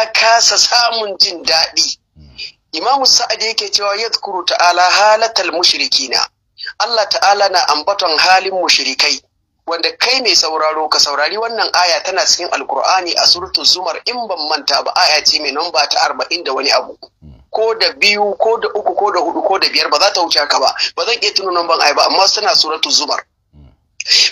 ya kasa samun jin daɗi imamu sa'ad yake cewa yadhkuru ta'ala halatal na Allah ta'ala na ambaton halin mushrikai wanda kai mai sauraro ka saurari wannan aya tana cikin alkur'ani a surutu zumar in ban manta ba aya ce mai namba ta arba'in da wani abu ko da biyu ko da uku ko da hudu ko da biyar ba za ta wuce ka ba ba zan iya tuno ban aya ba amma suna suratu zumar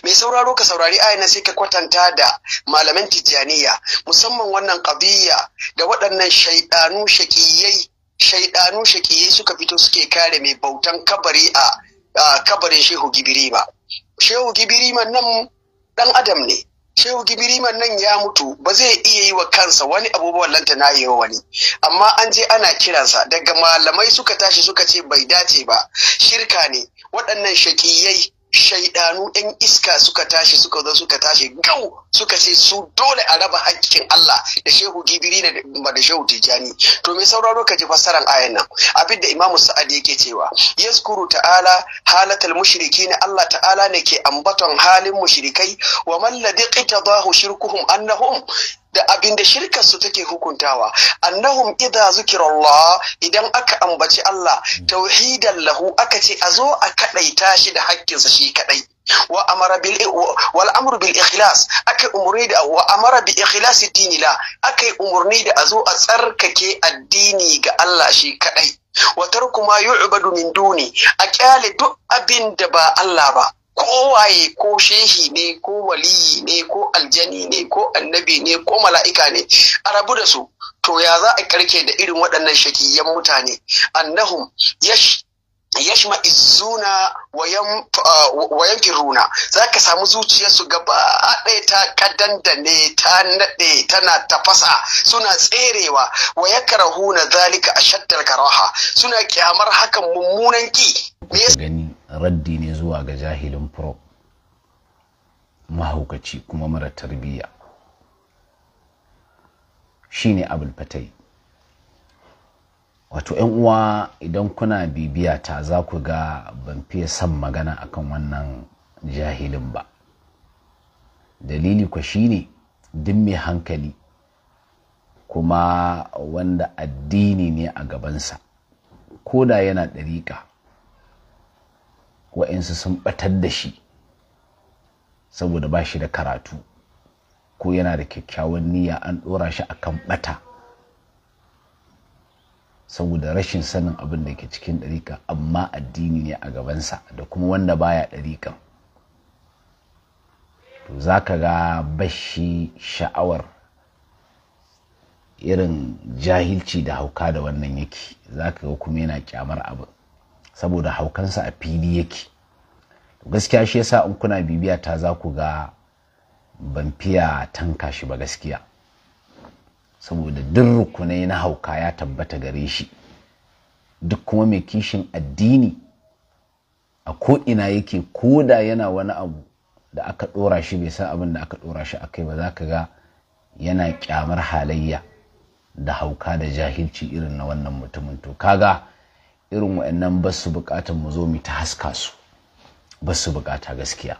mai sauraro ka saurari ayyana sai ka kwatanta da malaman tijjaniya musamman wannan kabiya da waɗannan shaidanu shakiyai shaidanu shakiyai suka fito suke kare mai bautan kabari a kabarin shehu gibirima shehu gibirima nan ɗan adam ne shehu Gibirima nan ya mutu ba zai iya yi wa kansa wani abubuwan lanta na yi wa wani amma an je ana kiransa daga malamai suka tashi suka ce bai dace ba shirka ne waɗannan shakiyai shaidanu ɗan iska suka tashi suka zo suka tashi gau suka ce su dole a raba hakkin Allah da shehu gibiri da da shehu tijani to me sauraro ka ji fassarar ayan nan abin da imamu sa'adi yake cewa yaskuru ta'ala halatal mushrikin Allah ta'ala ne ke ambaton halin mushrikai wa man ladhi qitadahu shirkuhum annahum da abin da shirkar su take hukuntawa annahum idza zikirallah idan aka ambaci Allah tauhidan lahu aka ce a zo a kadaita shi da hakkinsa shi kadai wa amara bil wal amru bil ikhlas akai umurni da wa amara bi ikhlasi dinila akai umurni da azo a tsarkake addini ga Allah shi kadai wa tarku ma yu'badu min duni a kyale duk abin da ba Allah ba kowaye ko shehi ne ko waliyi ne ko aljani ne ko annabi ne ko mala'ika ne a rabu da su to ya za a karke da irin waɗannan shakiyan mutane annahum yash yashma izuna wayan uh, firuna za ka samu zuciyarsu gaba ɗaya ta kadandane ta naɗe tana tafasa suna tserewa wa ya karahuna zalika a shaddar karaha suna kyamar hakan mummunan ki gani raddi ne zuwa ga jahilin pro mahaukaci kuma mara tarbiyya shine abul fatai wato yan uwa idan kuna bibiya ta za ku ga ban fiye son magana akan wannan jahilin ba dalili kwa shine duk mai hankali kuma wanda addini ne a gabansa ko da yana ɗariƙa wa'insu sun ɓatar da shi saboda ba shi da karatu ko yana da kyakkyawan niyya an ɗora shi akan ɓata saboda rashin sanin abin da ke cikin ɗarika amma addini ne a gabansa da kuma wanda baya ɗariƙan to za ka ga bashi sha'awar irin jahilci da hauka da wannan yake za ka ga kuma yana kyamar abin saboda haukansa a fili yake gaskiya shi yasa in kuna bibiya ta za ku ga ban fiya tanka shi ba gaskiya saboda duk rukunai na hauka ya tabbata gare shi duk kuma mai kishin addini a ko'ina yake ko da yana wani abu da aka ɗora shi bai san abin da aka ɗora shi akai ba za ka ga yana kyamar halayya da hauka da jahilci irin na wannan mutumin to kaga irin wa'annan ba su bukatan mu zo mu ta haska su ba su bukata gaskiya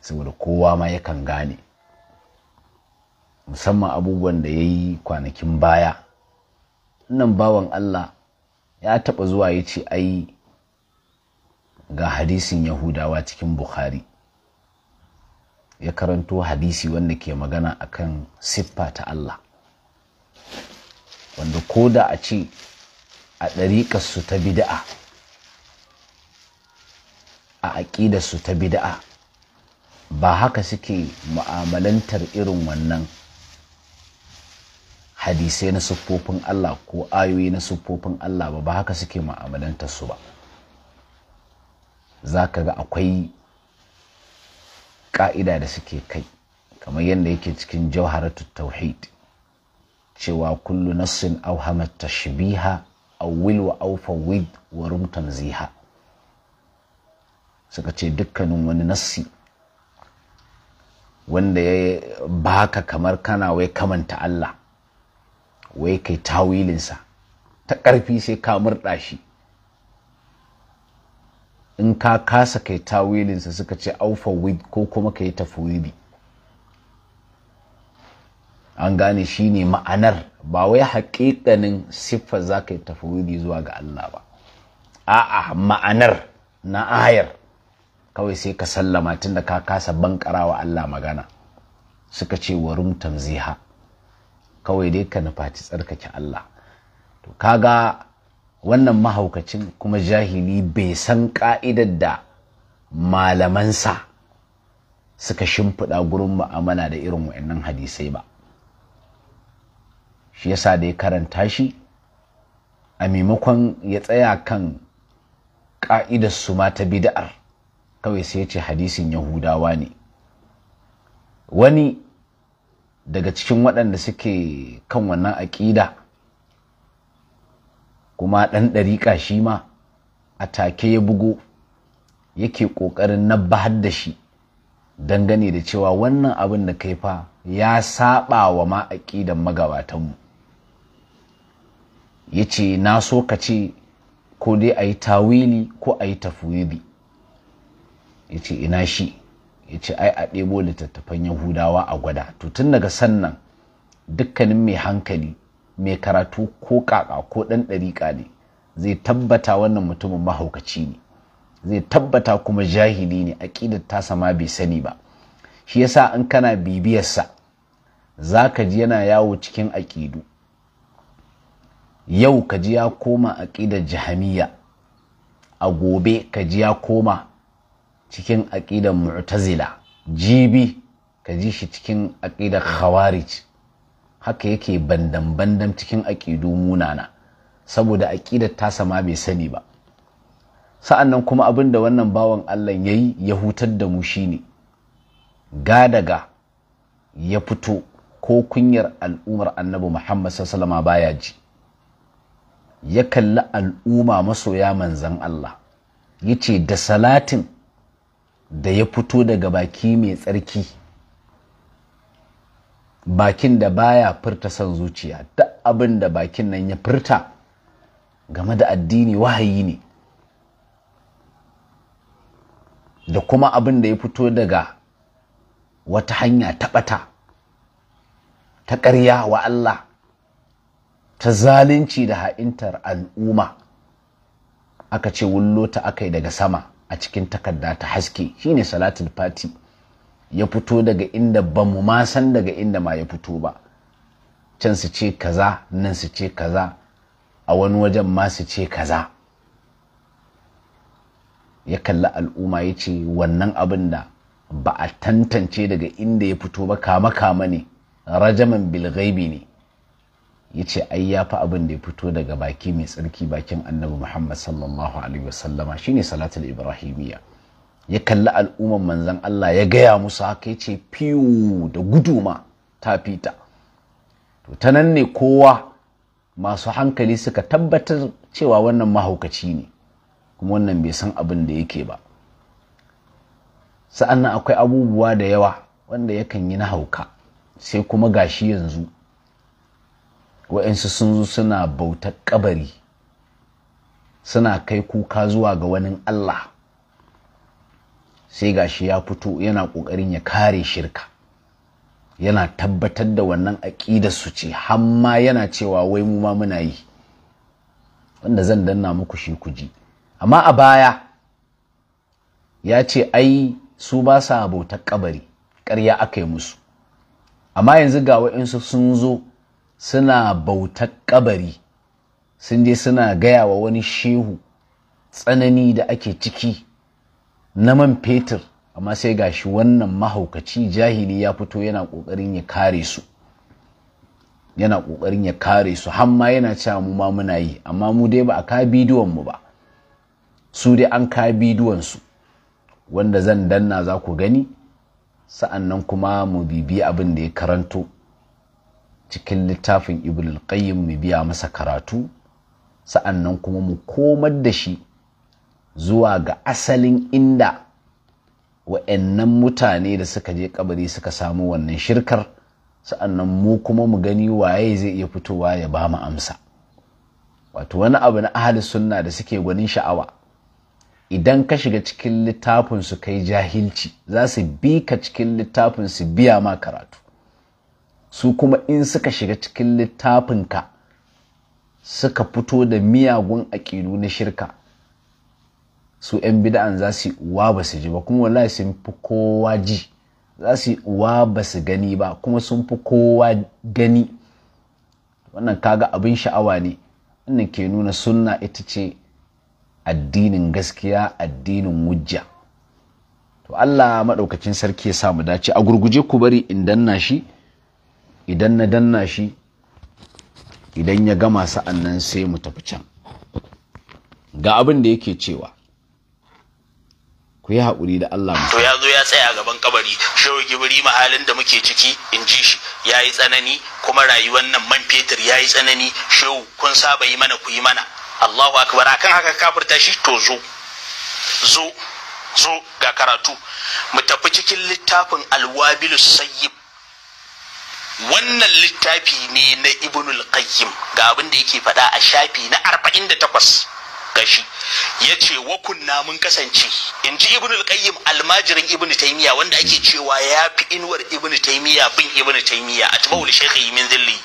saboda kowa ma yakan gane musamman abubuwan da ya yi kwanakin baya nan bawan Allah ya taɓa zuwa ya ce ai ga hadisin yahudawa cikin bukhari ya karanto hadisi wanda ke magana a kan siffa ta Allah wanda ko da a ce a ɗariƙarsu ta bida'a a aƙidarsu ta bida'a ba haka suke mu'amalantar irin wannan hadisai na siffofin Allah ko ayoyi na siffofin Allah ba ba haka suke ma'amalanta su ba za ka ga akwai ƙa'ida da suke kai kamar yadda yake cikin jauharatu tauhid cewa kullu nassin shibiha tashbiha will wa aufa fawid wa rum tanziha suka ce dukkanin wani nassi wanda ya baka kamar kana wai kamanta Allah wai kai tawilinsa ta ƙarfi sai ka murɗa shi in ka kasa kai tawilinsa suka ce aufa wid ko kuma ka yi tafwidi an gane shi ne ma'anar ba wai haƙiƙanin siffa za ka yi tafwidi zuwa ga Allah ba a'a ma'anar na ayar kawai sai ka sallama tunda ka kasa bankarawa Allah magana suka ce warum tamziha kawai dai ka nufaci tsarkake Allah to kaga wannan mahaukacin kuma jahili bai san ka'idar da malamansa suka shimfiɗa gurin ma'amala da irin wa'annan hadisai ba shi yasa da ya karanta shi a maimakon ya tsaya kan ka'idar su ta bida'ar kawai sai ya ce hadisin yahudawa ne wani daga cikin waɗanda suke kan wannan aƙida kuma ɗan ɗariƙa shi ma a take ya bugo yake ƙoƙarin na bahar da shi dangane da cewa wannan abin da kai fa ya saɓa wa ma aƙidan magabatanmu ya ce na so ka ce ko dai a yi tawili ko a yi tafwidi ya ce ina shi ya ce ai a ɗebo littattafan yahudawa a gwada to tun daga sannan dukkanin mai hankali mai karatu ko kaka ko ɗan ɗariƙa ne zai tabbata wannan mutumin mahaukaci ne zai tabbata kuma jahili ne aƙidar tasa ma bai sani ba shi yasa an kana bibiyarsa za ka ji yana yawo cikin aƙidu yau ka ji ya koma aƙidar jahamiya a gobe ka ji ya koma cikin aƙidar mu'tazila jibi ka ji shi cikin aƙidar khawarij haka yake bandan-bandan cikin aƙidu munana saboda aƙidar tasa ma bai sani ba sa'an kuma abin da wannan bawan Allah ya yi ya hutar da mu shine gadaga ya fito ko kunyar al'umar annabi Muhammad sallama baya ji ya kalli al'umma masoya manzan Allah yace da salatin da ya fito daga baki mai tsarki bakin da baya furta son zuciya duk abin da bakin nan ya furta game da addini wahayi ne da kuma abin da ya fito daga wata hanya ta ɓata ta ƙarya wa Allah ta zalunci da ha'intar al'umma aka ce wullo ta aka yi daga sama a cikin takarda ta haske shine salatul fati ya fito daga inda ba mu ma san daga inda ma ya fito ba can su ce kaza nan su ce kaza a wani wajen ma su ce kaza ya kalli al'umma ya ce wannan abin da ba a tantance daga inda ya fito ba kama kama ne rajaman bilgaibi ne ya ce ai ya fi abin da ya fito daga baki mai tsarki bakin annabi muhammad sallallahu alaihi wasallama shine salatul ibrahimiyya ya kalli al'umman manzan allah ya gaya musu haka ya ce fiwu da guduma ta fita to ta nan ne kowa masu hankali suka tabbatar cewa wannan mahaukaci ne kuma wannan bai san abin da yake ba sa'an akwai abubuwa da yawa wanda yakan yi na hauka sai kuma gashi yanzu waɗansu sun zo suna bautar kabari suna kai kuka zuwa ga wani Allah sai gashi ya fito yana ƙoƙarin ya kare shirka yana tabbatar da wannan aƙidar su ce hamma yana cewa wai mu ma muna yi wanda zan danna muku shi ku ji amma a baya ya ce ai su ba sa bautar kabari ƙarya aka yi musu amma yanzu ga wa'insu sun zo suna bautar kabari sun je suna gaya wa wani shehu tsanani da ake ciki na man fetur amma sai gashi wannan mahaukaci jahili ya fito yana ƙoƙarin ya kare su yana ƙoƙarin ya kare su hamma yana cewa mu ma muna yi amma mu dai ba a ka bidiyon mu ba su dai an ka bidiyon su wanda zan danna za ku gani sa'annan kuma mu bibi abin da ya karanto cikin littafin ibn mu biya masa karatu sa'annan kuma mu komar da shi zuwa ga asalin inda wa'annan mutane da suka je kabari suka samu wannan shirkar sa'annan mu kuma mu gani waye zai iya fitowa ya ba mu amsa wato wani abu na ahli sunna da suke gwanin sha'awa idan ka shiga cikin littafin su kai jahilci za su bi ka cikin littafin su biya ma karatu su kuma in suka shiga cikin littafinka suka fito da miyagun aƙidu na shirka su 'yan bida'an za su yi uwa ba su ji ba kuma wallahi sun fi kowa ji za su yi uwa ba su gani ba kuma sun fi kowa gani wannan kaga abin sha'awa ne wannan ke nuna sunna ita ce addinin gaskiya addinin wujja to Allah maɗaukacin sarki ya samu dace a gurguje ku bari in danna shi idan na danna shi idan ya gama sa'an sai mu tafi can ga abin da yake cewa ku yi haƙuri da Allah to ya zo ya tsaya gaban kabari shehu gibiri mahalin da muke ciki in ji shi ya yi tsanani kuma rayuwar nan man fetur ya yi tsanani shehu kun saba yi mana ku yi mana Allahu akbar akan haka kafirta shi to zo zo zo ga karatu mu tafi cikin littafin Alwabilus, sayyib wannan littafi ne na ibnul qayyim ga abin da yake faɗa a shafi na 48 gashi ya ce wa kunna mun kasance in ji ibnul qayyim almajirin ibnu taymiya wanda ake cewa ya fi inuwar ibn taymiya bin ibnu taymiya atba'ul shaykh min zilli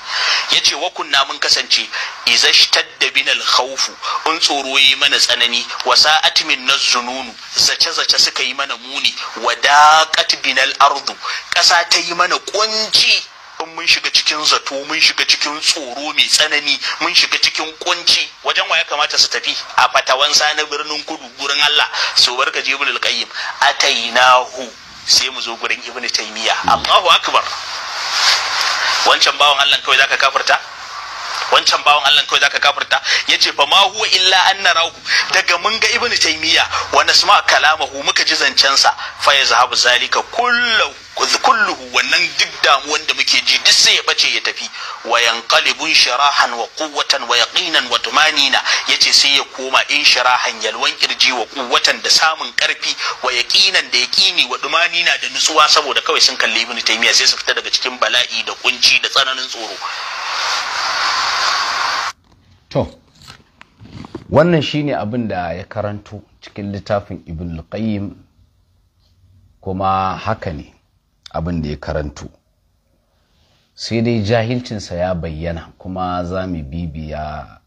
ya ce wa kunna mun kasance izashtadda binal khawfu in tsoro yi mana tsanani wa sa'at min nazununu zace zace suka yi mana muni wa daqat binal ardu kasa ta yi mana kunci kafin mun shiga cikin zato mun shiga cikin tsoro mai tsanani mun shiga cikin kunci wajen wa ya kamata su tafi a fatawan na birnin kudu gurin Allah su barka jibril qayyim atainahu sai mu zo gurin ibnu taymiya hmm. Allahu akbar wancan bawan Allah kawai zaka kafirta wancan bawan Allah kawai zaka kafirta yace fa ma huwa illa an narahu daga mun ga ibnu taymiya wa nasma kalamahu muka ji zancen sa fa yazhabu zalika kullu kulluhu wannan duk damuwan da muke ji duk sai ya bace ya tafi wa yanqalibun sharahan wa quwwatan wa yaqinan wa tumanina yace sai ya koma in sharahan yalwan kirji wa quwwatan da samun karfi wa yaqinan da yaqini wa tumanina da nutsuwa saboda kawai sun kalli ibnu taymiya sai su fita daga cikin bala'i da kunci da tsananin tsoro to wannan shine abin da ya karanto cikin littafin ibn Luqayyim kuma haka ne abin da ya karanto sai dai jahilcinsa ya bayyana kuma za mu bibiya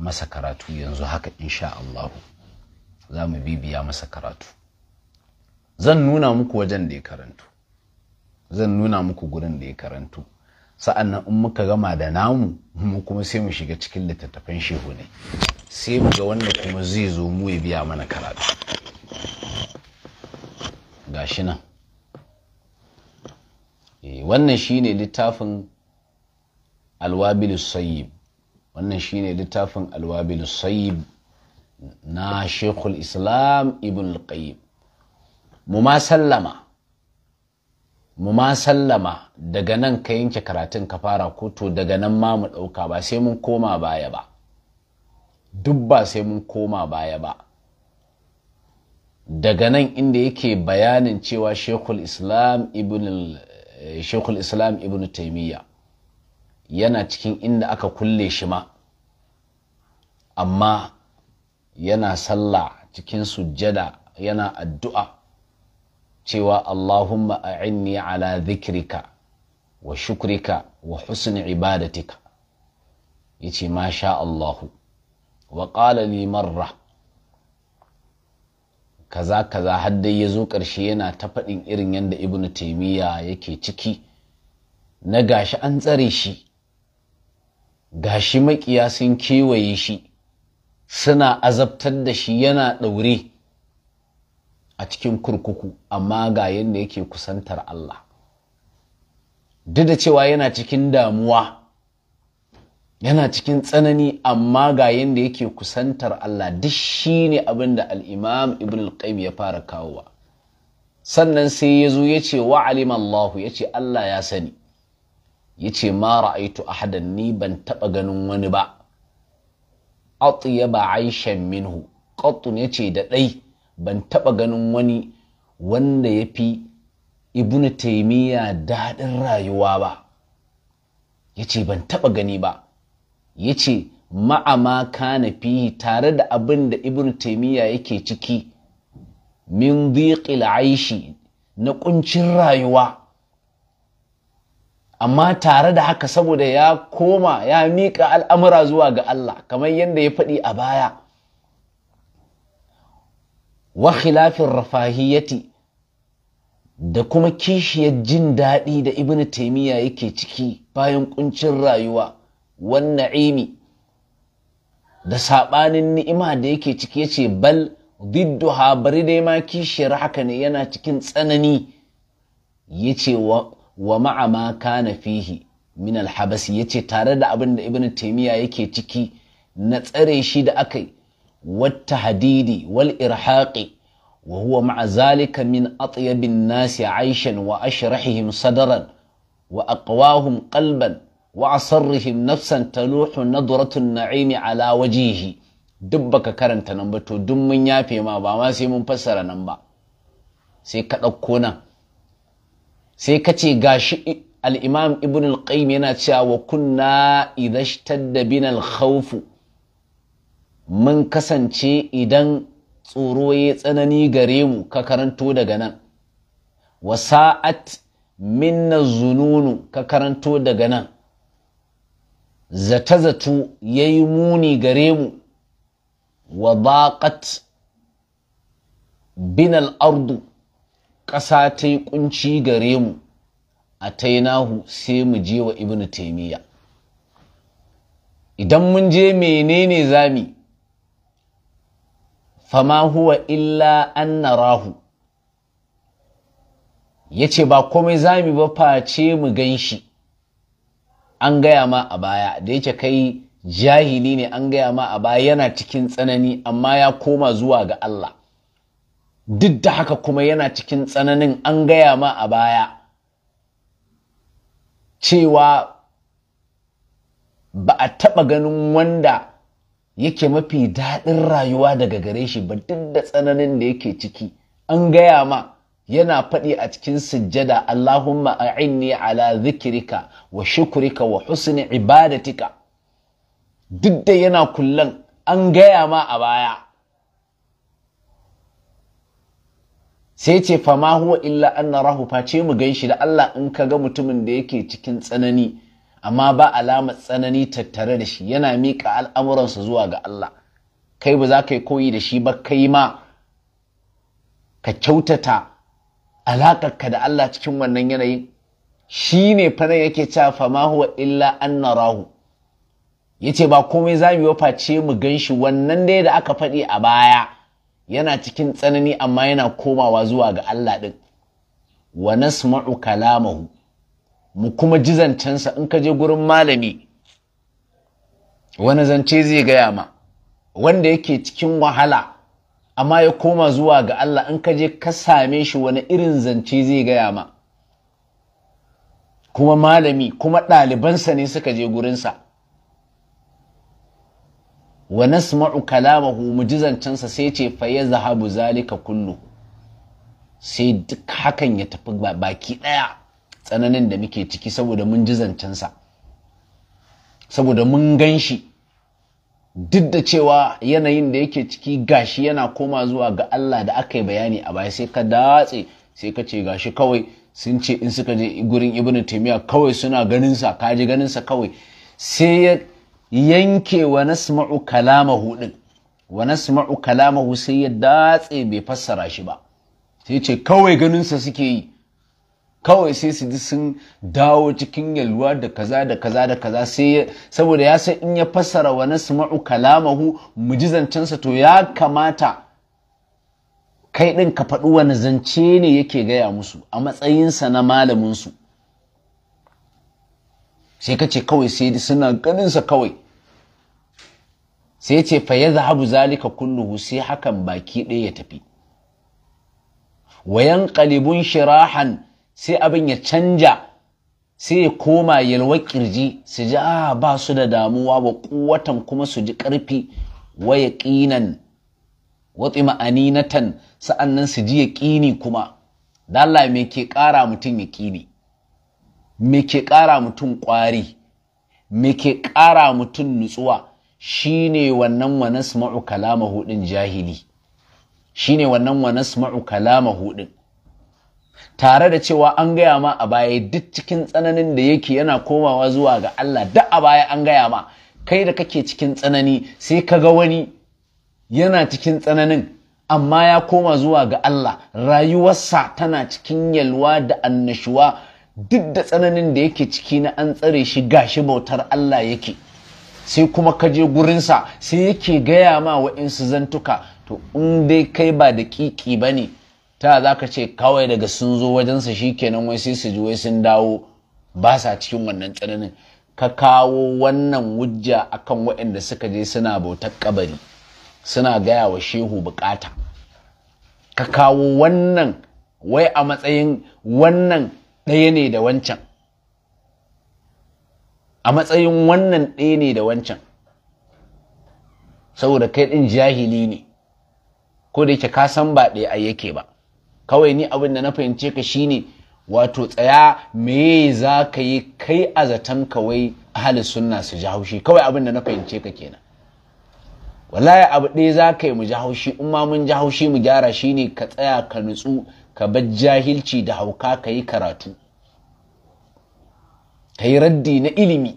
masa karatu yanzu haka insha Allah za mu bibiya masa karatu zan nuna muku wajen da ya karanto zan nuna muku gurin da ya karanto sa'an nan in muka gama da namu mu kuma sai mu shiga cikin littattafan shehu ne sai mu ga wanda kuma zai zo mu ya biya mana karatu Ga shi nan eh, wannan ne littafin alwabil sayyib wannan ne littafin alwabil sayyib na shekul islam ibn al-qayyim mu ma sallama mu ma sallama daga nan ka yanke karatun ka fara koto daga nan ma mu ɗauka ba sai mun koma baya ba duk ba sai mun koma baya ba daga nan inda yake bayanin cewa shekul islam ibn eh, shekul taimiyya yana cikin inda aka kulle shi ma amma yana sallah cikin sujjada yana addu'a cewa Allahumma inni ala dhikrika wa shukrika wa husni ibadatika yace ma sha Allahu wa qala li marra kaza kaza har dai ya zo ƙarshe yana ta faɗin irin yadda ibnu taimiyya yake ciki na gashi an tsare shi gashi maƙiya sun kewaye shi suna azabtar da shi yana ɗaure a cikin kurkuku amma ga yadda yake kusantar Allah duk da cewa yana cikin damuwa yana cikin tsanani amma ga yadda yake kusantar Allah duk shi ne abin da al'imam ibn al ya fara kawowa sannan sai ya zo ya ce wa alimallahu ya ce Allah ya sani ya ce ma ra'aitu a ni ban taɓa ganin wani ba ba aishan minhu ƙattun ya ce da ɗai ban taɓa ganin wani wanda ya fi ibn taimiyya daɗin rayuwa ba ya ce ban taɓa gani ba ya ce ma'ama kana fihi tare da abin da ibn taimiyya yake ciki min dhiqil aishi na ƙuncin rayuwa amma tare da haka saboda ya koma ya miƙa al'amura zuwa ga Allah kamar yadda ya faɗi a baya wa khilafin rafahiyati da kuma kishiyar jin daɗi da ibn taimiyya yake ciki bayan ƙuncin rayuwa wannan na'imi da saɓanin ni'ima da yake ciki ya ce bal ha bari dai ma kishiyar haka ne yana cikin tsanani ya ce wa ma'ama ma kana fihi min alhabasi ce tare da abin da ibn taimiyya yake ciki na tsare shi da aka yi والتهديد والإرحاق وهو مع ذلك من أطيب الناس عيشا وأشرحهم صدرا وأقواهم قلبا وأصرهم نفسا تلوح نظرة النعيم على وجهه دبك كرنت نمبتو دم يافي ما باما سي منفسر نمبا سي كتكونا سي كتي غاشي الإمام ابن القيم يناتشا وكنا إذا اشتد بنا الخوف mun kasance idan tsoro ya tsanani gare mu ka karanto daga nan wasa'at minna zununu ka karanto daga nan zata zatu ya yi muni gare mu wa baƙat binal ardu ƙasa ta yi ƙunci gare mu a tainahu sai mu je wa Ibn taimiyya idan mun je menene zami fama huwa illa an narahu ya ce ba komai za mu ba face mu gan shi an gaya ma a baya da yake kai jahili ne an gaya ma a baya yana cikin tsanani amma ya koma zuwa ga Allah duk da haka kuma yana cikin tsananin an gaya ma a baya cewa ba a taɓa ganin wanda yake mafi daɗin rayuwa daga gare shi ba duk da tsananin da yake ciki an gaya ma yana faɗi a cikin sujjada Allahumma a'inni ala zikirika wa shukurika wa husni ibadatika duk da yana kullan an gaya ma a baya sai ce fama huwa illa an rahu face mu gan shi da Allah in kaga mutumin da yake cikin tsanani amma ba alamar tsanani tattare da shi yana miƙa al'amuransa zuwa ga Allah kai ba za ka yi koyi da shi ba kai ma ka kyautata alaƙarka da Allah cikin wannan yanayin shi ne fara yake cewa fama huwa illa an rahu ya ce ba komai za mu face mu gan shi wannan dai da aka faɗi a baya yana cikin tsanani amma yana komawa zuwa ga Allah ɗin wa nasma'u kalamahu mu kuma ji zancensa in ka je gurin malami wani zance zai gaya ma wanda yake cikin wahala amma ya koma zuwa ga Allah in ka je ka same shi wani irin zance zai gaya ma kuma malami kuma ɗalibansa ne suka je gurinsa wa nasma'u kalamahu mu ji zancensa sai ce fa ya zahabu zalika kullu sai duk hakan ya tafi baki ɗaya tsananin da muke ciki saboda mun ji zancensa saboda mun gan shi duk da cewa yanayin da yake ciki gashi yana koma zuwa ga Allah da aka yi bayani a baya sai ka datse sai ka ce gashi kawai sun ce in suka je gurin ibn taimiyya kawai suna ganinsa ka ji ganinsa kawai sai ya yanke wa nasma'u kalamahu din wa nasma'u kalamahu sai ya datse bai fassara shi ba sai ce kawai ganinsa suke yi kawai sai su ji sun dawo cikin yalwa da kaza da kaza da kaza sai saboda ya san in ya fassara wa nasma'u kalamahu mujizancansa to ya kamata kai ɗin ka faɗi wani zance ne yake gaya musu a matsayinsa na malaminsu sai ka ce kawai sai suna ganinsa kawai sai ce fa ya zahabu zalika kulluhu sai hakan baki ɗaya ya tafi wayan ƙalibun shirahan sai abin ya canja sai ya koma yalwa kirji su ji a ah, ba su da damuwa wa kuwatan kuma su ji ƙarfi wa yaƙinan watsi ma'aninatan sa'annan su ji ya ƙini kuma dala me ke ƙara mutum ya ƙini me ke ƙara mutum ƙwari me ke ƙara mutum nutsuwa shine wannan wa nasma'u kalamahu din jahili shine wannan wa nasma'u kalamahu din tare da cewa an gaya ma a baya duk cikin tsananin da yake yana komawa zuwa ga Allah Da a baya an gaya ma kai da kake cikin tsanani sai ka ga wani yana cikin tsananin amma ya koma zuwa ga Allah rayuwarsa tana cikin yalwa da annashuwa duk da tsananin da yake ciki na an tsare shi gashi bautar Allah yake sai kuma ka je gurinsa sai yake gaya ma wa'insu zantuka to in dai kai ba da kiki ba ne ta za ka ce kawai daga sun zo wajensa shi kenan wai sai su ji wai sun dawo ba sa cikin wannan tsananin ka kawo wannan wujja akan waɗanda suka je suna bautar kabari suna gaya wa shehu bukata ka kawo wannan wai a matsayin wannan ɗaya ne da wancan a matsayin wannan ɗaya ne da wancan saboda kai ɗin jahili ne ko da yake ka san ba ɗaya yake ba kawai ni abin da na fahimce ka shine wato tsaya me za ka yi kai a zaton kawai ahalin sunna su ji haushi kawai abin da na fahimce ka kenan wallahi abu ɗaya za ka yi mu ji haushi in ma mun ji haushi mu gyara shine ka tsaya ka nutsu ka bar jahilci da hauka ka yi karatu ka yi raddi na ilimi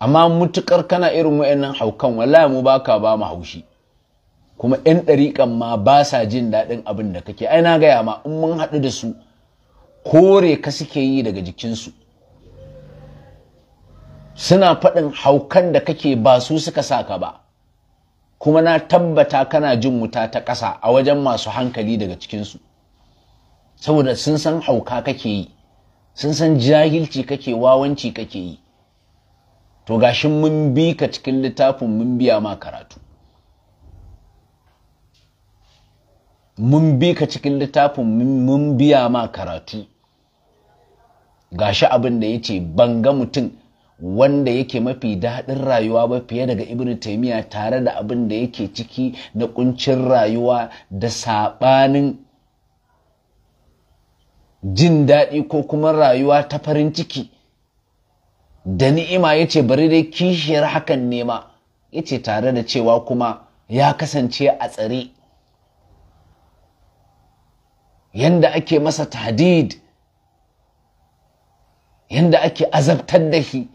amma mutukar kana irin wa'annan haukan wallahi mu baka ba mu haushi kuma 'yan ɗariƙan ma ba sa jin daɗin abin da kake ai na gaya ma in mun haɗu da su kore ka suke yi daga jikinsu suna faɗin haukan da kake ba su suka saka ba kuma na tabbata kana jin wuta ta ƙasa a wajen masu hankali daga cikinsu saboda sun san hauka kake yi sun san jahilci kake wawanci kake yi to gashin mun bi ka cikin littafin mun biya ma karatu mun bi ka cikin littafin mun biya ma karatu gashi abin da ya ce banga mutum wanda yake mafi daɗin rayuwa ba fiye daga ibn taimiyya tare da abin da yake ciki na ƙuncin rayuwa da saɓanin jin daɗi ko kuma rayuwa ta farin ciki da ni'ima ya ce bari dai kishiyar hakan nema ya ce tare da cewa kuma ya kasance a tsare yanda ake masa tahdid yanda ake azabtar da shi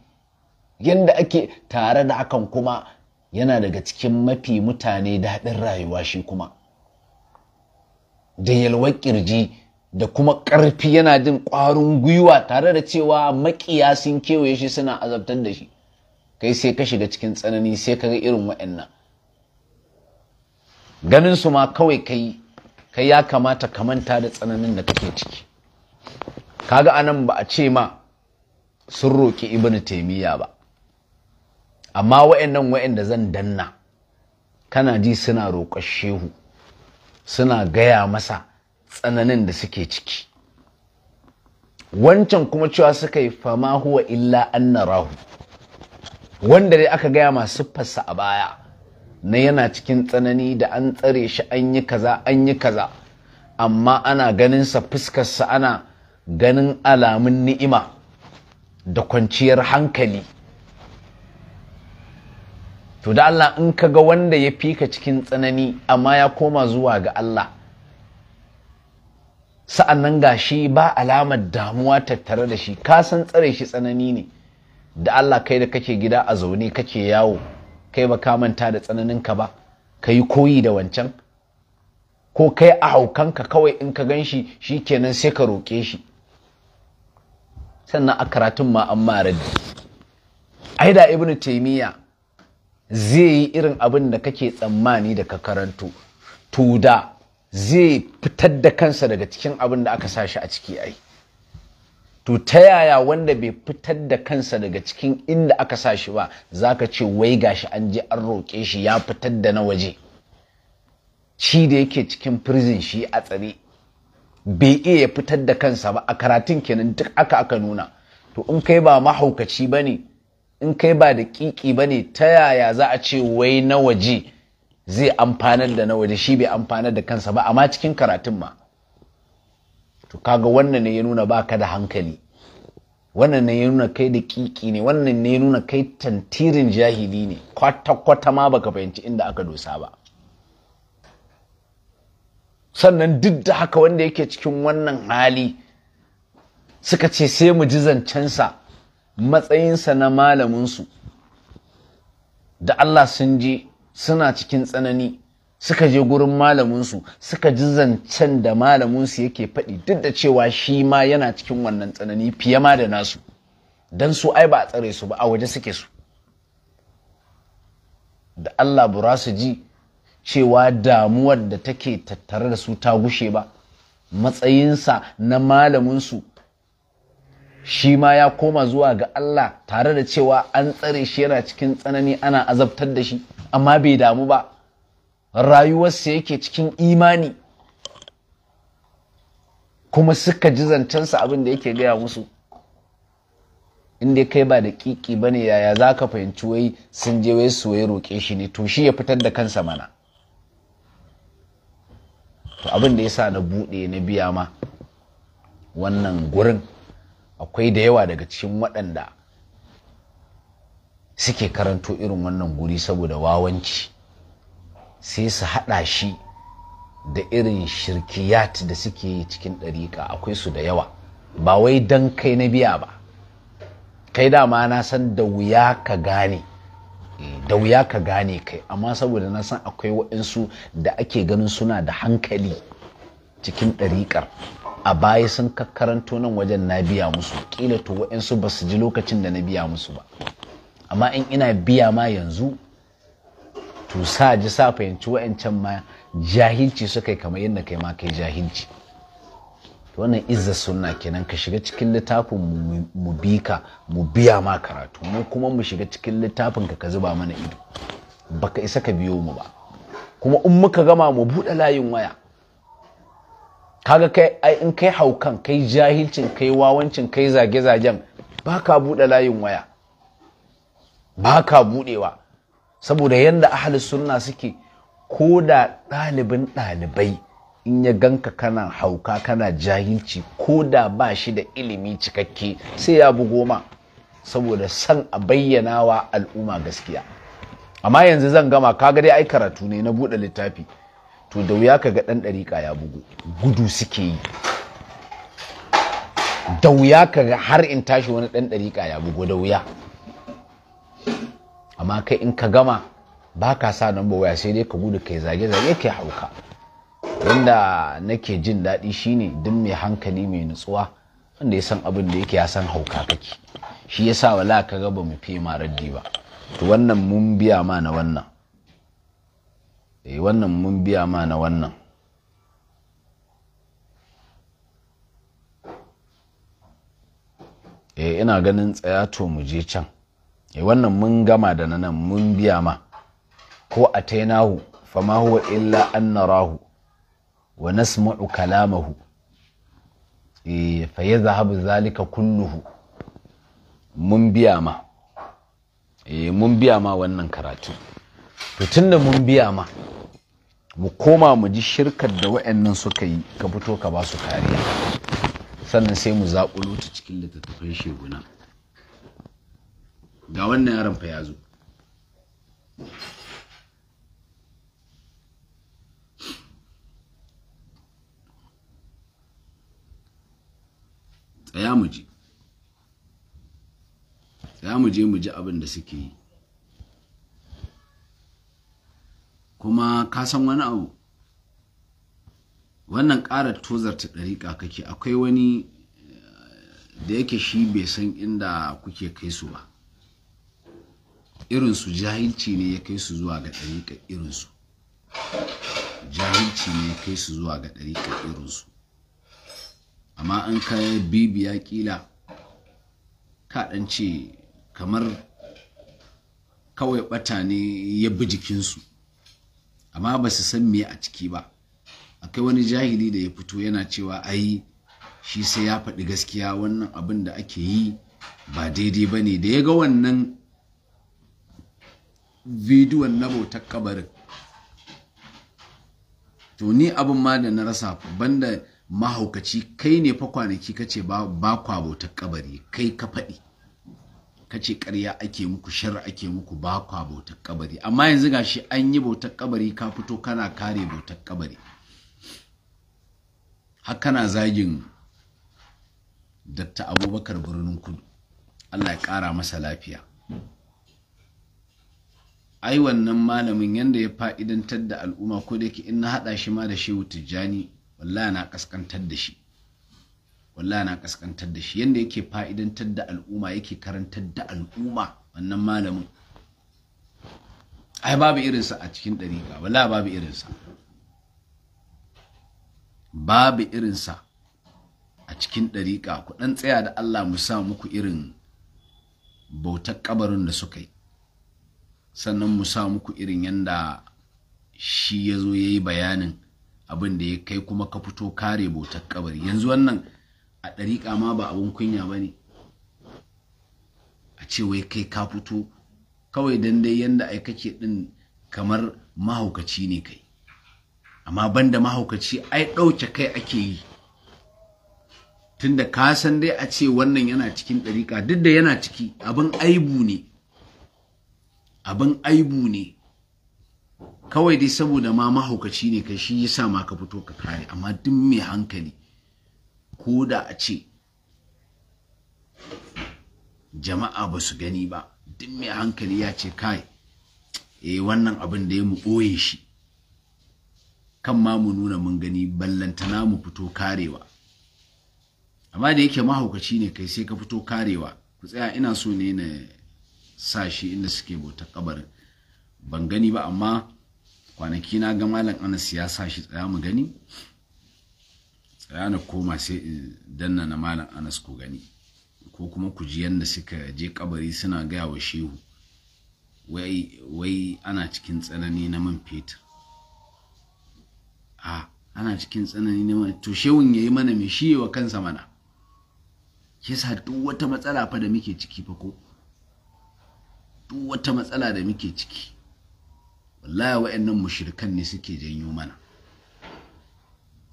yanda ake tare da hakan kuma yana daga cikin mafi mutane daɗin rayuwa shi kuma da yalwar ƙirji da kuma ƙarfi yana jin ƙwarin gwiwa tare da cewa maƙiya sun kewaye shi suna azabtar da shi kai sai ka shiga cikin tsanani sai ka ga irin wa'annan ganin su ma kawai kai kai ya kamata ka manta da tsananin da kake ciki kaga anan ba a ce ma sun roƙi ibnu taimiyya ba amma wa'annan wa'anda zan danna kana ji suna roƙar shehu suna gaya masa tsananin da suke ciki wancan kuma cewa suka yi fama huwa illa an rahu wanda dai aka gaya masu fassa a baya na yana cikin tsanani da an tsare shi an yi kaza an yi kaza amma ana ganinsa fuskarsa ana ganin alamun ni'ima da kwanciyar hankali to da Allah in ka ga wanda ya fika cikin tsanani amma ya koma zuwa ga Allah sa'an nan ga shi ba alamar damuwa tattare da shi ka san tsare shi tsanani ne da Allah kai da kake gida a zaune kake yawo kai ba ka manta da tsananin ka ba ka yi koyi da wancan ko kai a haukanka kawai in ka gan shi shi kenan sai ka roƙe shi sannan a karatun ma an da ai da ibnu taimiyya zai yi irin abin da kake tsammani da ka karanto to da zai fitar da kansa daga cikin abin da aka sa shi a ciki ai to ta yaya wanda bai fitar da kansa daga cikin inda aka sa shi ba za ka ce wai gashi an je an roƙe shi ya fitar da na waje shi da yake cikin prison shi a tsare bai iya ya fitar da kansa ba a karatun kenan duk aka aka nuna to in kai ba mahaukaci ba ne in kai ba da ƙiƙi ba ne ta yaya za a ce wai na waje zai amfanar da na waje shi bai amfanar da kansa ba amma cikin karatun ma to kaga wannan ne ya nuna baka da hankali wannan ne ya nuna kai da kiki ne wannan ne ya nuna kai tantirin jahili ne kwata-kwata ma baka fahimci inda aka dosa ba sannan duk da haka wanda yake cikin wannan hali suka ce sai mu ji zancensa matsayinsa na malaminsu da Allah sun je suna cikin tsanani suka je gurin malaminsu suka ji zancen da malaminsu yake faɗi duk da cewa shi ma yana cikin wannan tsanani fiye ma da nasu don su ai ba a tsare su ba a waje suke su da Allah bura su ji cewa damuwar da take tattare da su ta gushe ba matsayinsa na malaminsu shi ma ya koma zuwa ga Allah tare da cewa an tsare shi yana cikin tsanani ana azabtar da shi amma bai damu ba rayuwarsa yake cikin imani kuma suka ji zancensa abin da yake gaya musu inda kai ba da kiki ba ne yaya za ka fahimci wai sun je wai su wai roƙe shi ne to shi ya fitar da kansa mana to abin da ya sa na buɗe na biya ma wannan gurin akwai da yawa daga cikin waɗanda suke karanto irin wannan guri saboda wawanci sai su haɗa shi da irin shirkiyat da suke cikin ɗariƙa akwai su da yawa ba wai dan kai na biya ba kai dama na san da wuya ka gane mm, da wuya ka gane kai amma saboda na san akwai waɗansu da ake ganin suna da hankali cikin ɗariƙar a baya sun kakkaranto nan wajen na biya musu ƙila to waɗansu ba su ji lokacin da na biya musu ba amma in ina biya ma yanzu to sa ji sa fahimci wa'ancan ma jahilci suka yi kamar yadda kai ma kai jahilci wannan izza sunna kenan ka shiga cikin littafin mu bika mu biya ma karatu mu kuma mu shiga cikin littafin ka ka zuba mana ido baka isa ka biyo mu ba kuma in muka gama mu buɗe layin waya kaga kai ai in kai haukan kai jahilcin kai wawancin kai zage-zagen ba ka buɗe layin waya baka ka buɗewa saboda yadda ahli sunna suke ko da ɗalibin ɗalibai in ya ganka kana hauka kana jahilci ko da ba shi da ilimi cikakke sai ya bugo ma saboda san a bayyana wa al'umma gaskiya amma yanzu zan gama kaga dai ai karatu ne na buɗe littafi to da wuya ka ga ɗan ɗariƙa ya bugu gudu suke yi da wuya ka ga har in tashi wani ɗan ɗariƙa ya bugu da wuya amma kai in ka gama ba ka sa number waya sai dai ka gudu kai zage-zage kai hauka wanda nake jin daɗi shine duk mai hankali mai nutsuwa wanda ya san abin da yake ya san hauka kake shi ya sa wala ka gaba mu fi ma raddi ba to wannan mun biya ma na wannan eh wannan mun biya ma na wannan eh ina ganin tsaya to mu je can Eh, wannan mun gama da nan mun biya ma ko a tainahu fama huwa illa an narahu wa nasma'u kalamahu eh, fa ya zahabu zalika kulluhu mun biya ma eh, mun biya ma wannan karatu to tunda mun biya ma mu koma mu ji shirkar da wa'annan suka yi ka fito ka ba su kariya sannan sai mu zaƙulo ta cikin littattafan guna ga wannan yaron fa ya zo tsaya mu je. tsaya mu je mu ji abin da suke yi kuma ka san wani abu wannan ƙara tozarta ɗariƙa kake akwai wani eh, da yake shi bai san inda kuke kai su ba irinsu jahilci ne ya kai su zuwa ga ɗariƙa irinsu jahilci ne ya kai su zuwa ga ɗariƙa irinsu amma an kaya bibiya ƙila ka ce kamar kawai ɓata ne ya bi jikinsu amma ba su san me a ciki ba akwai wani jahili da ya fito yana cewa ai shi sai ya faɗi gaskiya wannan abin da ake yi ba daidai ba ne da ya ga wannan bidiyon na bautar kabarin to ni abin ma da na rasa banda mahaukaci kai ne fa kwanaki ka ce ba kwa bautar kabari kai ka faɗi kace ce ƙarya ake muku shar ake muku ba kwa bautar kabari amma yanzu gashi an yi bautar kabari ka fito kana kare bautar kabari har zagin Dr. Abubakar Birnin Kudu. Allah ya ƙara masa lafiya. ai wannan malamin yanda ya fa'idantar da al'umma ko da yake in na haɗa shi ma da shehu tijjani wallahi na kaskantar da shi wallahi na kaskantar da shi yanda yake fa'idantar da al'umma yake karantar da al'umma wannan malamin ai babu irinsa a cikin ɗariƙa wallahi babu irinsa babu irinsa a cikin ɗariƙa ku dan tsaya da Allah mu sa muku irin bautar kabarin da suka yi sannan mu sa muku irin yadda shi ya zo ya yi bayanin abin da ya kai kuma ka fito kare bautar kabari yanzu wannan a ɗariƙa ma ba abin kunya ba ne a ce wai kai ka fito kawai don dai yanda ai kake ɗin kamar mahaukaci ne kai amma banda mahaukaci ai ɗauke kai ake yi tunda ka san dai a ce wannan yana cikin ɗariƙa duk da yana ciki abin aibu ne abin aibu ne kawai dai saboda ma mahaukaci ne kai shi sa ma ka fito ka kare amma duk mai hankali ko da a ce jama'a ba su gani ba duk mai hankali ya ce kai eh wannan abin da ya mu ɓoye shi kan ma mu nuna mun gani ballantana mu fito karewa amma da yake mahaukaci ne kai sai ka fito karewa ku tsaya ina so ne na sa shi inda suke bauta kabarin ban gani ba amma kwanaki na ga malam anas ya sa shi tsaya mu gani tsaya na koma sai in danna na malam anas ku gani ko kuma ku ji yanda suka je kabari suna gaya wa shehu wai ana cikin tsanani na man fetur a ah, ana cikin tsanani na man to shehun ya yi mana mai shiye wa kansa mana yasa duk wata matsala fa da muke ciki fa ko duk wata matsala da muke ciki wallahi wa'annan mushrikan ne suke janyo mana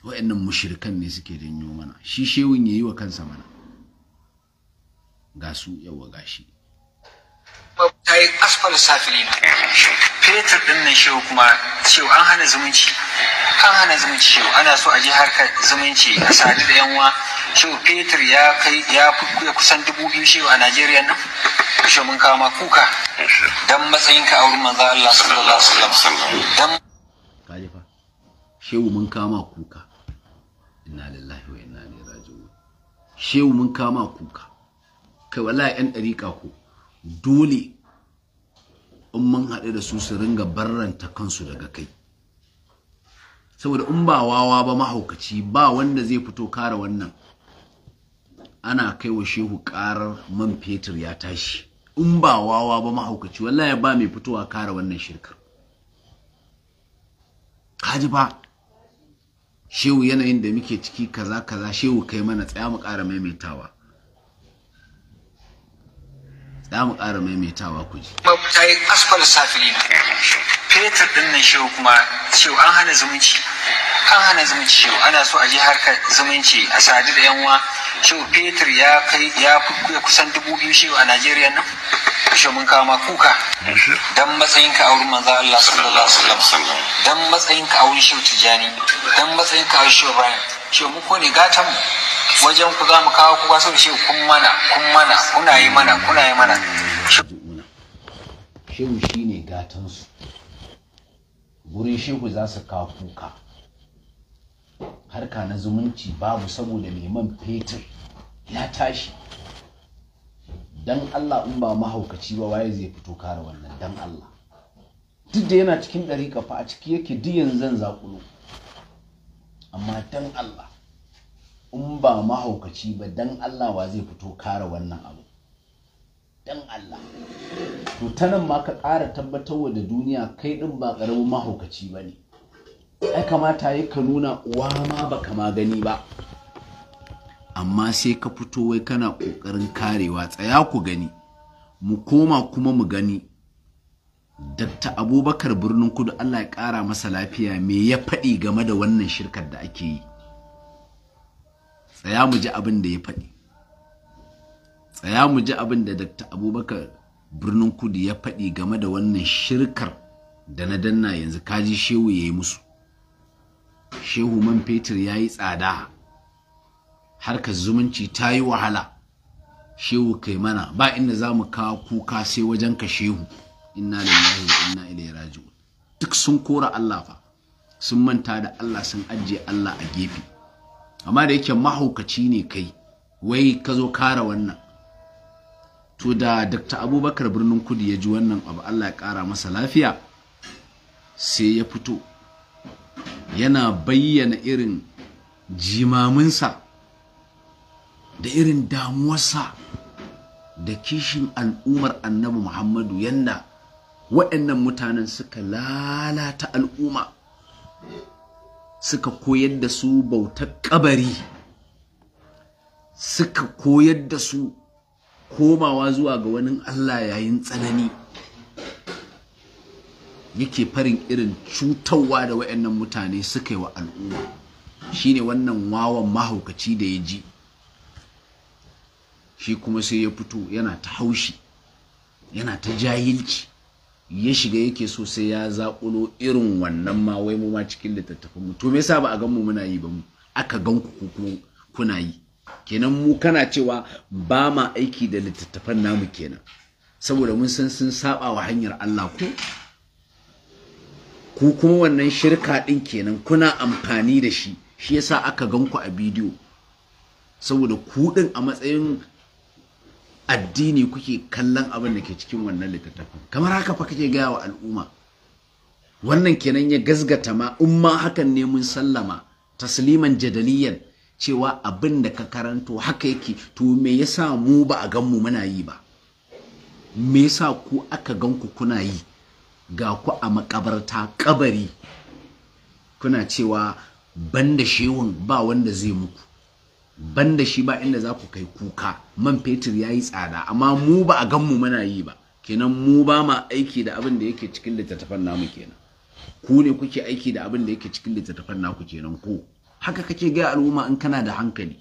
wa'annan mushrikan ne suke janyo mana shi shewun yayi wa kansa mana ga su yawa gashi ta yi asfal na. fetur din nan shehu kuma shehu an hana zumunci an hana zumunci shehu ana so a ji harkar zumunci a sadu da yanwa shehu fetur ya kai ya kusan dubu biyu shehu a najeriya nan shehu mun kama kuka dan matsayin ka wurin manzo Allah sallallahu alaihi wasallam dan shehu mun kama kuka inna lillahi wa inna ilaihi raji'un shehu mun kama kuka kai wallahi yan dariƙa ko dole in mun haɗu da su su ringa barranta kansu daga kai saboda in ba wawa ba mahaukaci ba wanda zai fito kare wannan ana kai wa shehu karar man fetur ya tashi in ba wawa ba mahaukaci wallahi ba mai fitowa kare wannan shirkar kaji ba shehu yanayin da muke ciki kaza kaza shehu kai mana tsaya mu ƙara maimaitawa Tsaya mu ƙara maimaitawa ku ji. tayi asfal safilina. Fetur dinnan shehu kuma shehu an hana zumunci. an hana zumunci shehu ana so a ji harkar zumunci a sadu da yanwa shehu fetur ya kai ya kusan dubu biyu shehu a najeriya nan shi mun kama kuka dan matsayin ka auren manzo Allah sallallahu alaihi wasallam dan matsayin ka auren shehu tijani dan matsayin ka auren shehu Ibrahim shehu mu ko ne gatan mu wajen ku za mu kawo ku gaso shehu kun mana kun mana kuna yi mana kuna yi mana shehu shine gatan su gurin shehu za su kawo kuka harka na zumunci babu saboda neman fetur ya tashi dan Allah in ba mahaukaci ba waye zai fito kare wannan dan Allah duk da yana cikin ɗari kafa a ciki yake duk yanzu zakulo amma dan Allah in ba mahaukaci ba dan Allah wa zai fito kare wannan abu dan Allah to ta nan ma ka ƙara tabbatarwa da duniya kai ɗin ba ƙaramin mahaukaci ba ne ai kamata ya ka nuna uwa ma ba kama gani ba amma sai ka fito wai kana ƙoƙarin karewa tsaya ku gani mu koma kuma mu gani dakta abubakar birnin kudu allah ya ƙara masa lafiya me ya faɗi game da wannan shirkar da ake yi tsaya mu ji abin da ya faɗi tsaya mu ji abin da dakta abubakar birnin kudu ya faɗi game da wannan shirkar da na danna yanzu kaji shewu ya yi musu shehu man fetur ya yi tsada harkar zumunci ta yi wahala shehu kai mana ba inda za mu kawo kuka sai wajen ka shehu inna da yanzu! inna ila raji'un duk sun kora Allah fa sun manta da Allah sun ajiye Allah a gefe amma da yake mahaukaci ne kai wai ka zo kara wannan to da Dr. Abubakar Birnin Kudu ya ji wannan abu Allah ya kara masa lafiya sai ya fito yana bayyana irin jimaminsa da irin damuwarsa da kishin al'ummar annabi muhammadu yanda waɗannan mutanen suka lalata al'umma suka koyar da su bautar kabari suka koyar da su komawa zuwa ga wani allah yayin tsanani yake farin irin cutarwa da wayannan mutane suka yi wa al'umma shine wannan wawan mahaukaci da ya ji shi kuma sai ya fito yana ta haushi yana ta jahilci ya shiga yake so sai ya zaƙulo irin wannan ma mu ma cikin littattafan mu to me yasa ba a gan mu muna yi ba mu aka gan ku kuma kuna yi kenan mu kana cewa ba ma aiki da littattafan namu kenan saboda mun san sun saba wa hanyar Allah ko ku kuma wannan shirka ɗin kenan kuna amfani da shi shi yasa aka ganku a bidiyo saboda ku din a matsayin addini kuke kallon abin da ke cikin wannan littattafin kamar haka fa kake gaya wa al'umma wannan kenan ya gazgata ma in hakan ne mun sallama tasliman jadaliyan cewa abin da ka karanto haka yake to me yasa mu ba a gan mu muna yi ba me yasa ku aka gan ku kuna yi ga ku a makabarta kabari kuna cewa banda shewun ba wanda zai muku banda shi ba inda za ku kai kuka man fetur ya yi tsada amma mu ba a ganmu muna yi ba kenan mu ba ma aiki da abin da yake cikin littattafan namu kenan ku ne kuke aiki da abin da yake cikin littattafan naku kenan ko haka kake ga al'umma in kana da hankali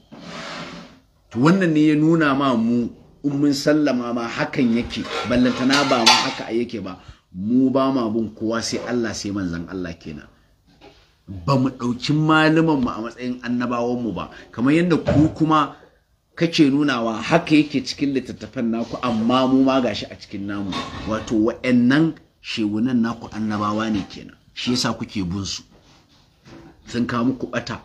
to wannan ne ya nuna ma mu ummin sallama ma hakan yake ballantana ba ma haka yake ba mu ba ma bin kowa sai Allah sai manzan Allah kenan ba mu ɗauki malamanmu a matsayin annabawan mu ba kamar yadda ku kuma kake nunawa haka yake cikin littattafan naku amma mu ma gashi a cikin namu wato wa'annan shegunan naku annabawa ne kenan shi yasa kuke bin su sun ka muku bata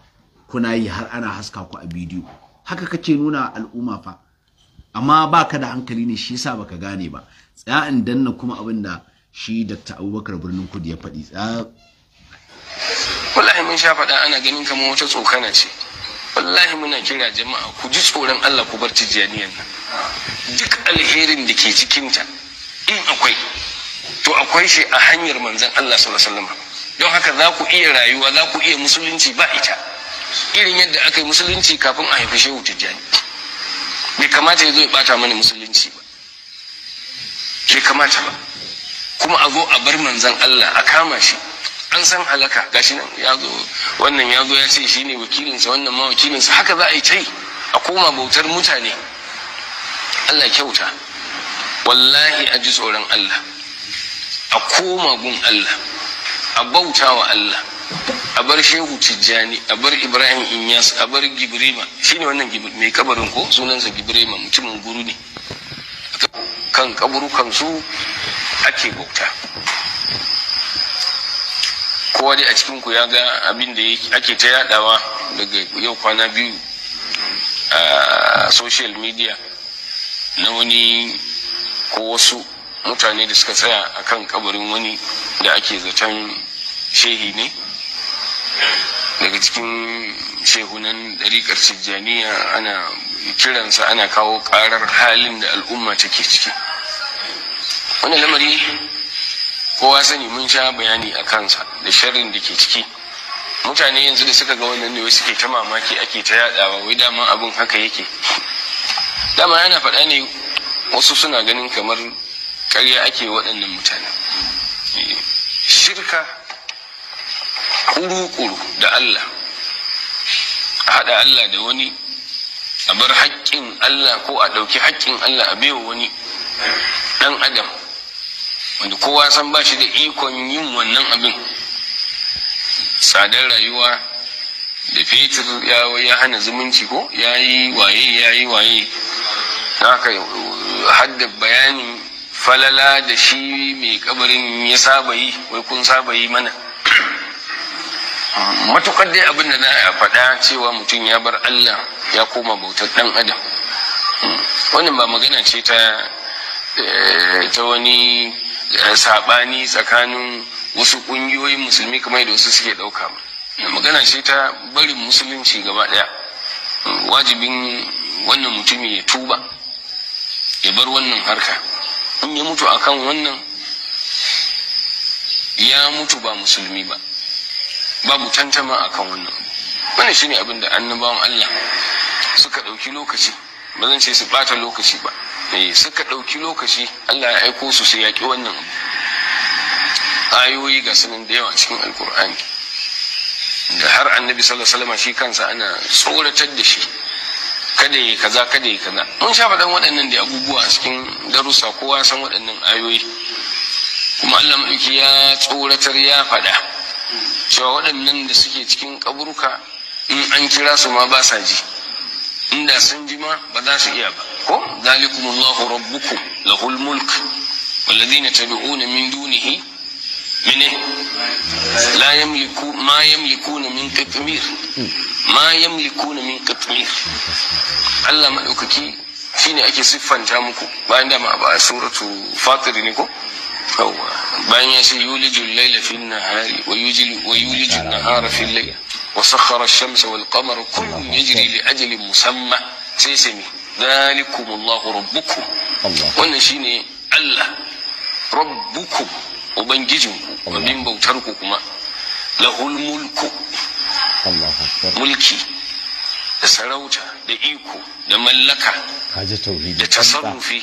kuna yi har ana haska ku a bidiyo haka kake nuna al'umma fa amma baka da hankali ne shi yasa baka gane ba tsaya in danna kuma abin da shi ta Abubakar Birnin Kudu ya faɗi wallahi mun sha faɗa ana ganin kamar wata tsokana ce wallahi muna kira jama'a ku ji tsoron Allah ku bar tijjaniyar nan duk alherin da ke cikinta in akwai to akwai shi a hanyar manzan Allah sallallahu alaihi wasallam don haka za ku iya rayuwa za ku iya musulunci ba ita irin yadda aka yi musulunci kafin a haifi shehu tijjani bai kamata ya zo ya bata mana musulunci ba bai kamata ba kuma a zo a bar manzan Allah a kama shi an san halaka gashi nan ya zo wannan ya zo ya ce shi ne wakilinsa wannan ma wakilinsa haka za a yi tai a koma bautar mutane Allah kyauta wallahi a ji tsoron Allah a koma gun Allah a bauta wa Allah a bar shehu tijjani a bar ibrahim inyas a bar gibrima shine wannan mai kabarin ko sunansa gibrima mutumin guru ne kan kaburukan su ake bauta kowa dai a cikin ku ya ga abin da ake ta yadawa daga yau kwana biyu a social media na wani ko wasu mutane da suka tsaya a kan kabarin wani da ake zaton shehi ne daga cikin shehunan ɗariƙar tijjaniya ana kiransa ana kawo karar halin da al'umma take ciki wani lamari kowa sani mun sha bayani a kansa da sharrin da ke ciki mutane yanzu da suka ga wannan ne suke ta mamaki ake ta yadawa wai dama abin haka yake dama yana faɗa ne wasu suna ganin kamar karya ake waɗannan mutane shirka kuru-kuru da Allah a haɗa Allah da wani a bar haƙƙin Allah ko a ɗauki haƙƙin Allah a baiwa wani ɗan adam wanda kowa san ba shi da ikon yin wannan abin tsadar rayuwa da fetur ya hana zumunci ko ya yi waye ya yi waye haka uh, hadda bayanin falala da shi mai kabarin ya saba yi wai kun saba yi mana matukar dai abin da za a faɗa cewa mutum ya bar Allah ya koma bautar ɗan adam hmm. wannan ba magana ce ta eh, ta wani eh, saɓani tsakanin wasu ƙungiyoyin musulmi kamar da wasu suke ɗauka ba hmm, magana ce ta barin musulunci gaba ɗaya hmm, wajibin wannan mutumi ya tuba ya bar wannan harka in ya mutu akan wannan ya mutu ba musulmi ba babu tantama akan wannan wani shine abin da annabawan Allah suka ɗauki lokaci ba zan ce su bata lokaci ba eh suka ɗauki lokaci Allah ya aiko su su yaƙi wannan ayoyi ga sanin da yawa cikin alkur'ani da har annabi sallallahu alaihi shi kansa ana tsoratar da shi kada yi kaza kada yi kaza mun sha faɗan waɗannan da abubuwa a cikin darussa kowa san waɗannan ayoyi kuma Allah maɗauki ya tsoratar ya faɗa cewa waɗannan da suke cikin ƙaburuka in an kira su ma ba sa ji inda sun ji ma ba za su iya ba ko allahu rabbukum lahul mulk والذين تدعون min dunihi min eh, la yamliku Ma يملكون min qatmir ma يملكون min qatmir Allah madaukaki shine ake siffanta muku bayan da ma ba suratu fatir ne ko هو بان يسي يولج الليل في النهار ويولج النهار في الليل وسخر الشمس والقمر كل يجري لاجل مسمى سيسمي ذلكم الله ربكم الله ونشيني الله ربكم وبنجيكم ومن بوتركم له الملك الله اكبر ملكي سراوتا دايكو دملكا حاجه توحيد التصرف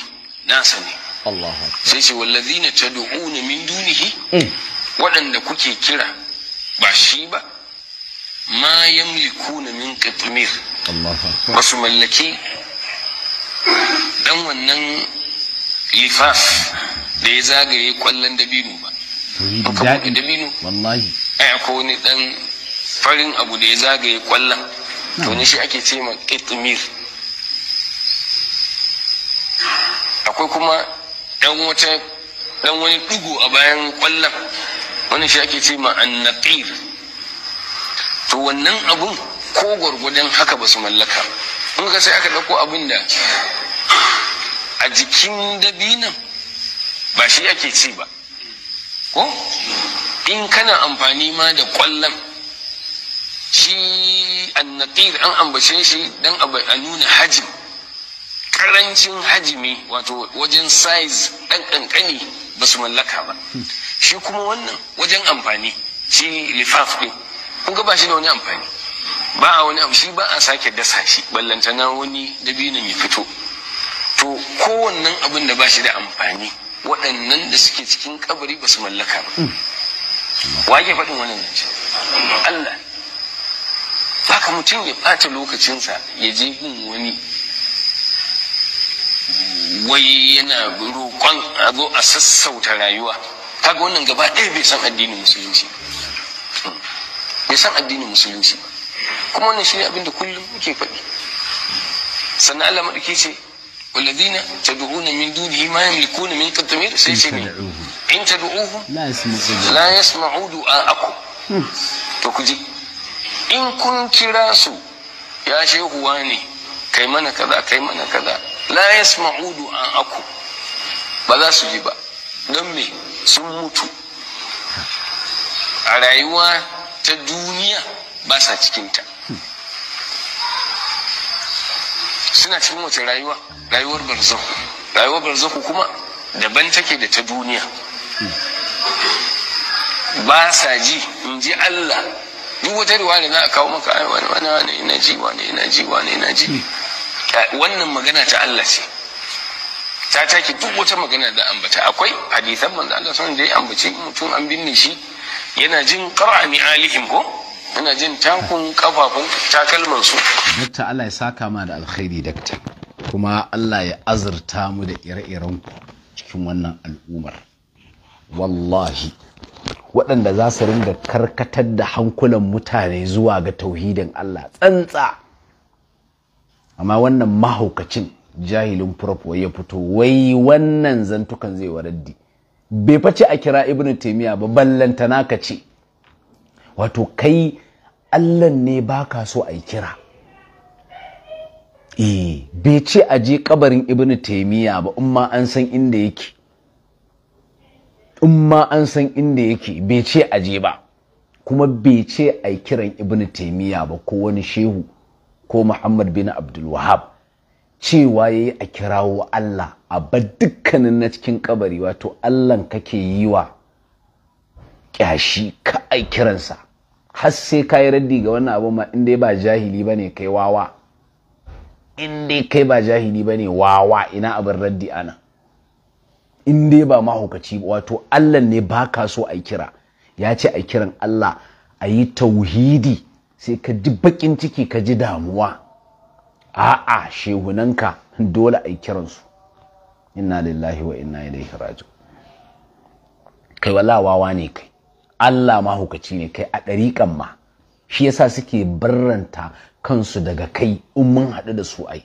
ناسني sai ce ta tad'una min dunihi mm. waɗanda kuke kira ba shi ba ma yamlikuna min qitmir ba su mallaki dan wannan lifaf da ya zagaye kwallon dabino ba dabino wallahi ai ko wani dan farin abu da ya zagaye kwallon to ne shi ake ce ma qitmir akwai kuma dan wata dan wani dugu a bayan kwallon wani shi ake ce ma annaqir to wannan abun ko gwargwadon haka ba su mallaka in ka sai aka dauko abin da a jikin dabinan ba shi ake ci ba ko in kana amfani ma da kwallon shi annaqir an ambace shi dan a nuna hajin. karancin hajimi wato wajen size ɗan ƙanƙani ba su mallaka ba shi kuma wannan wajen amfani shi lifaf ɗin kun ga ba shi da wani amfani ba a wani abu shi ba a sake dasa shi ballantana wani dabinin ya fito to kowannan abin da ba shi da amfani waɗannan da suke cikin kabari ba su mallaka ba hmm. wa ke faɗin wannan zance Allah ka mutum ya ɓata lokacinsa ya je yin wani wai yana roƙon a zo a sassauta rayuwa kaga wannan gaba ɗaya bai san addinin musulunci bai san addinin musulunci ba kuma wannan shi ne abinda kullum muke faɗi sannan Allah maɗauki ce والذين da من دونه ما يملكون من قطمير سيسمي إن تدعوهم ma'udu a ako. to ku ji in kun kira su ya shehuwa ne kai mana kaza kai mana kaza la yasma'u du'an aku ba za su ji ba don me sun mutu a rayuwa ta duniya ba sa cikinta suna cikin wace rayuwa rayuwar barzaku rayuwar barzaku kuma daban take da ta duniya ba sa ji in ji Allah duk wata riwaya da za a kawo maka ai wani wani wani ina ji wani ina ji wani ina ji wannan magana ta Allah ce ta take duk wata magana da ambata akwai hadisan manzo Allah sun da ya ambaci mutum an binne shi yana jin qara'a mi alihim ko yana jin takun kafafun takalman su dakta Allah ya saka ma da alkhairi dakta kuma Allah ya azurta mu da ire-iren ku cikin wannan al'umar wallahi waɗanda za su ringa karkatar da hankulan mutane zuwa ga tauhidin Allah tsantsa amma wannan mahaukacin jahilin furfuwa ya fito wai wannan zantukan zai waraddi bai face a kira ibnu taimiya ba ballantana naka ce wato kai allan ne baka so a yi kira eh bai ce a je kabarin ibnu taimiya ba in ma an san inda yake in ma an san inda yake bai ce a je ba kuma bai ce a kiran ibnu taimiya ba ko wani shehu ko Muhammad bin Abdul Wahab cewa yayi a kirawo Allah a bar dukkanin na cikin kabari wato Allahn kake yi wa kyashi ka ai kiransa har sai ka yi raddi ga wannan abin ma in dai ba jahili ba ne kai wawa in dai kai ba jahili ba ne wawa ina abin raddi ana in dai ba mahaukaci wato Allah ne baka so a kira ya ce a kiran Allah a yi tauhidi sai ka ji baƙin ciki ka ji damuwa a'a shehunanka dole a yi kiransu inna lillahi wa inna ilaihi raji'un kai wala wawa ne kai Allah mahukaci ne kai a ɗariƙan ma shi yasa suke barranta kansu daga kai in mun haɗu da su ai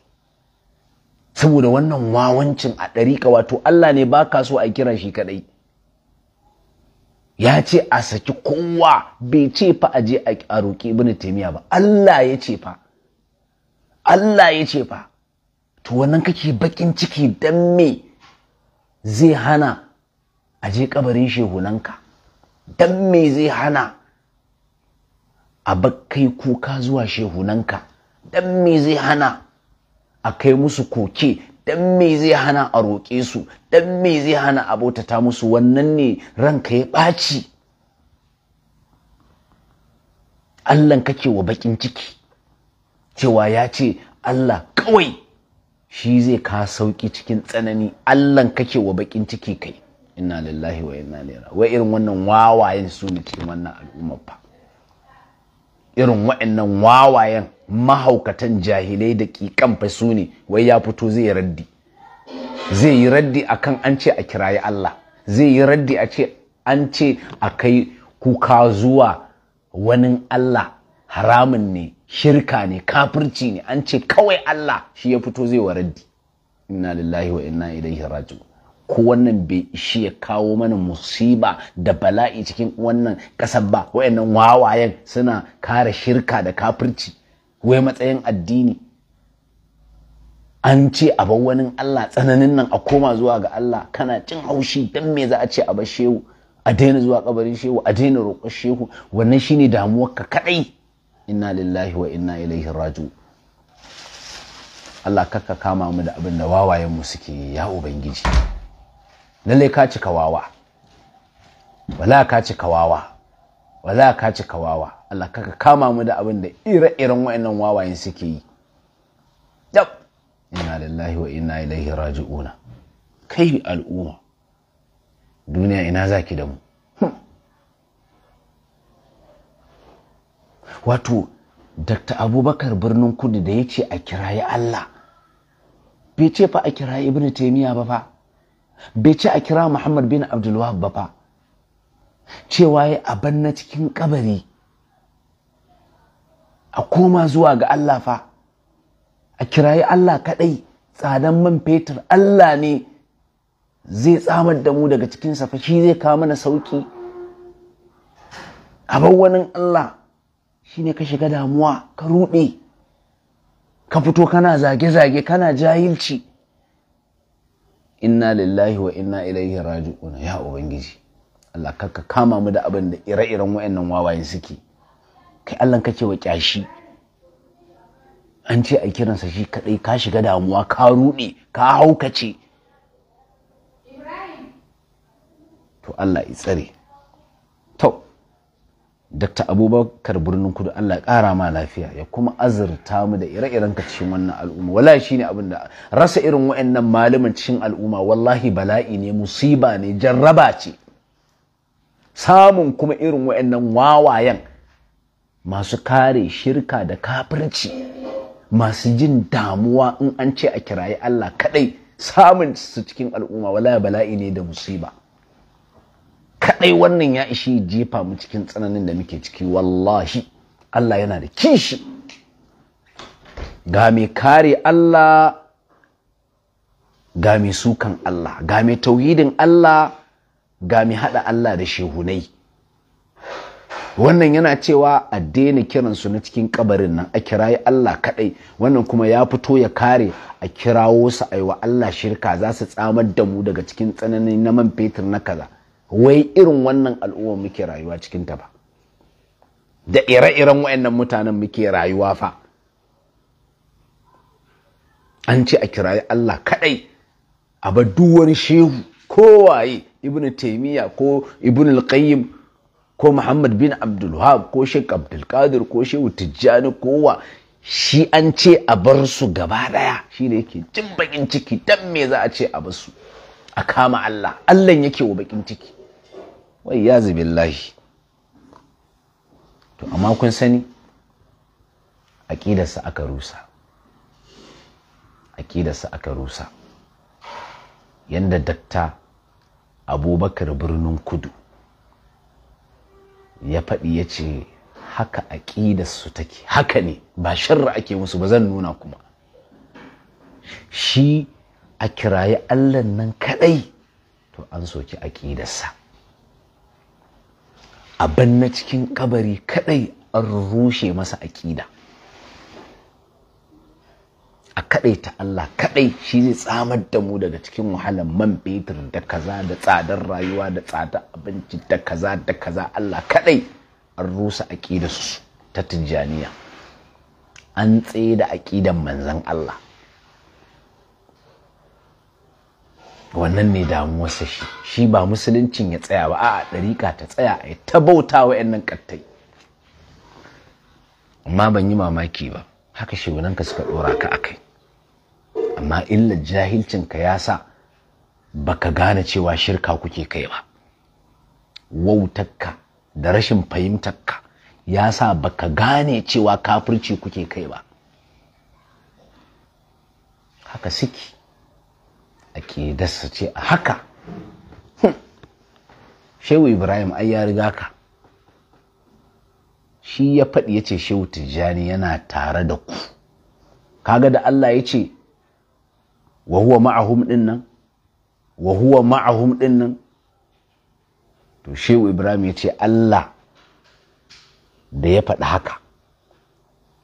saboda wannan wawancin a ɗariƙa wato Allah ne ba ka so a kiran shi kaɗai ya ce a saki kowa bai ce fa a je a roƙi ibn taimiya ba Allah ya ce fa Allah ya ce fa to wannan kake bakin ciki dan me zai hana a je kabarin shehunanka dan me zai hana a kai kuka zuwa shehunanka dan me zai hana a kai musu koke dan me zai hana a roƙe su dan me zai hana a bautata musu wannan ne ranka ya ɓaci allah kake wa bakin ciki cewa ya ce Allah kawai shi zai ka sauƙi cikin tsanani allah kake wa bakin ciki kai inna lillahi wa inna ilaihi wa irin wannan wawayen su ne cikin wannan al'ummar fa irin wa'annan wawayen mahaukatan jahilai da ƙiƙan fa su ne wai ya fito zai yi raddi zai yi raddi a kan an ce a kirayi Allah zai yi raddi a ce an ce a kai kuka zuwa wani Allah haramun ne shirka ne kafirci ne an ce kawai Allah shi ya fito zai wa raddi inna lillahi wa inna ilaihi raji'un ko wannan bai ishi ya kawo mana musiba da bala'i cikin wannan ƙasar ba wayannan wawayen suna kare shirka da kafirci wai matsayin addini an ce a wani Allah tsananin nan a koma zuwa ga Allah kana cin haushi don me za a ce a bar shehu a daina zuwa kabarin shehu a daina roƙon shehu wannan shine damuwar ka kadai inna lillahi wa inna ilaihi raju. Allah kakka kama mu da abin da mu suke ya Ubangiji. lalle ka cika wawa wala ka cika wawa wala ka cika wawa Allah kaka kama mu da abin da ire-iren wa'annan wawayen suke yi yau Ina lillahi wa inna ilaihi raji'una kai al'umma duniya ina zaki da mu hmm. wato dr abubakar birnin kudu da ya ce a kirayi allah bai ce fa a kirayi ibn taimiyya ba fa bai ci a kira muhammad bin abdulwahab ba fa cewa ya aban na cikin kabari a koma zuwa ga allah fa a kirayi allah kadai tsadan man fetur allah ne zai tsamar da mu daga cikinsa fa shi zai kawo mana sauki abin wani allah ne ka shiga damuwa ka ruɗe ka fito kana zage-zage kana jahilci inna lillahi wa inna ilaihi raji'un ya ubangiji Allah kakka kama mu da abin da ire-iren wayannan wawayen suke kai Allah kake wa kyashi an ce a kiransa shi kadai ka shiga damuwa ka rude ka haukace to Allah ya tsare to Dr. Abubakar Birnin Kudu Allah ya ƙara ma lafiya ya kuma azurta mu da ire-iren ka cikin wannan al'umma wallahi shine abin da rasa irin wayannan malaman cikin al'umma wallahi bala'i ne musiba ne jarraba ce samun kuma irin wayannan wawayen masu kare shirka da kafirci masu jin damuwa in an ce a kiraye Allah kaɗai. samun su cikin al'umma wallahi bala'i ne da musiba kadai wannan ya ishi jefa mu cikin tsananin da muke ciki wallahi Allah yana da kishi ga mai kare Allah ga mai sukan Allah ga mai tauhidin Allah ga mai hada Allah da shehunai wannan yana cewa a daina kiransu na cikin kabarin nan a kirayi Allah kadai wannan kuma ya fito ya kare a kirawo su aiwa Allah shirka za su tsamar da mu daga cikin tsananin na man fetur na kaza wai irin wannan al'umma muke rayuwa cikin ta ba da ire-iren wayannan mutanen muke rayuwa fa an ce a kirayi Allah kaɗai a ba duwar shehu kowaye ibn taymiya ko ibn al ko muhammad bin abdul ko shek abdul ko shehu tijjani kowa shi an ce a bar su gaba daya shine yake jin bakin ciki dan me za a ce a basu? a kama Allah Allah yake wa bakin ciki wai ya billahi to amma kun sani aƙidarsa aka rusa aƙidarsa aka rusa yadda dakta abubakar birnin kudu ya faɗi ya ce haka aƙidarsu take haka ne ba sharra ake musu ba zan nuna kuma shi a kiraye allan nan kaɗai to an soki aƙidarsa abin na cikin kabari kadai an rushe masa aƙida a kadai ta Allah kaɗai shi zai tsamar da mu daga cikin wahalar man betur, da kaza da tsadar rayuwa da tsadar abinci da kaza da kaza Allah kaɗai an rusa aƙidarsu ta tijjaniya an tsaye da aƙidan manzan Allah wannan ne damuwarsa shi shi ba musuluncin ya tsaya ba a'a ɗariƙa ta tsaya a ta bauta wa nan ƙattai amma ban yi mamaki ba haka ka suka ɗora ka akai amma illar jahilcinka ya sa ba ka gane cewa shirka kuke kai ba wautakka da rashin ka ya sa ba ka gane cewa kafirci kuke kai ba haka siki ake dasa ce a haka hmm. shehu ibrahim ai ya riga ka shi ya faɗi ya shehu tijjani yana tare da ku kaga da allah ya ce wa huwa ma'ahum nan wa huwa ma'ahum nan to shehu ibrahim ya ce allah da ya faɗi haka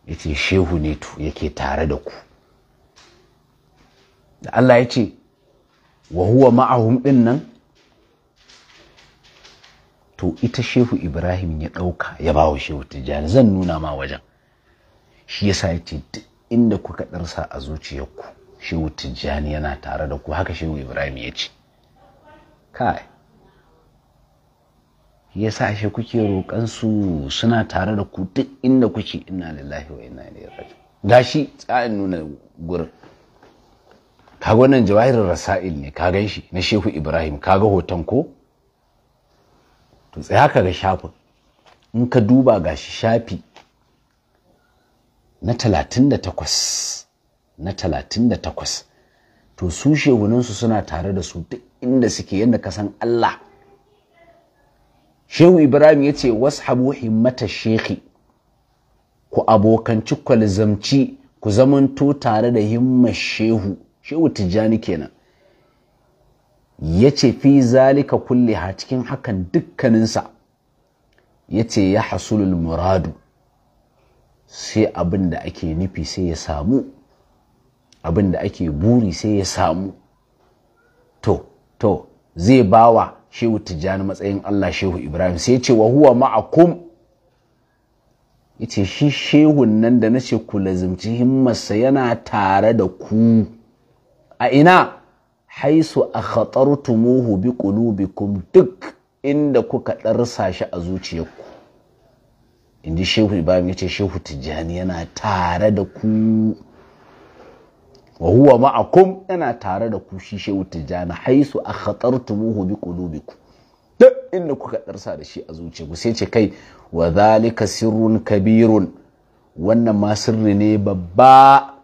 ya shehu ne to yake tare da ku da allah ya ce wa huwa ma'ahum din nan to ita shehu ibrahim ya ɗauka ya ba wa shehu tijjani zan nuna ma wajen shi yasa yace inda kuka ɗarsa a zuciyarku shehu tijjani yana tare da ku haka shehu ibrahim ya ce kai yasa shi kuke roƙansu suna tare da ku duk inda kuke inna lillahi wa inna ilaihi raji'un gashi tsayin nuna gurin kaga wannan jawahirin rasa'il ne ka gan shi na shehu ibrahim kaga hoton ko to sai haka ga shafin in ka duba ga shi shafi na 38 na 38 to su su suna tare da su duk inda suke yanda ka san Allah shehu ibrahim ya ce washabu himmata shekhi ku abokanci kwalzamci ku zamanto tare da himmar shehu shehu tijjani kenan ya ce fi zalika kulle ha cikin hakan dukkaninsa ya ce ya hasulul muradu sai abin da ake nufi sai ya samu abin da ake buri sai ya samu to to zai bawa shehu tijjani matsayin Allah shehu ibrahim sai ce wa huwa ma'akum yace shi shehun nan da na ce ku lazimci himmarsa yana tare da ku a ina haisu a tumuhu bi kulubikum duk inda kuka ɗarsa shi a zuciyarku ji shehu ibrahim ce shehu tijjani yana tare da ku wa huwa ma'akum yana tare da ku shi shehu tijjani haisu a tumuhu bi kulubikum duk inda kuka ɗarsa da shi a zuciyarku sai ce kai wa zalika sirrun kabirun wannan ma sirri ne babba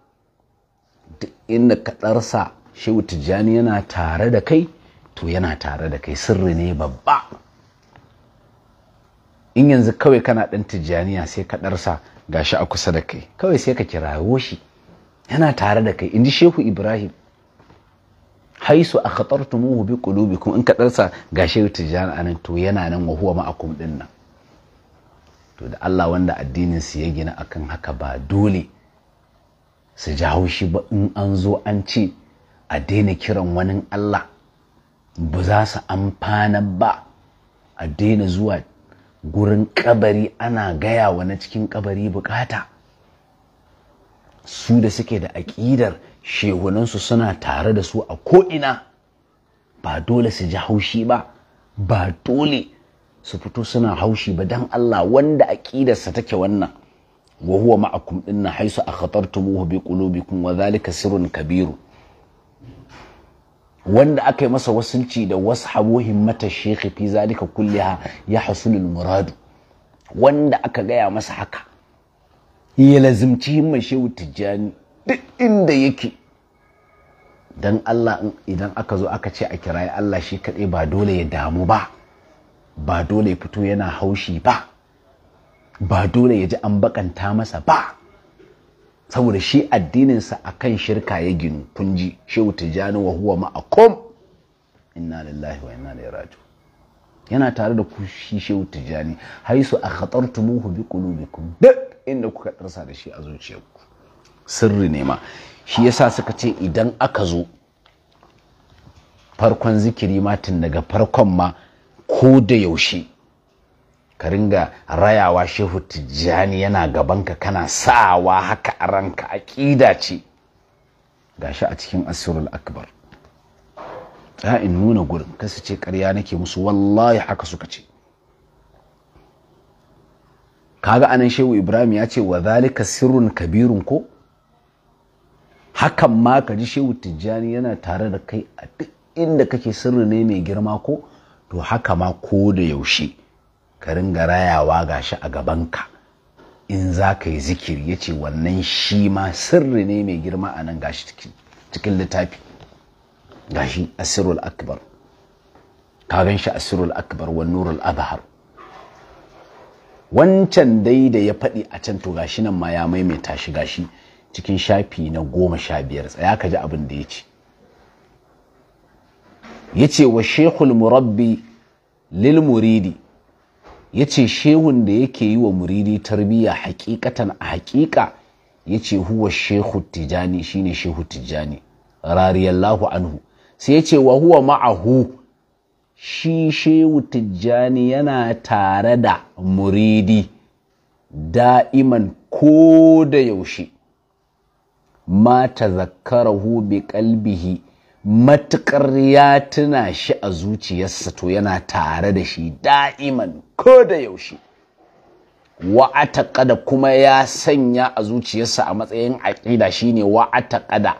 inda ka shehu tijjani yana tare da kai to yana tare da kai sirri ne babba in yanzu kawai kana ɗan tijjaniya sai ka ga gashi a kusa da kai kawai sai ka kirawo shi yana tare da kai in ji shehu ibrahim haisu a khatartumuhu bi kuma in ka ɗarsa gashi tijjani anan to yana nan wa huwa ma'akum din nan to da Allah wanda addinin su ya gina akan haka ba dole su ji haushi ba in an zo an ce a daina kiran wani Allah ba za su amfana ba a daina zuwa gurin kabari ana gaya wa na cikin kabari bukata su da suke da aƙidar shehunansu suna tare da su a ko'ina ba dole su ji haushi ba ba dole su fito suna haushi ba don Allah wanda aƙidarsa take wannan wa huwa ma'akum dinna haisu akhatartumuhu bi qulubikum wa zalika sirrin kabiru wanda aka yi masa wasulci da wasu habo mata shekhi fi zalika kulliha ya hasulul muradu wanda aka gaya masa haka ya lazimci himmar shehu tijjani duk inda yake don Allah idan aka zo aka ce a kiraye, Allah shi kaɗai ba dole ya damu ba ba dole ya fito yana haushi ba ba dole ya ji an bakanta masa ba saboda shi addininsa a kan shirka ya ginu kun ji shehu tijjani wa huwa kom. inna lillahi wa inna ilaihi yana tare da ku shi shehu tijjani haisu a khatartumuhu bi ku duk inda kuka tarsa da shi a zuciyarku sirri ne ma shi yasa suka ce idan aka zo farkon zikiri matin daga farkon ma ko da yaushe ka ringa rayawa shehu tijjani yana gabanka kana sawa haka a ranka aƙida ce gashi a cikin asirul akbar ya in nuna gurin kasu ce ƙarya nake musu wallahi haka suka ce kaga anan shehu ibrahim ya ce wa zalika sirrun kabirun ko hakan ma ka ji shehu tijjani yana tare da kai a duk inda kake sirri ne mai girma ko to haka ma ko da yaushe ka ringa rayawa ga shi a gabanka in za ka yi zikiri ya ce wannan shi ma sirri ne mai girma a nan gashi cikin littafi gashi asirul akbar ka gan shi asirul akbar wa nurul abhar wancan dai da ya faɗi a can to gashi nan ma ya maimaita shi gashi cikin shafi na goma sha biyar tsaya ka ji abin da ya ce ya ce wa shekul murabbi lil muridi ya ce shehun da yake yi wa muridi tarbiyya hakikatan a hakika ya ce huwa shehu tijani shine shehu tijani rariyallahu anhu sai ya ce wa huwa ma'ahu shi shehu tijjani yana tare da muridi da'iman ko da yaushe ma ta zakarahu bi kalbihi matuƙar ya tuna shi a zuciyarsa to yana tare da shi da'iman ko da yaushe wa'ataƙada kuma ya sanya a zuciyarsa a matsayin aƙida shine wa'ataƙada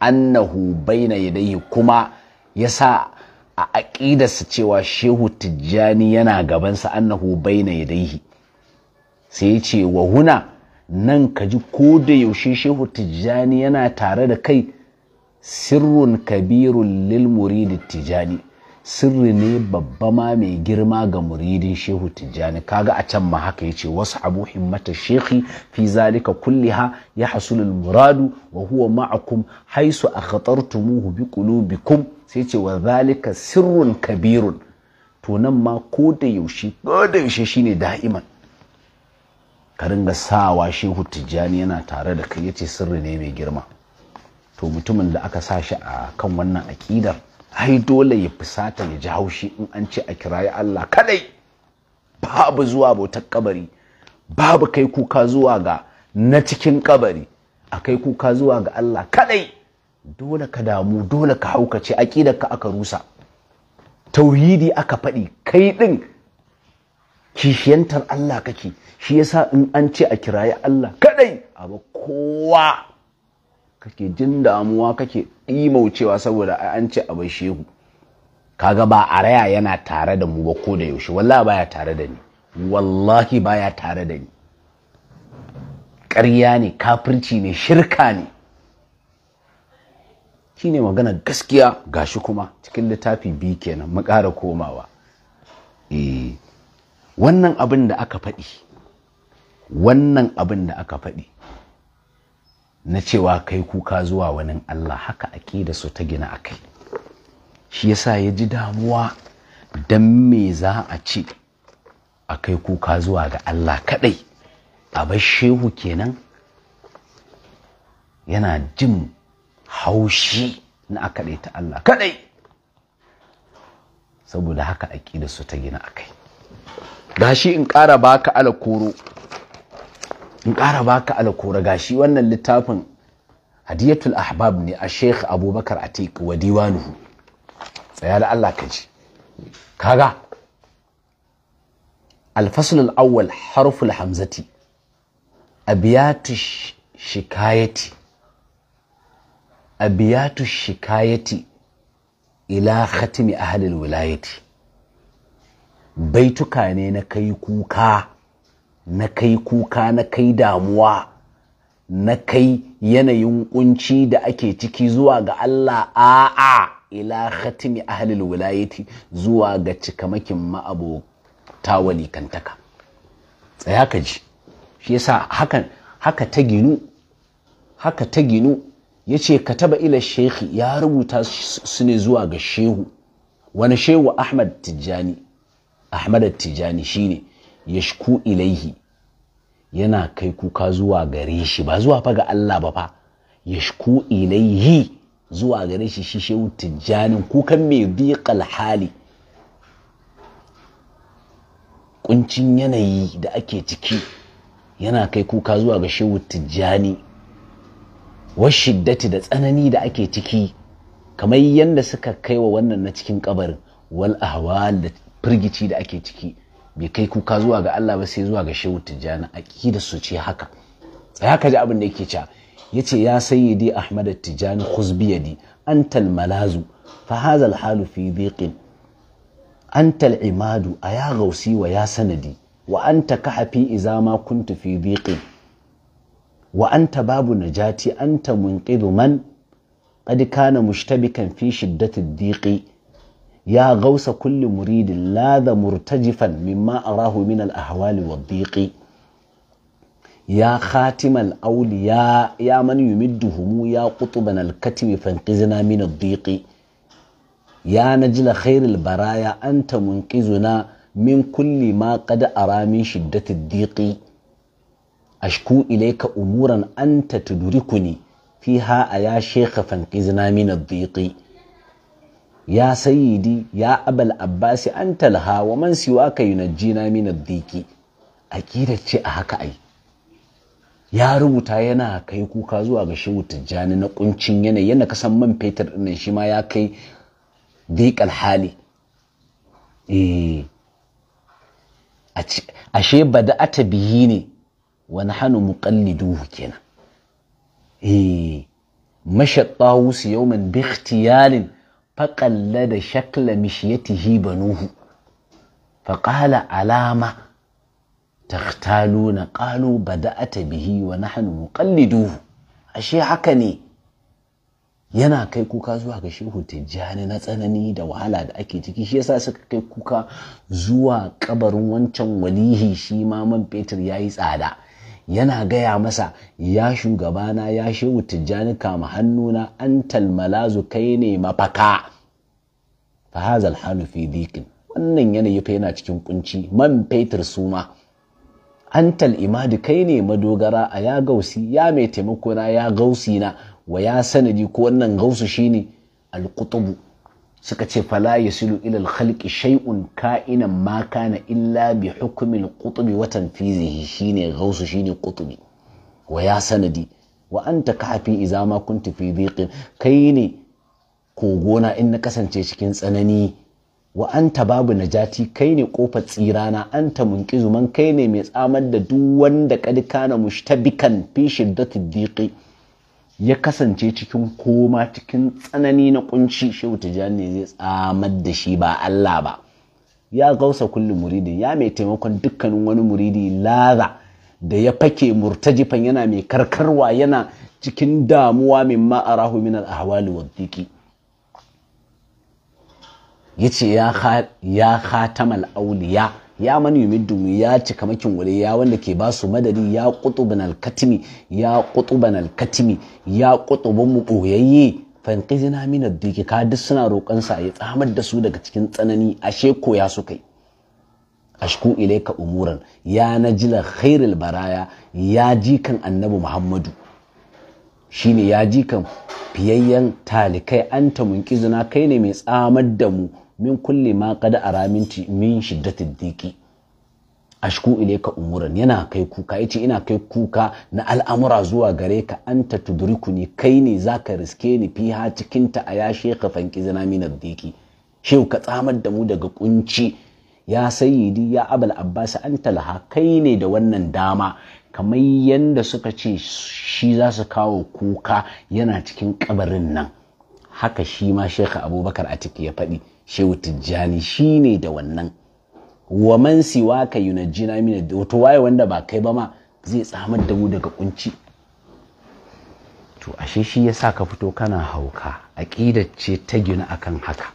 annahu baina yadayhi kuma yasa a aƙidarsa cewa shehu tijjani yana gabansa annahu baina yadayhi sai ce wa huna nan ka ji ko da yaushe shehu tijjani yana tare da kai sirrun kabirun lil muridin tijani sirri ne babba ma mai girma ga muridin shehu Tijani, kaga a can ma haka yace wasu abu himmata shekhi fi zalika kulliha ya hasulul muradu wa huwa ma'akum haisu akhatartumuhu bi qulubikum sai ce wa zalika sirrun kabirun to nan ma ko da yaushe ko da yaushe shine da'iman ka ringa sawa shehu Tijani yana tare da kai yace sirri ne mai girma to mutumin da aka sa shi a kan wannan aƙidar ai dole ya fusata ya ji haushi in an ce a kirayi Allah kadai babu zuwa bautar kabari babu kai kuka zuwa ga na cikin kabari a kai kuka zuwa ga Allah kadai dole ka damu dole ka haukace aƙidar ka aka rusa tauhidi aka faɗi kai ɗin kishiyantar Allah kake shi yasa in an ce a kirayi Allah kadai abu kowa kake jin damuwa kake cewa saboda an ce a bai shehu kaga ba a raya yana tare da mu ba ko da yaushe wallahi baya tare da ni wallahi baya tare da ni ƙarya ne kafirci ne shirka ne shine magana gaskiya gashi kuma cikin littafi biyu kenan mu ƙara komawa eh wannan abin da aka faɗi wannan abin da aka faɗi na cewa kai kuka zuwa wani Allah haka da su ta gina akai shi yasa ya ji damuwa don me za a ce a kai kuka zuwa ga Allah kaɗai a bar shehu kenan yana jin haushi na aka kaɗai ta Allah kaɗai saboda haka da su ta gina akai gashi in ƙara baka ala koro in ƙara baka alkura ga shi wannan littafin hadiyatul ahbab ne a sheikh abubakar atik wa nuhu. tsaya da allah ka ji kaga alfasul al'awwal harful hamzati abiyatu shikayati abiyatu shikayati ila khatimi ahlul wilayati baituka ne na kai kuka na kai kuka na kai damuwa na kai yanayin kunci da ake ciki zuwa ga Allah a'a ila khatimi ahlil wilayati zuwa ga cikamakin tawali kantaka tsaya ka ji shi yasa hakan haka ta ginu haka ta ginu yace taba ila shekhi ya rubuta su ne zuwa ga shehu wani shehu Ahmad tijani Ahmad Tijjani shine yashku ilaihi yana kai kuka zuwa gare shi ba zuwa fa ga Allah ba fa yashku ilaihi zuwa gare shi shi shehu tijjanin kukan mai diqal hali kuncin yanayi da ake ciki yana kai kuka zuwa ga shehu tijjani washiddati da tsanani da ake ciki kamar yadda suka kaiwa wannan na cikin kabarin wal ahwal da firgici da ake ciki bai kai kuka zuwa ga Allah ba sai zuwa ga shehu tijjani aqida su ce haka sai haka ji abin da yake cewa yace ya sayyidi ahmad tijjani khuzbi yadi antal malazu fa hadha al halu fi dhiqin antal imadu aya gausi wa ya sanadi wa anta kahfi idza ma kuntu fi dhiqin wa anta babu najati anta munqidu man qad kana mushtabikan fi shiddati dhiqi يا غوص كل مريد لاذ مرتجفا مما أراه من الأهوال والضيق يا خاتم الأولياء يا من يمدهم يا قطبنا الكتم فانقذنا من الضيق يا نجل خير البرايا أنت منقذنا من كل ما قد أرى من شدة الضيق أشكو إليك أمورا أنت تدركني فيها أيا شيخ فانقذنا من الضيق ya sayidi ya abal abbasi an talha wa man siwaka yunajjina min ad-diki aqidar ce a haka ai ya rubuta yana kai kuka zuwa ga tijjani na kuncin yanayi yana kasan man fetur ɗinnan shi ma ya kai daƙal hali eh. ashe bada da ne wani hannu muƙalliduhu kenan eh. mashaɗa wusu yau min bihtiyalin faƙalla da shakla mishiyatihi banuhu faƙala alama takhtaluna qalu bada'ata bihi wa nahnu muqalliduhu ashe haka ne yana kai kuka zuwa ga shehu tijjani na tsanani da wahala da ake ciki shi yasa suka kai kuka zuwa kabarin wancan walihi shi ma man fetur yayi tsada yana gaya masa ya shugabana ya shehu tijjani kama hannuna an talmalazu kai ne mafaka fa hazal halu fi dikin wannan yanayi fa yana cikin kunci man fetur suma antal imadi kai ne madogara a ya gausi ya mai taimako na ya gausi na wa ya sanadi ko wannan gausu shine Alkutubu? suka ce fala silu ilal khalqi shay'un ka'inan ma kana illa bi hukmil qutbi wa tanfizihi shine gausu shine qutbi wa ya sanadi wa anta kafi idza ma kunta fi dhiqin kai ne kogona in na kasance cikin tsanani wa anta babu najati kai ne kofar tsirana anta munqizu man kai ne mai tsamar da duk wanda kad kana mushtabikan fi shiddati dhiqi ya kasance cikin koma cikin tsanani na kunci shehu tijjani zai tsamar da shi ba Allah ba ya gausa kullum muridin ya mai taimakon dukkanin wani muridi laza da ya fake murtajifan yana mai karkarwa yana cikin damuwa min ma'arahu min al-ahwali Ya yace ya khatamal auliya ya yumi dumi ya cika makin wuri ya wanda ke ba su madadi ya qutubun al-katimi ya qutubun al-katimi ya qutubun mu boyayye fankizi na ad ka duk suna roƙon sa ya tsamar da su daga cikin tsanani ashe ya su kai ashku ilaika umuran ya najila khairul baraya ya ji kan annabi muhammadu shine ya ji kan fiyayyen talikai anta munkizuna kai ne mai tsamar da mu min kulle ma a raminti min shiddatid diqi ashku ka umuran yana kai kuka yace ina kai kuka na al'amura zuwa gare ka anta ni kai ne zaka riske ni fiha cikin ta aya shekha fanki zina min ad ka tsamar da mu daga kunci ya sayyidi ya abul abbas anta laha kai ne da wannan dama kamar yadda suka ce shi za su kawo kuka yana cikin kabarin nan haka shi ma shekha abubakar a ciki ya faɗi shehu tijjani shi ne da wannan wa man jina mini min wato waye wanda ba kai ba ma zai tsamar da mu daga kunci to ashe shi ya sa ka fito kana hauka aqidar ce ta gina akan haka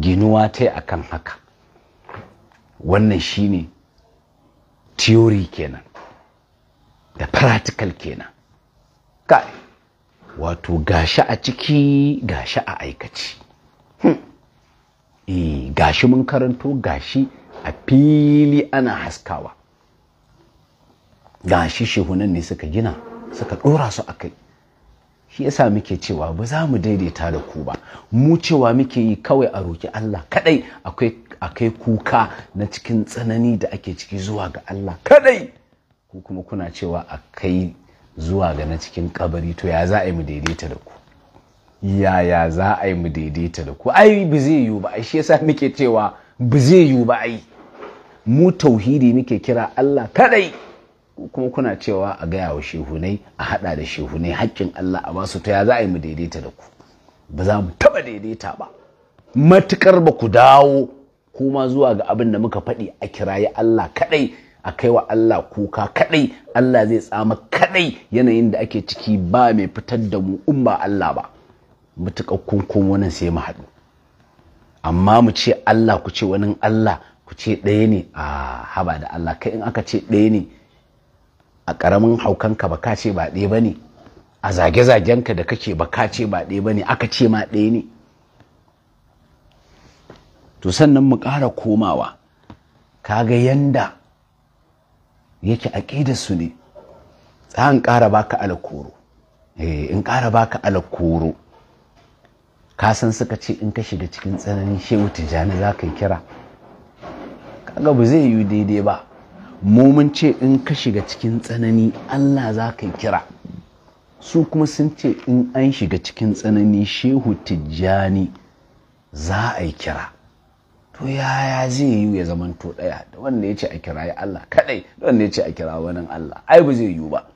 ginuwa ta akan haka wannan shi ne theory kenan da practical kenan kai wato gashi a ciki gashi a aikaci e gashi mun karanto gashi a fili ana haskawa gashi shehunan ne suka gina suka ɗora su a kai shi yasa muke cewa ba za mu daidaita da ku ba mu cewa muke yi kawai a roki Allah kadai akwai akai kuka na cikin tsanani da ake ciki zuwa ga Allah kadai ku kuma kuna cewa akai zuwa ga na cikin kabari to ya za a yi mu daidaita da ku yaya za a yi mu daidaita da ku ai ba zai yiwu ba ai shi yasa muke cewa ba zai yiwu ba ai mu tauhidi muke kira Allah kadai kuma kuna cewa a gaya wa shehunai a hada da shehunai haƙƙin Allah a basu ta ya za a yi mu daidaita da ku ba za mu taba daidaita ba matukar ba ku dawo kuma zuwa ga abin da muka faɗi a kirayi Allah kadai a kai wa Allah kuka kadai Allah zai tsama kadai yanayin da ake ciki ba mai fitar da mu in ba Allah ba Mutuƙa kunkun wannan sai mu haɗu amma mu ce Allah ku ce wani Allah ku ce ɗaya ne a haba da Allah kai in aka ce ɗaya ne a ƙaramin haukanka ba ka ce ba ɗaya ba ne a zage-zagenka da kake ba ka ce ba ɗaya ba ne aka ce ma ɗaya ne to sannan mu ƙara komawa ka ga yanda yake su ne tsahan ƙara baka alakoro in ƙara baka alakoro eh, ka san suka ce in ka shiga cikin tsananin shehu tijjani za ka yi kira kaga ba zai yi daidai ba mun ce in ka shiga cikin tsanani allah za ka yi kira su kuma sun ce in an shiga cikin tsanani shehu tijjani za a yi kira to yaya zai yi ya zaman to ɗaya da wanda ya ce a kira ya allah kaɗai da wanda ya ce a kira wani allah ai ba zai yiwu ba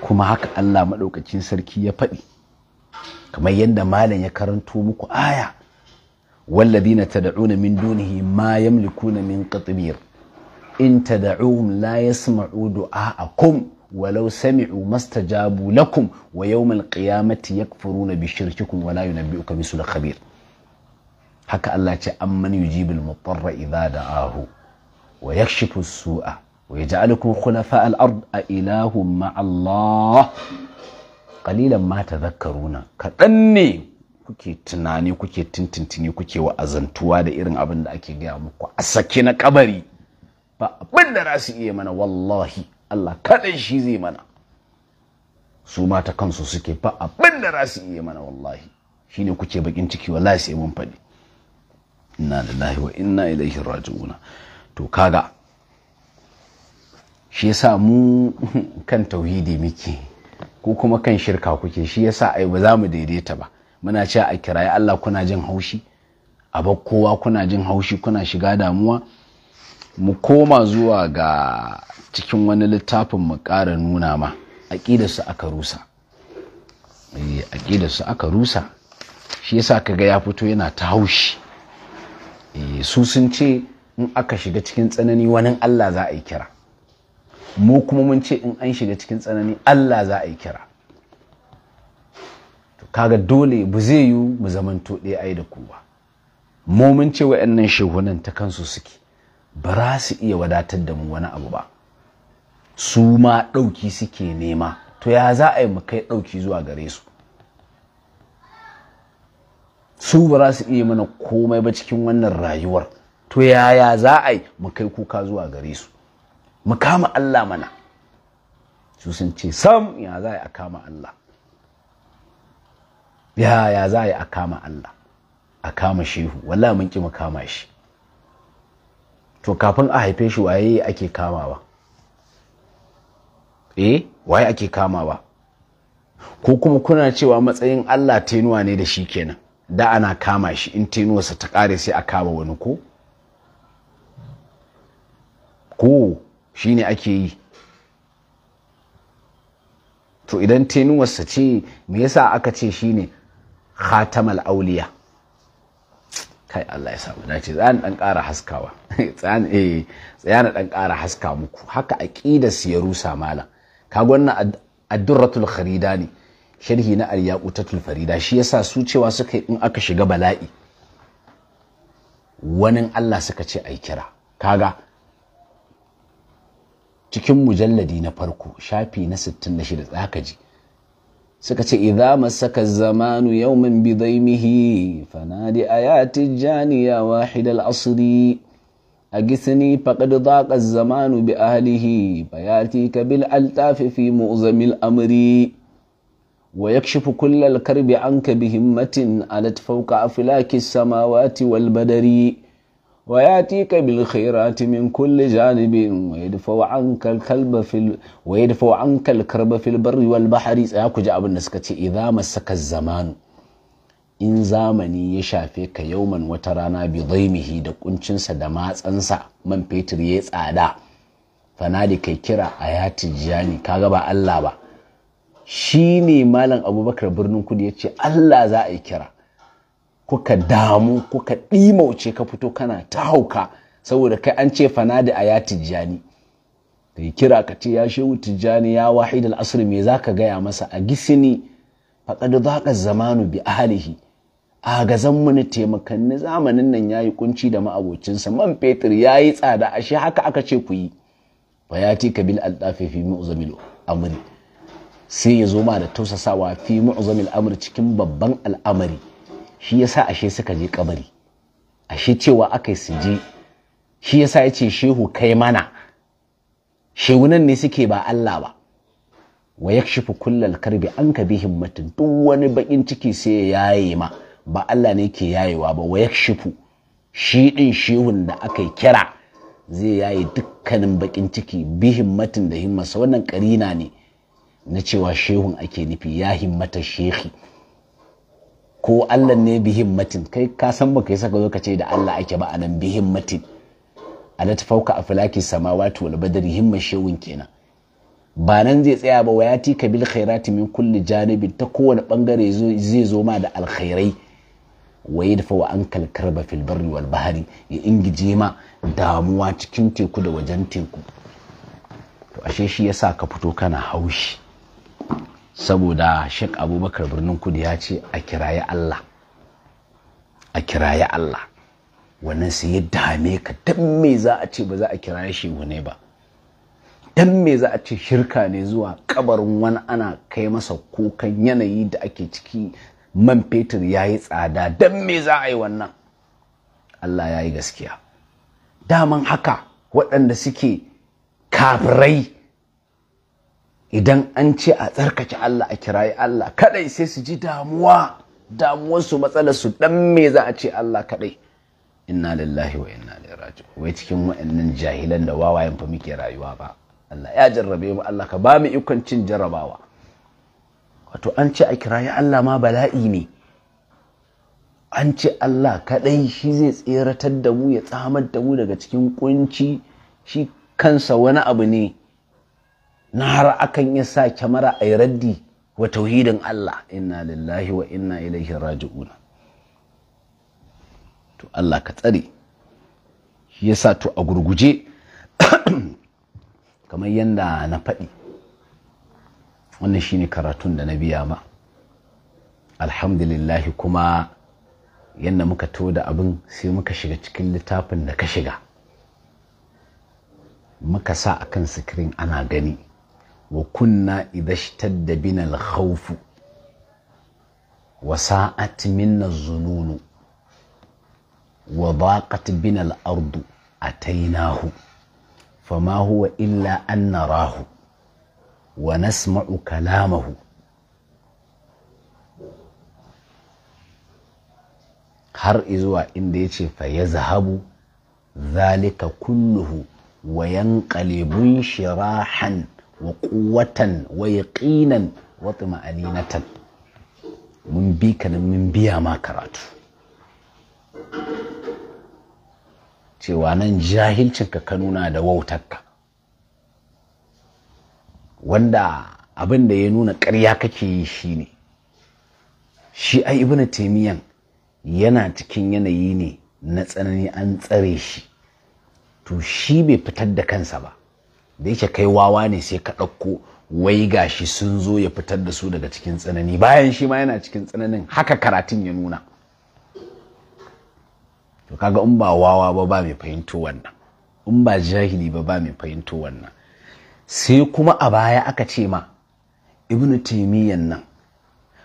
kuma haka allah maɗaukacin sarki ya faɗi kamar yadda malam ya karanto muku aya wallazina tad'una min dunihi ma yamlikuna min qatmir in tad'uhum la yasma'u du'a'akum walau sami'u mastajabu lakum wa yawm alqiyamati yakfuruna bi shirkikum wa la yunabbi'uka bi sulal khabir haka Allah ce amman yujibu al-muttarra idha da'ahu wa yakshifu as-su'a wa yaj'alukum khulafa al-ard a ilahum ma'allah Allah qalilan ma tadhakkaruna kaɗan ne kuke tunani kuke tintintini kuke wa'azantuwa da irin abin da ake gaya muku a sake na kabari ba abin da za su iya mana wallahi Allah kaɗan shi zai mana su mata kansu suke ba abin da za su iya mana wallahi shine kuke bakin ciki wallahi sai mun faɗi inna lillahi wa inna ilaihi raji'una to kaga shi yasa mu kan tauhidi muke ko kuma kan shirka kuke shi yasa ai ba za mu daidaita ba muna cewa a kiraye Allah kuna jin haushi a bar kowa kuna jin haushi kuna shiga damuwa mu koma zuwa ga cikin wani littafin mu ƙara nuna ma aƙidarsu aka rusa eh, aƙidarsu aka rusa shi yasa ga ya fito yana ta haushi eh, su sun ce in aka shiga cikin tsanani wani Allah za a yi kira mu kuma mun ce in an shiga cikin tsanani Allah za a yi kira to kaga dole bu zai yi mu zamanto ɗaya ai da ku ba mu mun ce wa'annan shehunan ta kansu suke ba za su iya wadatar da mu wani abu ba su ma ɗauki suke nema to ya za a yi mu kai ɗauki zuwa gare su su ba za su iya mana komai ba cikin wannan rayuwar to yaya za a yi mu kai kuka zuwa gare su mu kama Allah mana su sun ce sam ya za a kama Allah ya ya za a kama Allah a kama shehu wallahi mun ki mu kama shi to kafin a haife shi waye ake kamawa eh waye ake kamawa ko kuma kuna cewa matsayin Allah tenuwa ne da shi kenan da ana kama shi in tenuwarsa ta kare sai a kama wani ko ko Shi ne ake yi to idan tenuwarsa ce me yasa aka ce shi ne khatamal auliya kai Allah ya samu dace ni dan ƙara haskawa tsayan dan eh, ƙara haska muku haka aqida ya rusa malam ka wannan addurratul kharida ne sharhi na al ta farida shi yasa su cewa suka in aka shiga bala'i wani Allah suka ce ai kira kaga cikin mujalladi na farko shafi na 66 zaka ji suka ce idza masaka zamanu yawman bidaimihi fanadi ayati janiya wahid al-asri agisni faqad daqa zamanu bi ahlihi bayatika bil altaf fi mu'zami al-amri anka كل الكرب عنك بهمة ألت فوق أفلاك السماوات والبدري وياتيك بالخيرات من كل جانب ويدفع عنك الكلب في ال... ويدفع عنك الكرب في البر والبحر سياكو جاء ابن نسكتي اذا مسك الزمان in zamani ya shafe ka yauman wata rana biyu, zaimihi da kuncinsa da matsansa man fetur ya tsada fanadi kai kira a ya tijjani kaga ba Allah ba shi ne malam abubakar birnin kudu ya ce Allah za a yi kira kuka damu kuka ɗimauce ka fito kana ta hauka saboda kai an ce fana da ya tijjani ka yi kira ka ce ya shehu tijjani ya wahid al'asir me za ka gaya masa a gisini faƙad zaƙa zamanu bi ahalihi a gazan mini taimakanni zamanin nan ya yi kunci da ma'abocinsa man fetur ya yi tsada ashe haka aka ce ku yi ti ka bil aldafi fi mu'zamil amri sai ya zo ma da tausasawa fi mu'zamil amri cikin babban al'amari shi yasa ashe suka je kabari ashe cewa aka su je shi yasa yace shehu kai mana Shehu nan ne suke ba Allah ba wa yakshifu kullal karbi an ka bi himmatin duk wani bakin ciki sai ya yaye ma ba Allah ne ke yayewa ba wa yakshifu shi din shehun da aka kira zai yaye dukkanin bakin ciki bi himmatin da himmasa wannan karina ne na cewa shehun ake nufi ya himmata shehi ko Allah ne bihin matin, kai ka san baka yi saka zo ka ce da Allah ake ba anan bihimmatin a tafauka aflaki samawati wal badri himmar shewun kenan ba nan zai tsaya ba wayati kabil khairati min kulli janibin ta kowane bangare zai zo ma da alkhairai waye da fawa an kalkarba fil barri wal bahari ya ingije ma damuwa cikin teku da wajen teku to ashe shi yasa ka fito kana haushi saboda shek abubakar birnin kudu ya ce a kiraye allah a kiraye allah wannan sai ya dame ka dan me za a ce ba za a kiraye shi ne ba dan me za a ce shirka ne zuwa kabarin wani ana kai masa kukan yanayi da ake ciki man fetur ya yi tsada dan me za a yi wannan allah ya yi gaskiya daman haka waɗanda suke kafirai idan an ce a tsarkake Allah a kirayi Allah kadai sai su ji damuwa damuwarsu matsalar su dan me za a ce Allah kadai inna lillahi wa inna ilaihi raji'un wai cikin wa'annan jahilan da wawayen fa muke rayuwa ba Allah ya jarrabe mu Allah ka ba mu ikon cin jarrabawa wato an ce a kirayi Allah ma bala'i ne an ce Allah kadai shi zai tseratar da mu ya tsamar da mu daga cikin kunci shi kansa wani abu ne na har akan iya sa kyamara a yi raddi wa tauhidin Allah inna lillahi wa inna ilaihi raji'una to Allah ka tsare shi yasa to a gurguje kamar yadda na faɗi wannan shine karatun da na biya ma alhamdulillahi kuma yadda muka to da abin sai muka shiga cikin littafin da ka shiga muka sa akan sikirin ana gani wa kunna idashtadda bina binal khaufu wa sa'at minna zununu wa baƙat bina ardu a tainahu fama huwa illa an rahu wa nasma'u kalamahu har izuwa inda ya ce fa zahabu zalika kulluhu wa bun shirahan wa kuwatan wa yaqinan wa tuma'aninatan mun bi ka nan mun biya ma karatu cewa nan jahilcinka ka nuna da wautarka wanda abin da ya nuna ƙarya kake yi shi ne shi ai ibn taimiyan yana cikin yanayi ne na tsanani an tsare shi to shi bai fitar da kansa ba da yake kai wawa ne sai ka ɗauko wai gashi sun zo ya fitar da su daga cikin tsanani bayan shi ma yana cikin tsananin haka karatun ya nuna to kaga in ba wawa ba ba mai fahimto wannan in ba jahili ba ba mai fahimto wannan sai kuma a baya aka ce ma ibnu taimiyyan nan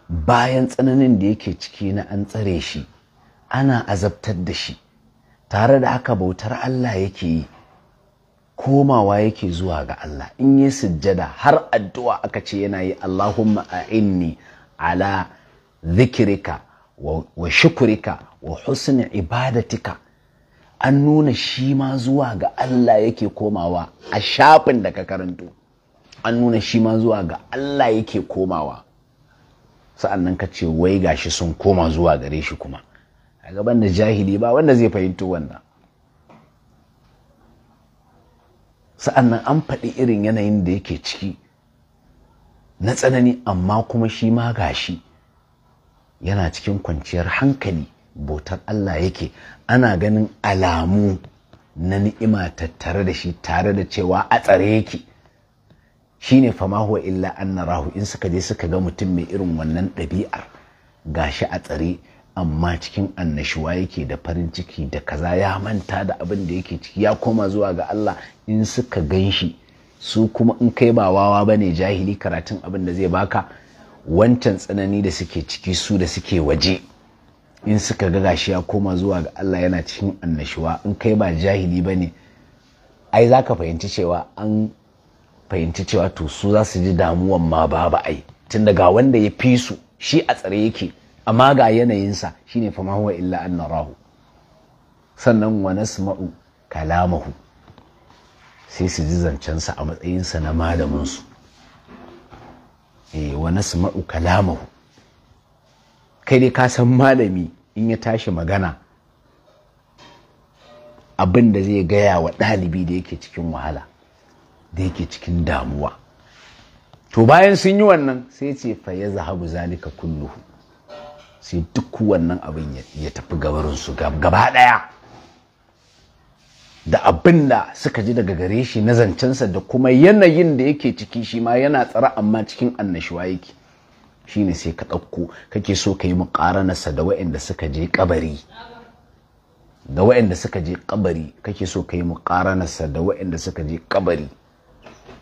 bayan tsananin da yake ciki na an tsare shi ana azabtar da shi tare da haka bautar Allah yake yi komawa yake zuwa ga Allah in yi sujjada har addu'a aka ce yana yi Allahumma a'inni ala zikirika wa shukurika wa husni ibadatika an nuna shi ma zuwa ga Allah yake komawa a shafin da ka karanto an nuna shi ma zuwa ga Allah yake komawa sa'an nan ka ce wai gashi sun koma zuwa gare shi kuma a gaban da jahili ba wanda zai fahimto wannan sa'annan an faɗi irin yanayin da yake ciki na tsanani amma kuma shi ma gashi yana cikin kwanciyar hankali botar Allah yake ana ganin alamu na ni'ima tattare da shi tare da cewa a tsare yake ne fama huwa illa an narahu in suka je suka ga mutum mai irin wannan ɗabi'ar gashi a tsare amma cikin annashuwa yake da farin ciki da kaza ya manta da abin da yake ciki ya koma zuwa ga Allah in suka gan shi su kuma in kai ba wawa ba ne jahili karatun abin da zai baka wancan tsanani da suke ciki su da suke waje in suka ga gashi ya koma zuwa ga Allah yana cikin annashuwa in kai ba jahili ba ne ai za ka fahimci cewa an fahimci cewa to su za su ji damuwan ma ba ba ai tun daga wanda ya fi su shi a tsare yake amma ga yanayinsa shine fa ma huwa illa an narahu sannan wa nasma'u kalamahu sai su ji zancensa a matsayinsa na malamin malaminsu eh, wa nasma'u kalamahu kai dai ka san malami in ya tashi magana abin da zai gaya wa ɗalibi da yake cikin wahala da yake cikin damuwa to bayan sun yi wannan sai ce fa ya zahabu zalika kulluhu sai duk wannan abin ya tafi gabarinsu gaba ɗaya da abin da suka ji daga gare shi na zancensa da kuma yanayin da yake ciki shi ma yana tsara amma cikin annashuwa yake shine sai ka ɗauko kake so ka yi muƙaranarsa da waɗanda suka je kabari da waɗanda suka je ƙabari kake so ka yi muƙaranarsa da waɗanda suka je ƙabari.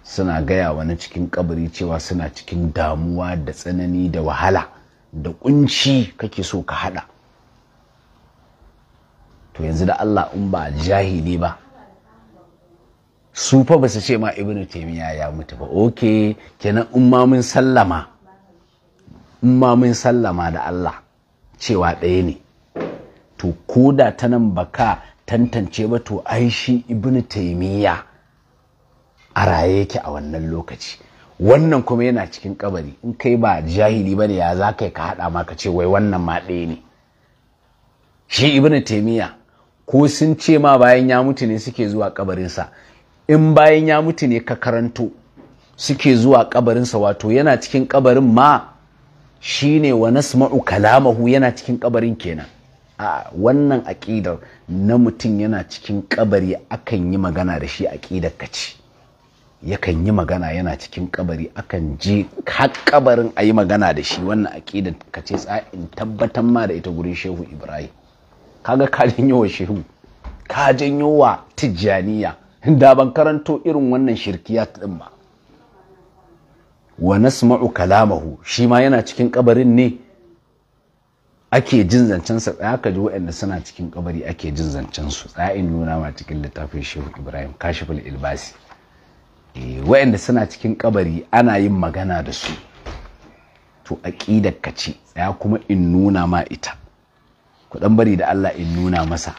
suna gaya wani cikin ƙabari cewa suna cikin damuwa da tsanani da wahala da ƙunci kake so ka haɗa. to yanzu da Allah in ba jahili ba su fa ba su ce ma Ibn taymiya ya mutu ba oke kenan in ma mun sallama in ma mun sallama da Allah cewa ɗaya ne to ko da ta nan baka tantance ba to ai shi Ibn taymiya a raye yake a wannan lokaci wannan kuma yana cikin kabari in kai ba jahili bane ya za ka ka haɗa ma ka ce wai wannan ma ɗaya ne shi Ibn taymiya ko sun ce ma bayan ya mutu ne suke zuwa kabarinsa in bayan ya mutu ne ka karanto suke zuwa kabarinsa wato yana cikin kabarin ma shine wa nasma'u kalamahu yana cikin kabarin kenan a wannan aƙidar na mutum yana cikin kabari akan yi magana da shi aƙidar ka ce yakan yi magana yana cikin kabari akan je har kabarin a yi magana da shi wannan aƙidar ka ce in tabbatan ma da ita gurin shehu ibrahim kaga ka janyo wa shehu ka janyo wa tijjaniya da ban karanto irin wannan shirkiyat din ba wa nasma'u kalamahu shi ma yana cikin kabarin ne ake jin zancen sa tsaya ka ji waɗanda suna cikin kabari ake jin zancen su tsaya in nuna ma cikin littafin shehu ibrahim kashiful ilbasi eh, waɗanda suna cikin kabari ana yin magana da su to aƙidar ka ce tsaya kuma in nuna ma ita ku dan bari da Allah in nuna masa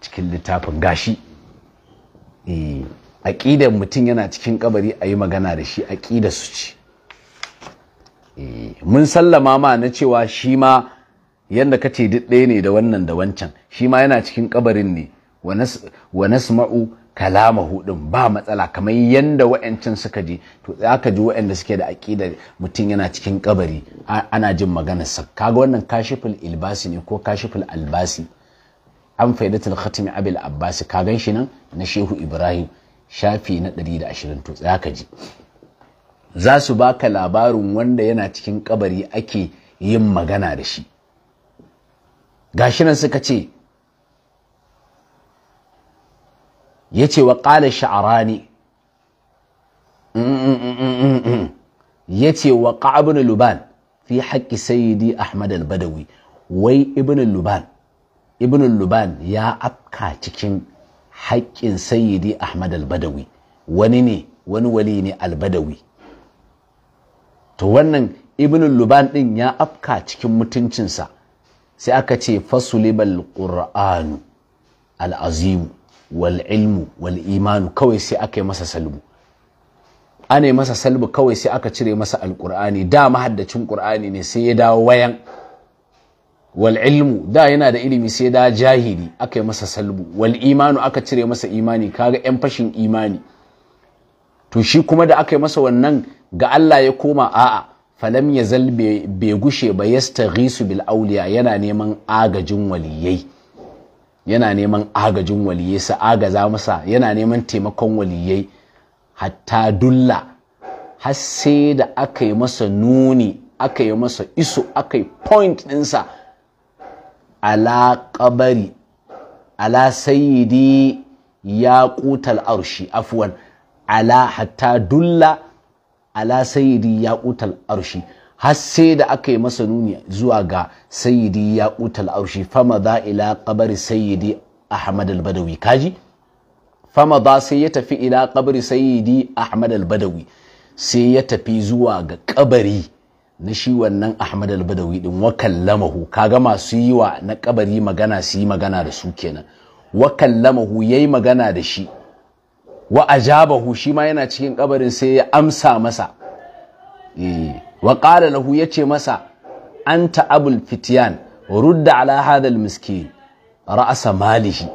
cikin littafin gashi eh aqidar mutum yana cikin kabari ayi magana da shi aqida su ce eh, mun sallama ma na cewa shi ma yadda ka duk ɗaya ne da wannan da wancan shi ma yana cikin kabarin ne wa nasma'u kalamahu din ba matsala kamar yanda wa'ancin suka ji to zaka ji wa'anda suke da aƙidar mutum yana cikin kabari ana jin maganar sa kaga wannan kashiful ilbasi ne ko kashiful albasi an faidatul khatmi abil abbas ka gan shi nan na shehu ibrahim shafi na 120 to zaka ji za su baka labarin wanda yana cikin kabari ake yin magana da shi gashi nan suka ce ya ce wa ƙala sha'arani ya ce wa ƙa'abin luban fi haƙƙi sayyidi ahmad al-badawi wai ibn luban luban ya afka cikin haƙƙin sayyidi ahmad al-badawi wani ne wani wali ne al-badawi to wannan ibn luban ɗin ya afka cikin mutuncinsa sai aka ce fasulibal ƙur'anu al-azimu wal ilmu kawai sai aka yi masa salbu ana yi masa salbu kawai sai aka cire masa alkur'ani da mahaddacin ƙur'ani ne sai ya dawo wayan wal ilmu da yana da ilimi sai da jahili aka yi masa salbu wal aka cire masa imani kaga yan fashin imani to shi kuma da aka yi masa wannan ga Allah ya koma a'a falam ya zal bai gushe ba yastaghisu bil auliya yana neman agajin waliyai yana neman agajin waliyai su agaza masa yana neman taimakon waliyai hatta dulla har sai da aka yi masa nuni aka yi masa iso aka yi point ɗinsa ala kabari ala sayidi ya kutal arshi afuwan ala hatta dulla ala sayidi ya kutal arshi har sai da aka yi masa nuni zuwa ga sayyidi ya kutal aushi fama za ila kabari sayyidi ahmad al-badawi kaji fama za sai ya tafi ila kabari sayyidi ahmad al-badawi sai ya tafi zuwa ga kabari na shi wannan ahmad al-badawi din wa kallamahu kaga masu yi wa na kabari magana su yi magana da su kenan wa kallamahu yayi magana da shi wa ajabahu shi ma yana cikin kabarin sai ya amsa masa eh waƙala lahu ya ce masa anta abul fitiyan rudda ala hadha al ra'sa malihi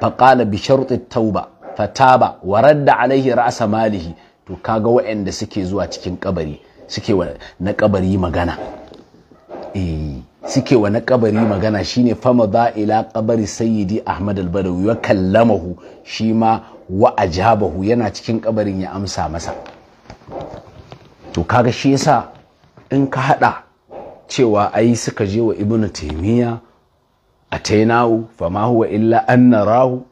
faƙala qala bi shart tauba fataba wa radda alaihi ra'sa malihi to kaga waɗanda suke zuwa cikin kabari suke wa na kabari magana eh suke wa na kabari magana shine fama za ila kabari sayyidi ahmad al-badawi wa kallamahu shi ma wa ajabahu yana cikin kabarin ya amsa masa to kaga shi yasa in ka hada cewa ai suka je wa ibnu taymiya atainahu fama huwa illa an narahu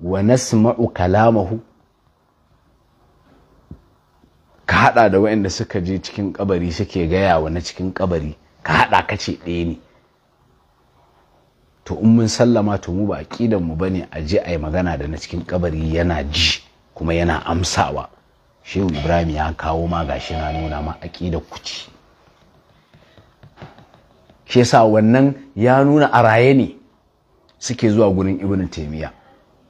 wa nasma'u kalamahu ka hada da waɗanda suka je cikin kabari suke gaya wa na cikin kabari ka hada ka ce ɗaya ne to in mun sallama to mu ba aqidan mu bane a je ai magana da na cikin kabari yana ji kuma yana amsawa shehu ibrahim ya kawo ma gashi na nuna ma aƙi da kuci Ke sa wannan ya nuna a raye ne suke zuwa gurin ibn taimiyya.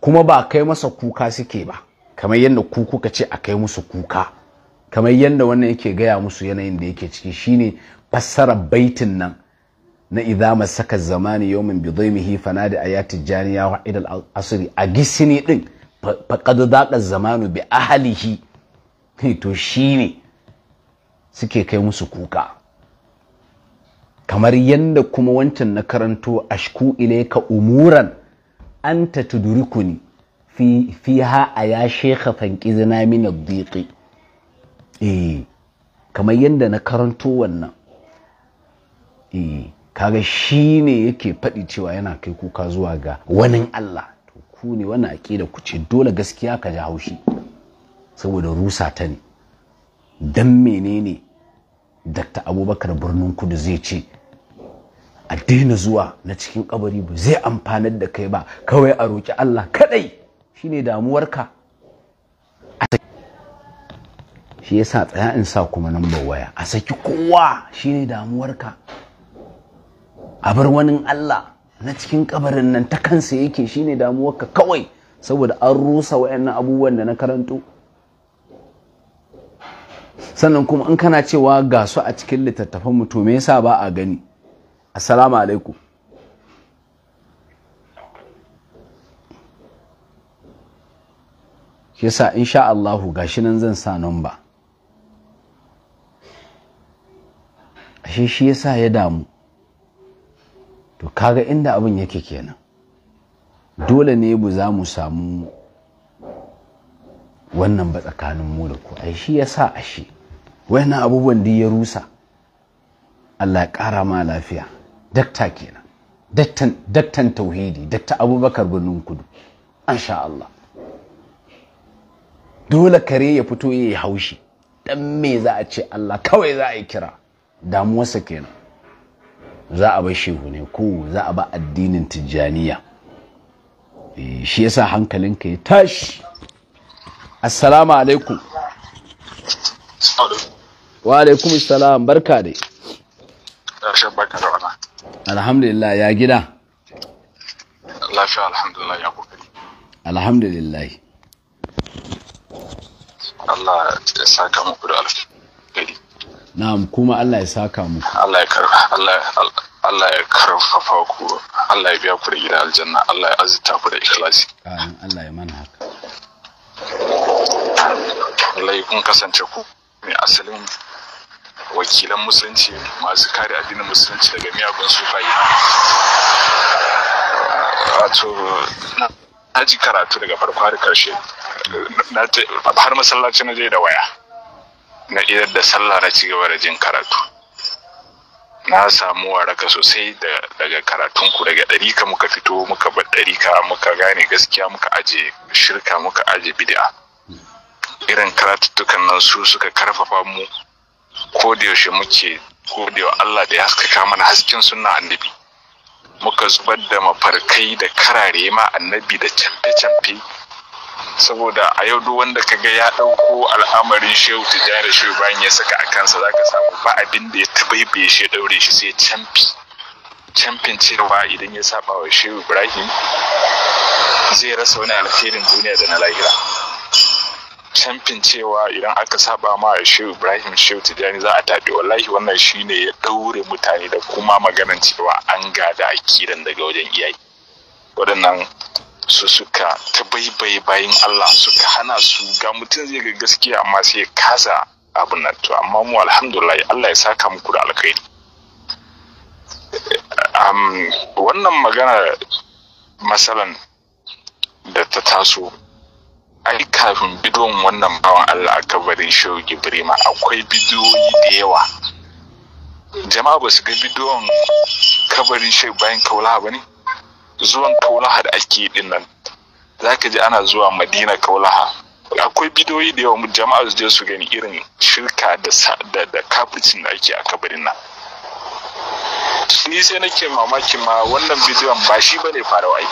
kuma ba kai masa kuka suke ba kamar yadda ku kuka ce a kai musu kuka kamar yadda wannan yake gaya musu yanayin da yake ciki shine fassara baitin nan na idza saka zamani yawmin bi dhaymihi fanadi ayati janiya wa idal asri a gisini din faqad daqa zamanu bi ahlihi to shi ne suke kai musu kuka kamar yadda kuma wancan na karanto ashku ilaika umuran anta tudurikuni fi fiha a ya shekha fankizina min biƙi. eh kamar yadda na karanto wannan eh kaga shi ne yake faɗi cewa yana kai kuka zuwa ga wani Allah to ku ne wani aƙida ku ce dole gaskiya ka ji haushi saboda rusa ta ne don menene dakta abubakar birnin kudu zai ce a daina zuwa na cikin kabari ba zai amfanar da kai ba kawai a roƙi allah kadai shine damuwarka shi ya sa tsaya in sa kuma nan waya a saki kowa shine damuwarka a bar wani allah na cikin kabarin nan ta kansa yake shine damuwarka kawai saboda an rusa wayannan abubuwan da na karanto sannan kuma in kana cewa ga su a cikin littattafan mu to me yasa ba a gani assalamu alaikum yasa insha Allahu gashi nan zan sa number ashe shi yasa ya damu to kaga inda abin yake kenan dole ne bu za mu samu wannan ba tsakanin mu da ku ai shi yasa ashe wayannan abubuwan da ya rusa Allah ya ƙara ma lafiya dakta kenan daktan daktan tauhidi dakta Abubakar birnin kudu insha Allah dole kare ya fito ya yi haushi dan me za a ce Allah kawai za a yi kira damuwarsa kenan za a bar shehu ne ko za a ba addinin tijjaniya eh, shi yasa hankalinka ya tashi assalamu alaikum wa alaikum assalam barka dai alhamdulillah ya gida lafiya alhamdulillah ya kokari alhamdulillah Allah ya saka muku da alfahari na'am kuma Allah ya saka muku Allah ya karfa Allah Allah ya karfafa ku Allah ya biya ku da gidan aljanna Allah ya azita ku da ikhlasi Allah ya mana haka lallai kun kasance ku mai asalin wakilan musulunci masu kare addinin musulunci daga miyagun sufayi wato na ji karatu daga farko har karshe har masallaci na je da waya na idar da sallah na cigaba da jin karatu na samu waraka sosai daga karatun ku daga ɗarika muka fito muka bar ɗarika muka gane gaskiya muka aje shirka muka aje bid'a irin karatuttukan nan su suka karfafa mu ko da yaushe muke ko da Allah da ya haskaka mana hasken sunna annabi muka zubar da mafarkai da karare ma annabi da canfe-canfe? saboda a yau duk wanda ka ga ya ɗauko al'amarin shehu tijjani shehu bayan ya saka a kansa za ka samu ba abin da ya tabaibaye shi ya ɗaure shi sai canfi camfin cewa idan ya saba wa shehu ibrahim zai rasa wani alherin duniya da na lahira camfin cewa idan aka saba ma a shehu ibrahim shehu tijjani za a taɓe wallahi wannan shine ya ɗaure mutane da kuma maganan cewa an gada kiran daga wajen iyaye waɗannan su suka tabaibaye bayan Allah suka hana su ga mutum zai ga gaskiya amma sai kasa abin nan to amma mu alhamdulillah Allah ya saka muku da alkhairi wannan magana masalan da ta taso ai kafin bidon wannan bawan Allah a bari shehu Gibrima akwai bidiyoyi da yawa jama'a ba su ga bidiyon kabarin shai bayan kaula ba ne zuwan kaulaha da ake yi nan za ka ji ana zuwa madina kaulaha akwai bidiyoyi da yawa jama'a su je su gani irin shirka da da kaficin da ake a kabarin nan ni sai nake mamaki ma wannan bidiyon ba shi ba ne fara wai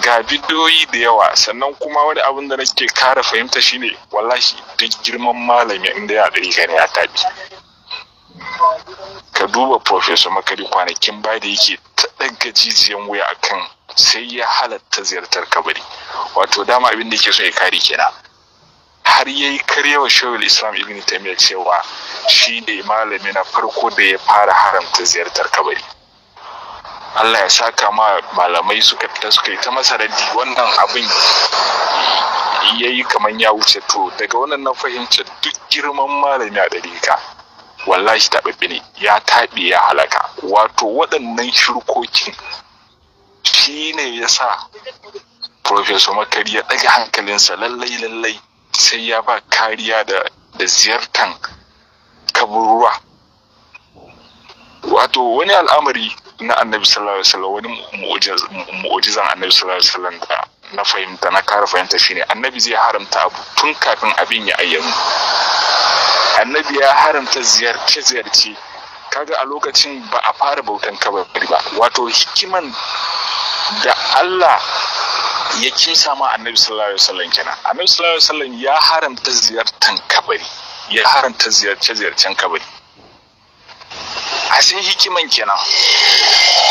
ga bidiyoyi da yawa sannan kuma wani abin da nake kara fahimta shine wallahi duk girman malami inda ya dari gani ya tabi ka duba professor makari kwanakin baya da yake ta ɗaga jijiyan wuya akan sai ya halatta ziyartar kabari wato dama abin da ke so ya kare kenan har ya yi karyawa shawul islam ibn taymiyyah cewa shi ne malami na farko da ya fara haramta ziyartar kabari Allah ya saka ma malamai suka fita suka yi ta masaradi wannan abin ya yi kamar ya wuce to daga wannan na fahimta duk girman malami a ɗarika. wallahi taɓaɓɓe ne ya taɓe ya halaka wato waɗannan shirkokin shine ne ya sa professor makari ya ɗaga hankalinsa lallai lallai sai ya ba kariya da da ziyartan kaburruwa wato wani al'amari na annabi sallallahu alaihi wasallam wani mu'ujizan annabi sallallahu alaihi wasallam da na fahimta na kara fahimta shine annabi zai haramta abu tun kafin abin ya ayyana annabi ya haramta ziyarce-ziyarce kaga a lokacin ba a fara bautan kabari ba wato hikiman da Allah ya kinsa ma annabi sallallahu alaihi wasallam kenan annabi sallallahu alaihi wasallam ya haramta ziyartan kabari ya haramta ziyarce-ziyarcen kabari a sai hikiman kenan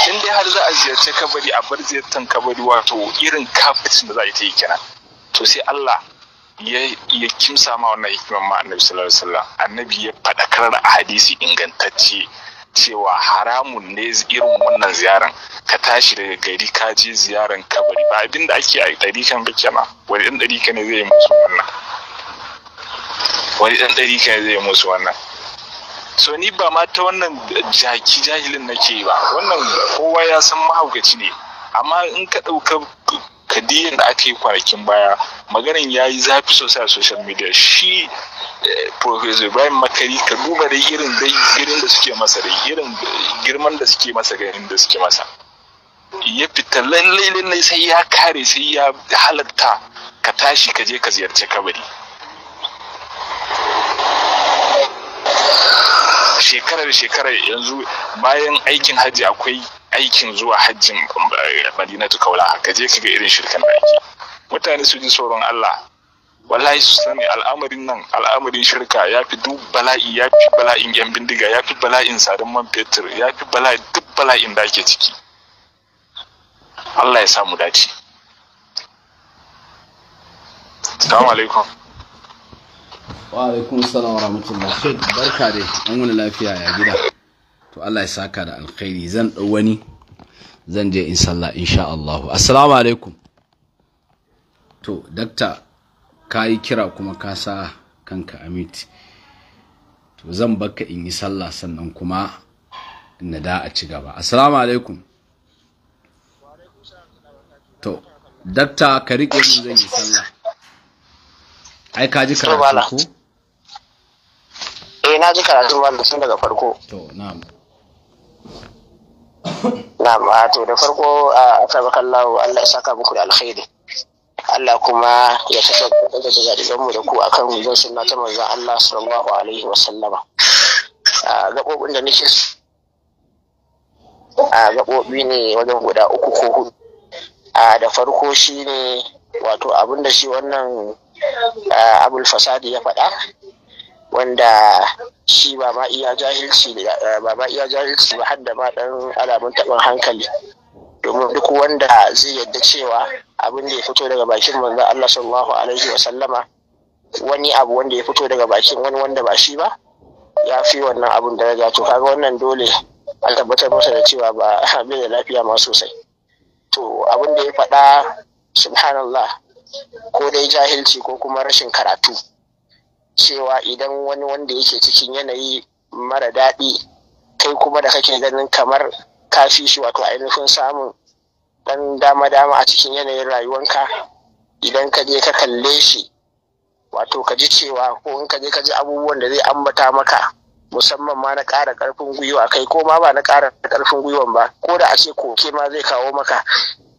in dai har za a ziyarci kabari a bar ziyartan kabari wato irin kafin da za a yi ta yi kenan to sai Allah ya kimsa ma wannan hikimar ma annabi sallallahu alaihi wasallam annabi ya faɗakar da hadisi ingantacce cewa haramun ne irin wannan ziyaran ka tashi daga gari ka je ziyaran kabari ba abin da ake a ɗarikan ba kenan wani ɗan ɗarika ne zai yi musu wannan wani dan ɗarika ne zai yi musu wannan so ni ba ma ta wannan jaki jahilin nake ba wannan kowa ya san mahaukaci ne amma in ka ɗauka kadiyan da aka yi kwanakin baya maganin ya yi zafi sosai a social media shi eh, professor ibrahim makari ka duba da irin da suke masa da irin girman da suke masa ganin da suke masa ya fita lallai lallai sai ya kare sai ya halatta ka tashi ka je ka ziyarci kabari shekarar shekarar yanzu bayan aikin hajji akwai aikin zuwa hajjin eh, madinatu kaula ka je ka ga irin shirkan da ake mutane su ji tsoron Allah wallahi su sani al'amarin nan al'amarin shirka ya fi duk bala'i ya fi bala'in yan bindiga ya fi bala'in sadin man fetur ya fi bala'i duk bala'in da ake ciki Allah ya samu dace. Assalamu alaikum. wa alaikum salam wa rahmatullah shek barka dai an wani lafiya ya gida to Allah ya saka da alkhairi zan ɗau wani zan je in sallah insha Allah assalamu alaikum to dakta kayi kira kuma ka sa kanka amit to zan baka in yi sallah sannan kuma na da a ci gaba assalamu alaikum to dakta ka riƙe mun zan yi sallah ai ka ji karatu ko na ji karatu da sun daga farko to na'am na'am a to da farko a tabbakallahu Allah ya saka muku da alkhairi Allah kuma ya tabbatar da zaɗiɗanmu da ku a kan gudun suna ta manzan Allah sallallahu alaihi wa sallama a gaɓoɓin da nake a gaɓoɓi ne wajen guda uku ko hudu a da farko shi ne wato abinda shi wannan abul fasadi ya faɗa wanda shi ba ma iya jahilci ba ma iya jahilci ba har ma dan alamun taɓin hankali domin duk wanda zai yadda cewa abin da ya fito daga bakin manzon Allah sallallahu alaihi wa sallama wani abu wanda ya fito daga bakin wani wanda ba shi ba ya fi wannan abun daraja to kaga wannan dole a tabbatar masa da cewa ba bai da lafiya ma sosai to abin da ya faɗa subhanallah ko dai jahilci ko kuma rashin karatu cewa idan wani wanda yake cikin yanayi mara daɗi kai kuma da kake ganin kamar ka fi shi wato ainihin samun ɗan dama-dama a cikin yanayin rayuwanka idan ka je ka kalle shi wato ka ji cewa ko in ka je ka ji abubuwan da zai ambata maka musamman ma na ƙara ƙarfin gwiwa kai ko ma ba na ƙara ƙarfin gwiwan ba ko da a ce koke ma zai kawo maka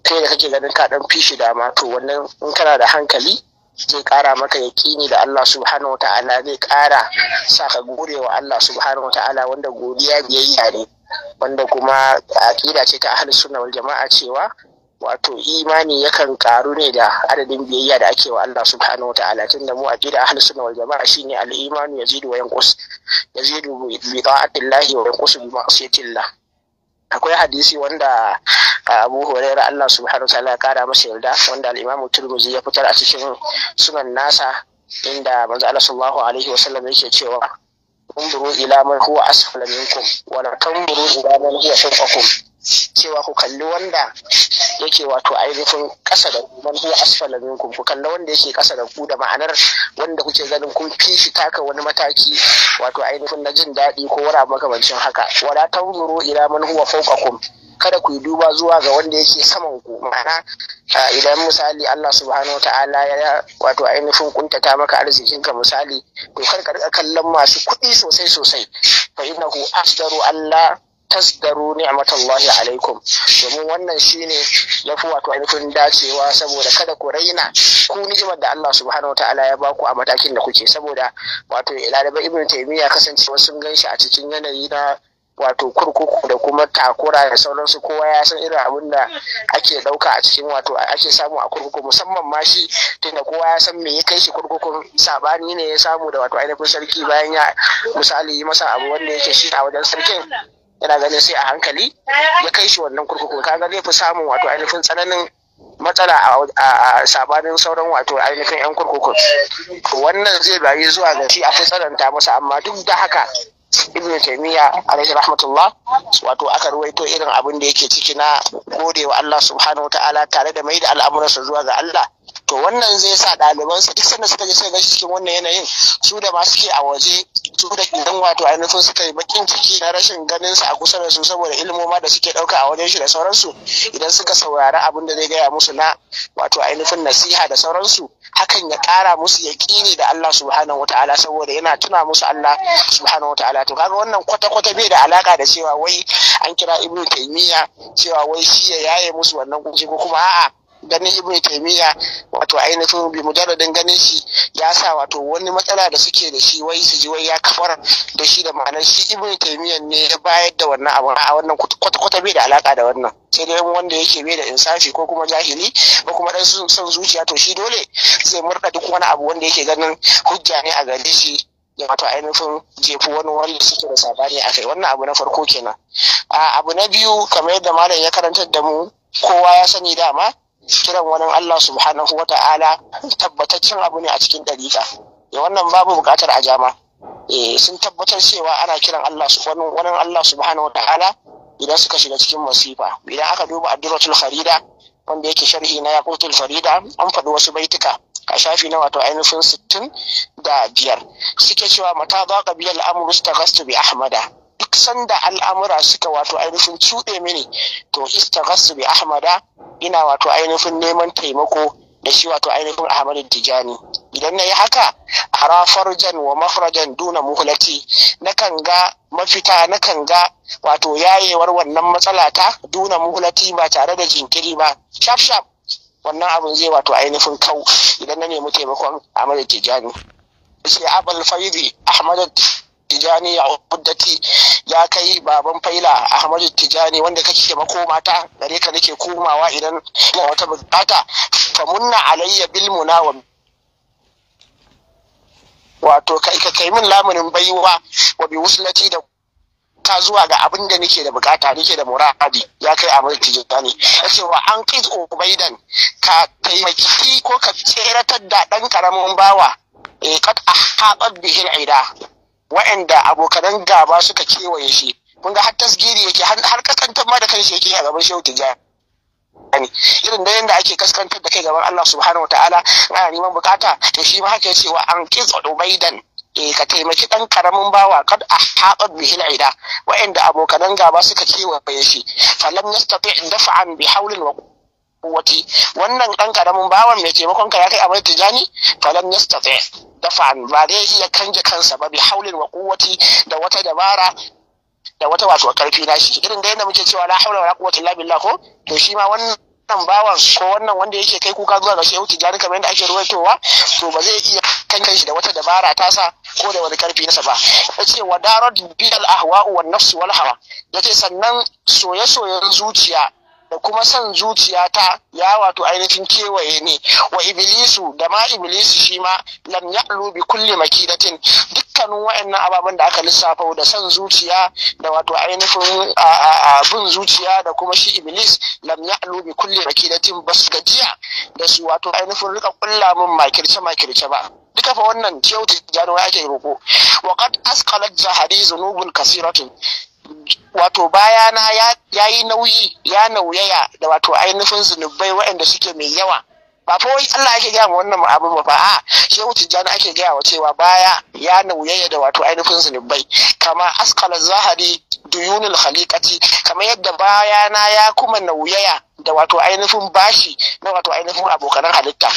kai da kake ganin ka ɗan fishi dama to wannan in kana da hankali zai kara maka yaƙini da Allah subhanahu ta'ala zai kara sa ka gode wa Allah subhanahu ta'ala wanda godiya biyayya ne wanda kuma aƙida ce ta ahlus sunna wal jama'a cewa wato imani yakan karu ne da adadin biyayya da ake wa Allah subhanahu wa ta'ala tun mu a gida ahlus sunna wal jama'a shine al iman yazidu wa yanqus yazidu bi ta'atillahi wa yanqus bi ma'siyatillah akwai hadisi wanda uh, Abu Hurairah Allah subhanahu wataala ya kara masa yarda wanda al-Imam Tirmidhi ya fitar a cikin sunan nasa inda manzo Allah sallallahu alaihi sallam yake cewa انظروا إلى من هو أسفل منكم ولا تنظروا ila man huwa فوقكم cewa ku kalli wanda yake wato ainihin ƙasa da ku man huwa asfala minkum ku kalli wanda yake ƙasa da ku da ma'anar wanda kuke ganin kun fi shi taka wani mataki wato ainihin na jin daɗi ko wara makamancin haka wala tanzuru ila man huwa fawqakum kada ku yi duba zuwa ga wanda yake saman ku ma'ana idan misali Allah subhanahu ya ya wato ainihin kuntata maka arzikin ka misali to kar ka kallon masu kuɗi sosai sosai fa innahu asdaru Allah tasdaru ni'matallahi alaikum domin wannan shine fi wato ainihin dacewa saboda kada ku raina ku ni'imar da Allah subhanahu ta'ala ya baku a matakin da kuke saboda wato ilalaba ibnu taymiya wasu sun ganshi a cikin yanayi na wato kurkuku da kuma takura da sauransu kowa ya san irin abin da ake dauka a cikin wato ake samu a kurkuku musamman ma shi tunda kowa ya san me ya kai shi kurkukun sabani ne ya samu da wato ainihin sarki bayan ya misali yi masa abu wanda yake shi a wajen sarkin yana ganin sai a hankali ya kai shi wannan kurkukun kaga zai fi samun wato ainihin tsananin matsala a sabanin sauran wato ainihin yan kurkuku wannan zai bayi zuwa ga shi a fi tsananta masa amma duk da haka ibn taymiya alaihi rahmatullah wato aka ruwaito irin abin da yake ciki na gode wa Allah subhanahu ta'ala tare da mai da al'amuransa zuwa ga Allah to wannan zai sa ɗaliban su duk sanda suka je suka gashi cikin wannan yanayin su da ma suke a waje su da idan wato ainihin suka yi bakin ciki na rashin ganin su a kusa da su saboda ilmoma da suke ɗauka a wajen shi da sauransu idan suka saurari abin da zai gaya musu na wato ainihin nasiha da sauransu hakan ya ƙara musu yaƙini da Allah subhanahu wa ta'ala saboda yana tuna musu Allah subhanahu wa ta'ala to kaga wannan kwata-kwata bai da alaka da cewa wai an kira Ibnu taymiya cewa wai shi ya yaye musu wannan kunci ko kuma a'a ganin Ibn taimiyya wato ainihin bi mujarradin ganin shi ya sa wato wani matsala da suke da shi wai su ji wai ya kafar da shi da ma'anar shi Ibn taimiyya ne ya bayar da wannan abu a wannan kwata-kwata bai da alaka da wannan sai dai wanda yake bai da insafi ko kuma jahili ko kuma dan son zuciya to shi dole zai murda duk wani abu wanda yake ganin hujja ne a gare shi ya wato ainihin jefu wani wanda suke da sabani a kai wannan abu na farko kenan abu na biyu kamar yadda malam ya karantar da mu kowa ya sani dama kiran wani Allah subhanahu wa ta'ala tabbataccen abu ne a cikin ɗariƙa eh, wannan babu buƙatar a jama eh, sun tabbatar cewa ana kiran Allah wani Allah subhanahu wa ta'ala idan suka shiga cikin masifa idan aka duba addurratul farida wanda yake sharhi na yaqutul farida an faɗi wasu baituka a shafi na wato ainihin sittin da biyar suke cewa mata za ka biyar al'amuru bi ahmada duk sanda al'amura suka wato ainihin cuɗe mini to istaghasu bi ahmada ina wato ainihin neman taimako da shi wato ainihin ahmadu tijani idan na yi haka ara farjan wa mafarajan duna muhlati nakan ga mafita nakan ga wato yayewar wannan matsala ta duna muhlati ba tare da jinkiri ba shaf shaf wannan abin zai wato ainihin kau idan na nemi taimakon ahmadu tijani sai abul faidi ahmadu tijani ya hudati ya kai baban faila ahmadu tijani wanda kake makoma ta gare ka nake komawa idan ina wata bukata munna alayya bil munawa wato kai ka kai min lamunin baiwa wa bi wuslati da ta zuwa ga abin da nake da bukata nake da muradi ya kai amir tijani ya ce wa an qiz ubaidan ka taimaki ko ka tseratar da dan karamin bawa eh kat ahabat bihi wa'anda abokanan gaba suka kewaye shi kun ga har tasgiri yake har kaskantar ma da kan shi yake a gaban shehu tijjani irin da yadda ake kaskantar da kai gaban Allah subhanahu wataala ana neman bukata to shi ma haka ya ce wa an kitsa ubaidan eh ka taimaki dan karamin bawa kad haɓa bihi al'ida wa'anda abokanan gaba suka kewaye shi falam yastati dafa'an bi hawlin wa quwwati wannan dan karamin bawan mai taimakon ka ya kai abai tijani falam yastati dafa ba zai iya kanje kansa ba bi haulin wa kuwati da wata dabara da wata wato karfi na shi irin da yadda muke cewa la haula wala quwwata illa billah ko to shi ma wannan bawan ko wannan wanda yake kai kuka zuwa ga shehu tijani kamar yadda ake ruwaitowa to ba zai iya kan shi da wata dabara ta sa ko da wani karfi nasa ba ce wa darad bil ahwa wa nafsu wal hawa yace sannan soye-soyen zuciya da kuma son ta ya wato ainihin kewaye ne. wa iblisu da ma iblisu shi ma lam ya bi kulle makidatin dukkanin wa'annan ababen da aka lissafa da son zuciya da wato ainihin bin zuciya da kuma shi iblis lam ya bi kulle makidatin su gajiya da su wato ainihin rika kulla min makirce makirce ba duka fa wannan kyautu jano ake roko wa qad asqalat zahari zunubun kasiratun wato bayana ya yi nauyi ya nauyaya da wato ainihin zunubai waɗanda suke mai yawa ba fa wai Allah ake gaya wannan abin ba fa a shehu jana ake gaya wa cewa baya ya nauyaya da wato ainihin zunubai kama askala zahari duyunul khaliqati kama yadda bayana ya kuma nauyaya da wato ainihin bashi na wato ainihin abokanan halitta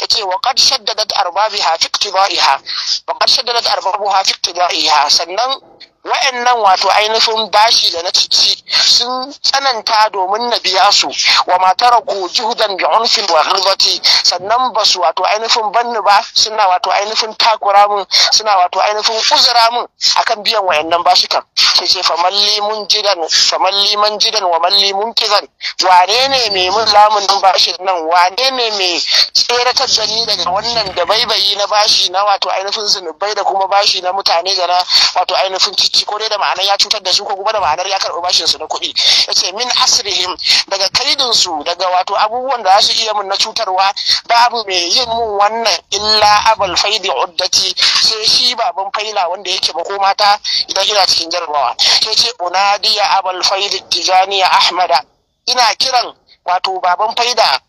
yace wa qad shaddadat arbabiha fi iktiba'iha wa qad shaddadat arbabuha fi iktiba'iha sannan wa'annan wato ainihin bashi da na cici sun tsananta domin na biya su wa matara ku juhudan bi unfin wa ghirbati sannan ba su wato ainihin banni ba suna wato ainihin takura mun suna wato ainihin uzura mun akan biyan wa'annan kan. sai ce famalli mun jidan famalli man jidan wa malli mun kizan wane ne mai mun lamun nan bashin nan wane ne mai tseratar da ni daga wannan da baibayi na bashi na wato ainihin zunubai da kuma bashi na mutane da na wato ainihin ciki ko dai da ma'anar ya cutar da su ko kuma da ma'anar ya karɓi bashin su na kuɗi yace min asrihim daga kaidin su daga wato abubuwan da su iya mun na cutarwa babu mai yin mun wannan illa abal faidi uddati sai shi baban faila wanda yake ba ko mata idan ina cikin jarabawa yace unadiya abal faidi tijaniya ahmada ina kiran wato baban faida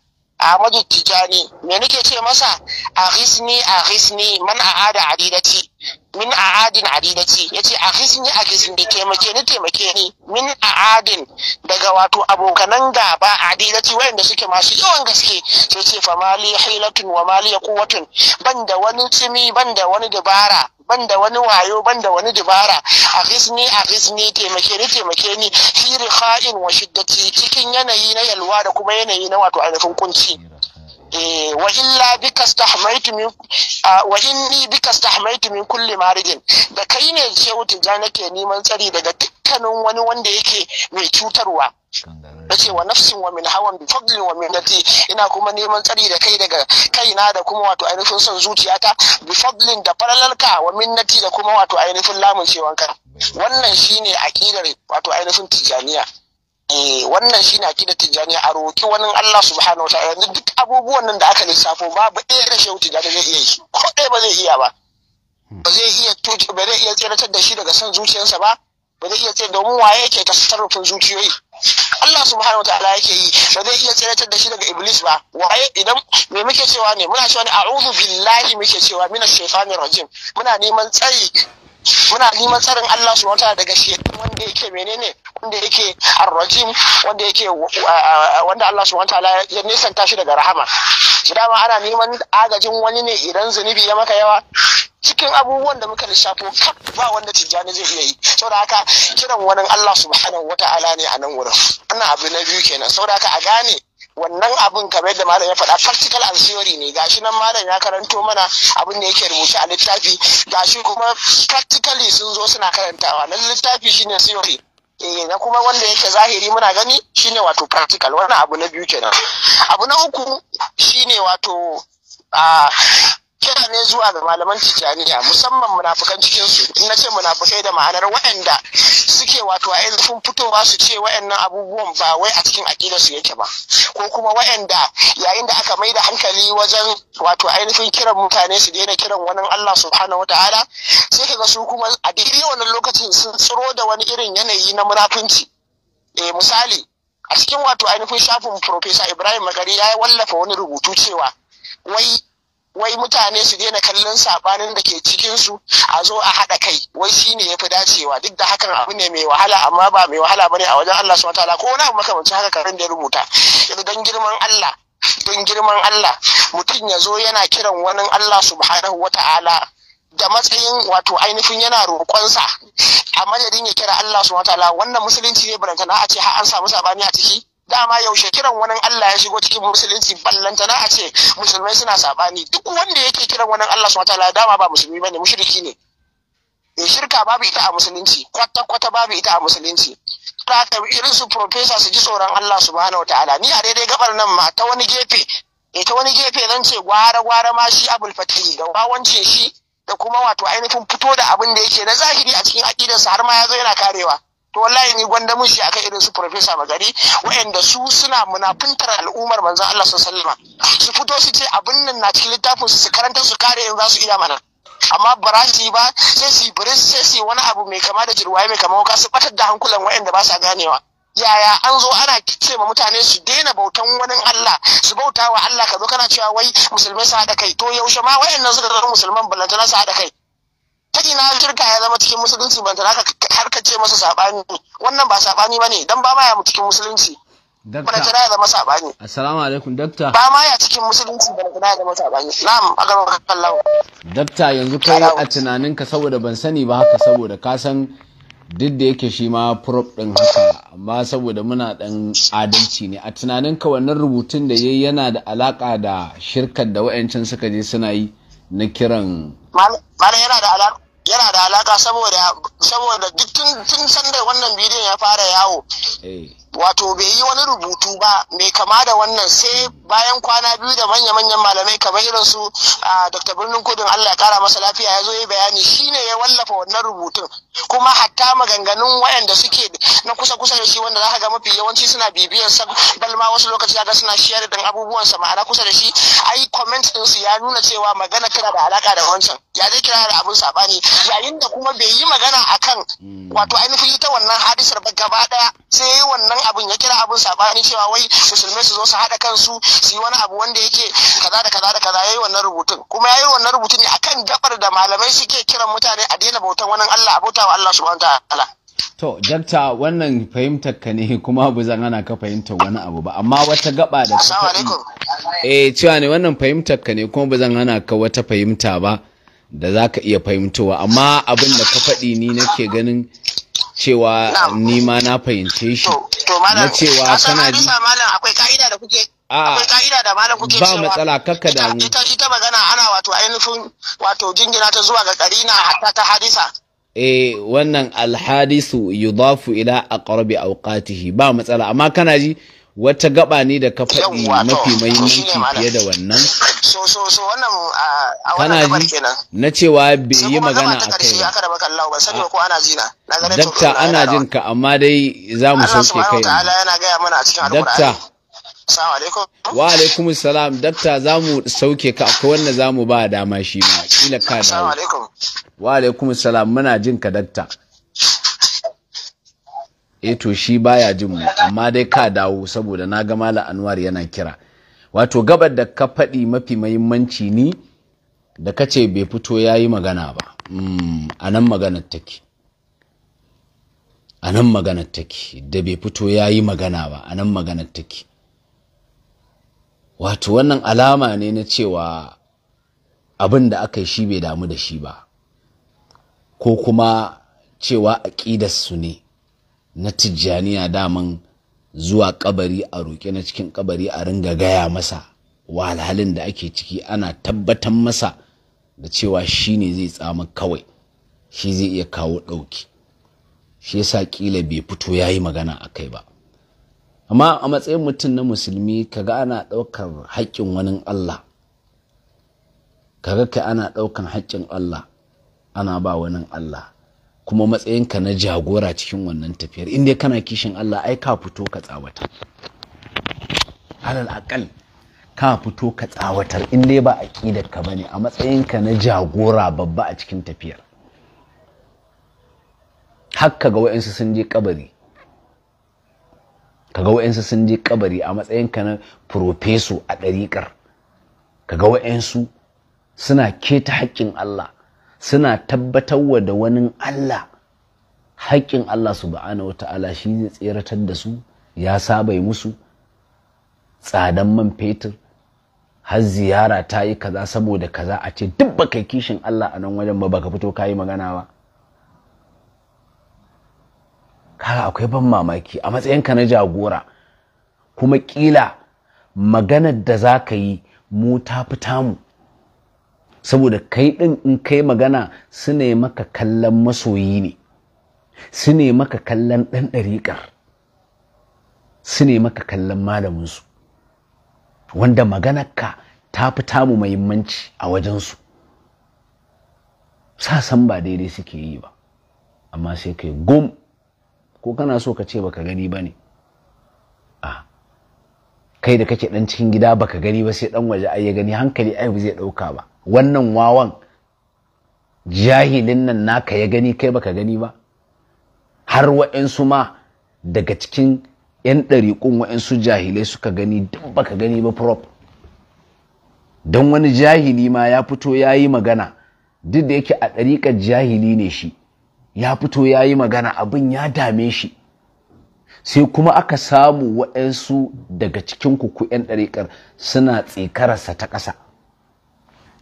Ahmadu Tijani me nake ce masa a hisni a hisni man a adidati min a adin a'adin ya ce a hisni a hisni taimake ni taimake ni min a adin daga wato abokanan gaba adidaci wayanda suke masu yawan gaske sai ce fa mali hilatun wa mali quwwatun da wani ban da wani dabara da wani wayo ban da wani dabara a hisni a hisni taimake ni taimake ni fi rikha'in wa shiddati cikin yanayi na yalwa da kuma yanayi na wato ainihin kunci eh wa bika stahmaitu min min kulli maridin da kai ne shehu tijja nake neman tsari daga dukkanin wani wanda yake mai cutarwa ce wa nafsin wa min hawan bi fadlin wa minnati ina kuma neman tsari da kai daga kaina da kuma wato ainihin son zuciyata bi da falalarka wa min minnati da kuma wato ainihin lamun cewanka wannan shine aqidar wato ainihin tijaniya eh wannan shine akidar tijjani a roki wani Allah subhanahu wa yanzu duk abubuwan nan da aka lissafo babu ɗaya da shehu da zai iya yi ko ɗaya ba zai iya ba ba zai iya tuce ba zai iya tsiratar da shi daga son zuciyarsa ba ba zai iya tsira domin waye yake sarrafin zuciyoyi Allah subhanahu wataala yake yi ba zai iya tsiratar da shi daga iblis ba waye idan me muke cewa ne muna cewa ne a'udhu billahi muke cewa minash shaitanir rajim muna neman tsayi muna neman tsarin Allah su wata daga shi wanda yake menene wanda yake arrajim wanda yake ah, ah, wanda Allah su wata ya nisanta shi daga rahama su dama ana neman agajin wani ne idan zunubi ya maka yawa cikin abubuwan da muka lissafo ba wanda tijjani zai iya yi saboda haka kiran wani Allah subhanahu wataala ne a nan wurin ana abu na biyu kenan saboda haka a gane wannan abin kamar yadda malam ya faɗa practical and theory ne gashi nan malam ya karanto mana abin da yake rubuce a littafi gashi kuma practically sun zo suna karantawa na littafi shine theory eh na kuma wanda yake zahiri muna gani shine wato practical wannan abu na biyu kenan abu na uku shine wato ah, kira ne zuwa ga malaman tijjaniya musamman munafukan cikin su in ce munafukai da ma'anar waɗanda suke wato a yanzu fitowa su ce waɗannan abubuwan ba wai a cikin aƙida su yake ba ko kuma waɗanda yayin da aka maida hankali wajen wato ainihin kiran mutane su daina kiran wani Allah subhanahu ta'ala, sai ka ga su kuma a daidai wannan lokacin sun tsiro da wani irin yanayi na munafunci eh misali a cikin wato ainihin shafin Profesa Ibrahim Magari ya wallafa wani rubutu cewa wai wai mutane su daina kallon sabanin da ke cikin su a zo a haɗa kai wai shine yafi dacewa duk da hakan abu ne mai wahala amma ba mai wahala bane a wajen Allah subhanahu wataala ko wani abu makamancin haka karin da ya rubuta yanzu don girman Allah don girman Allah mutum ya zo yana kiran wani Allah subhanahu wataala da matsayin wato ainihin yana roƙonsa a madadin ya kira Allah subhanahu wataala wannan musulunci ne barantana a ce har an samu sabani a ciki dama yaushe kiran wani Allah ya shigo cikin musulunci ballantana a ce musulmai suna sabani duk wanda yake kiran wani Allah subhanahu wataala dama ba musulmi ba ne mushriki ne eh shirka babu ita a musulunci kwata kwata babu ita a musulunci ta irin su profesa su ji tsoron Allah su wata ala. ni a daidai gabar nan ma ta wani gefe ita eh, wani gefe zan ce gwara gwara ma shi abul fatihi da wawance shi da kuma wato ainihin fito da abin da yake na zahiri a cikin su har ma ya zo yana karewa to wallahi ni gwanda mun shi irin su professor magari wa'anda su suna munafuntar al'ummar manzo Allah sallallahu alaihi wasallam su fito su ce abin nan na cikin littafin su karanta su kare in za su iya mana amma ba ba sai su yi sai su wani abu mai kama da jirwaye mai kama wuka su batar da hankulan waɗanda ba sa ganewa yaya an zo ana ce ma mutane su daina bautan wani Allah su bauta wa Allah ka zo kana cewa wai musulmai su haɗa kai to yaushe ma wa'annan suka zama musulman ballantana su haɗa kai take na kirka ya zama cikin musulunci ban ta har ka ce masa sabani wannan ba sabani bane dan ba ma ya mu cikin musulunci ban ta tana ya zama sabani. Assalamu alaikum dakta. Ba ma ya cikin musulunci bana tana ya zama sabani. Na'am a Allah. Dakta yanzu kai a tunanin ka saboda ban sani ba haka saboda ka san duk da yake shi ma prop din haka amma saboda muna dan adalci ne a tunanin ka wannan rubutun da yayi yana da alaka da shirkar da wayancin suka je suna yi na kiran Malam yana da alaka yana da alaka saboda duk tun sanda wannan bidiyon ya fara yawo eh. wato bai yi wani rubutu ba mai kama da wannan sai bayan kwana biyu da manya-manyan malamai kamar irin su dr birnin kudin allah ya kara masa lafiya ya zo yi bayani shi ne ya wallafa wannan rubutun kuma hatta maganganun wayanda suke na kusa-kusa da shi wanda za ka ga mafi yawanci suna bibiyar sa balma wasu lokaci ga suna shiyar da abubuwan sa ma'ana kusa da shi ai comment din su ya nuna cewa magana tana da alaka da wancan ya zai kira da abun sabani yayin da kuma bai yi magana akan hmm. wato ainihin ita wannan hadisar ba gaba daya sai yi wannan abun ya kira abun sabani cewa wai musulmi su zo su haɗa kansu su yi wani abu wanda yake kaza da kaza da kaza yayi wannan rubutun kuma yayi wannan rubutun ne akan gabar da malamai suke kiran mutane a daina bautan wannan Allah abota wa Allah subhanahu ta'ala To, jakta wannan fahimtar ka ne kuma ba zan hana ka fahimtar wani abu ba, amma wata gaba da assalamu faɗi. Eh, cewa ne wannan fahimtar ka ne kuma ba zan hana ka wata fahimta ba da za ka iya fahimtowa, amma abin da ka faɗi ni nake ganin cewa ni ma na fahimce shi na cewa kana ji akwai ka'ida da kuke akwai ka'ida da malam kuke ba matsala kakka da mu ita ta magana ana wato ainihin wato jingina ta zuwa ga karina hatta ta hadisa eh wannan alhadisu yudafu ila aqrabi awqatihi ba matsala amma kana ji wata gaba ne da ka faɗi mafi mahimmanci fiye da wannan so so na cewa bai yi magana a kai ba baka dakta ana jin ka amma dai za mu sauke kai Allah dakta assalamu alaikum wa alaikum salam dakta za mu sauke ka akwai wanda za mu ba dama shi ma kila ka dawo wa alaikum salam muna jin ka dakta eh to shi baya jin mu amma dai ka dawo saboda na ga mala anwar yana kira wato gabar da ka faɗi mafi mahimmanci ni da ka ce bai fito ya yi magana ba hmm, a nan maganar take a da bai fito ya yi magana ba a nan maganar take wato wannan alama ne na cewa abin da aka yi shi bai damu da shi ba ko kuma cewa aƙidarsu ne na tijjaniya daman zuwa kabari a roƙe na cikin kabari a ringa gaya masa wahalhalin da ake ciki ana tabbatar masa da cewa shi ne zai tsama kawai shi zai iya kawo ɗauki shi yasa ƙila bai fito ya yi magana a kai ba amma a matsayin mutum na musulmi kaga ana ɗaukar haƙƙin wani allah kaga kai ana ɗaukan haƙƙin allah ana ba wani allah kuma matsayinka na jagora cikin wannan tafiyar indai kana kishin Allah ai ka fito ka tsawata alal akal ka fito ka tsawatar in dai ba aqidar ka bane a matsayinka na jagora babba a cikin tafiyar hakka ga wayansu sun je kabari kaga wa'yansu sun je kabari a matsayinka na professor a ɗariƙar kaga wa'yansu suna keta haƙƙin Allah suna tabbatarwa da wani Allah haƙƙin Allah subhanahu wa ta'ala shi zai tseratar da su ya sabai musu tsadan man fetur har ziyara ta yi kaza saboda kaza a ce duk baka kishin Allah a nan wajen ba baka fito ka yi magana ba kaga akwai ban mamaki a matsayinka na jagora kuma kila maganar da za ka yi mu ta fi tamu saboda kai ɗin in kai magana su ne maka kallon masoyi ne su ne maka kallon ɗan ɗariƙar su ne maka kallon malaminsu wanda maganarka ta fi tamu muhimmanci a wajensu sasan ba daidai suke yi ba amma sai kai gum ko kana so ka ce baka gani ba ne a kai da kake ɗan cikin gida baka gani ba sai ɗan waje ai ya gani hankali ai zai ɗauka ba wannan wawan jahilin nan naka ya gani kai baka gani ba har wa'insu ma daga cikin 'yan ɗariƙun wa'insu jahilai suka gani duk baka gani ba prop don wani jahili ma ya fito ya yi magana duk da yake a ɗariƙar jahili ne shi ya fito ya yi magana abin ya dame shi sai kuma aka samu waɗansu daga cikin kuku 'yan ɗariƙar suna tsekararsa ta ƙasa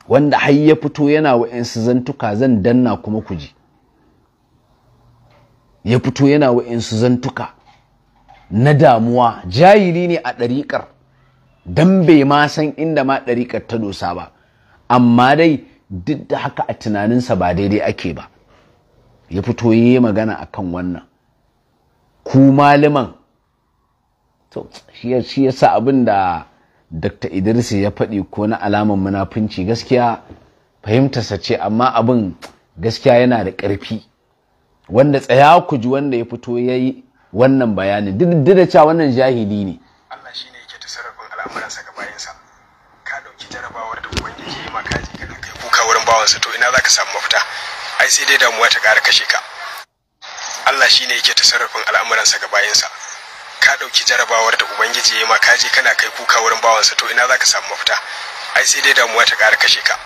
wanda har ya fito yana wa'insu zantuka zan danna kuma ku ya fito yana wa'insu zantuka na damuwa jahili ne a ɗariƙar don bai ma san inda ma ɗariƙar ta dosa ba amma dai duk da haka a tunaninsa ba daidai ake ba ya fito ya yi magana a kan wannan ku maliman shi yasa abin da dr idris ya faɗi ko na alaman munafunci gaskiya fahimtarsa ce amma abin gaskiya yana da ƙarfi wanda tsaya ku ji wanda ya fito ya yi wannan bayanin duk da cewa wannan jahili ne Allah shi ne yake ta sarrafin al'amuransa ga bayansa ka dauki jarabawar da ubangiji ya maka ji kana kai kuka wurin bawansa to ina zaka samu mafita ai sai dai damuwa ta ƙara kashe ka Allah shi ne yake ta sarrafin al'amuransa ga bayansa ka ɗauki jarabawar da ubangiji ya ma ka je kana kai kuka wurin bawansa to ina za samu mafita ai sai dai damuwa ta ƙara kashe ka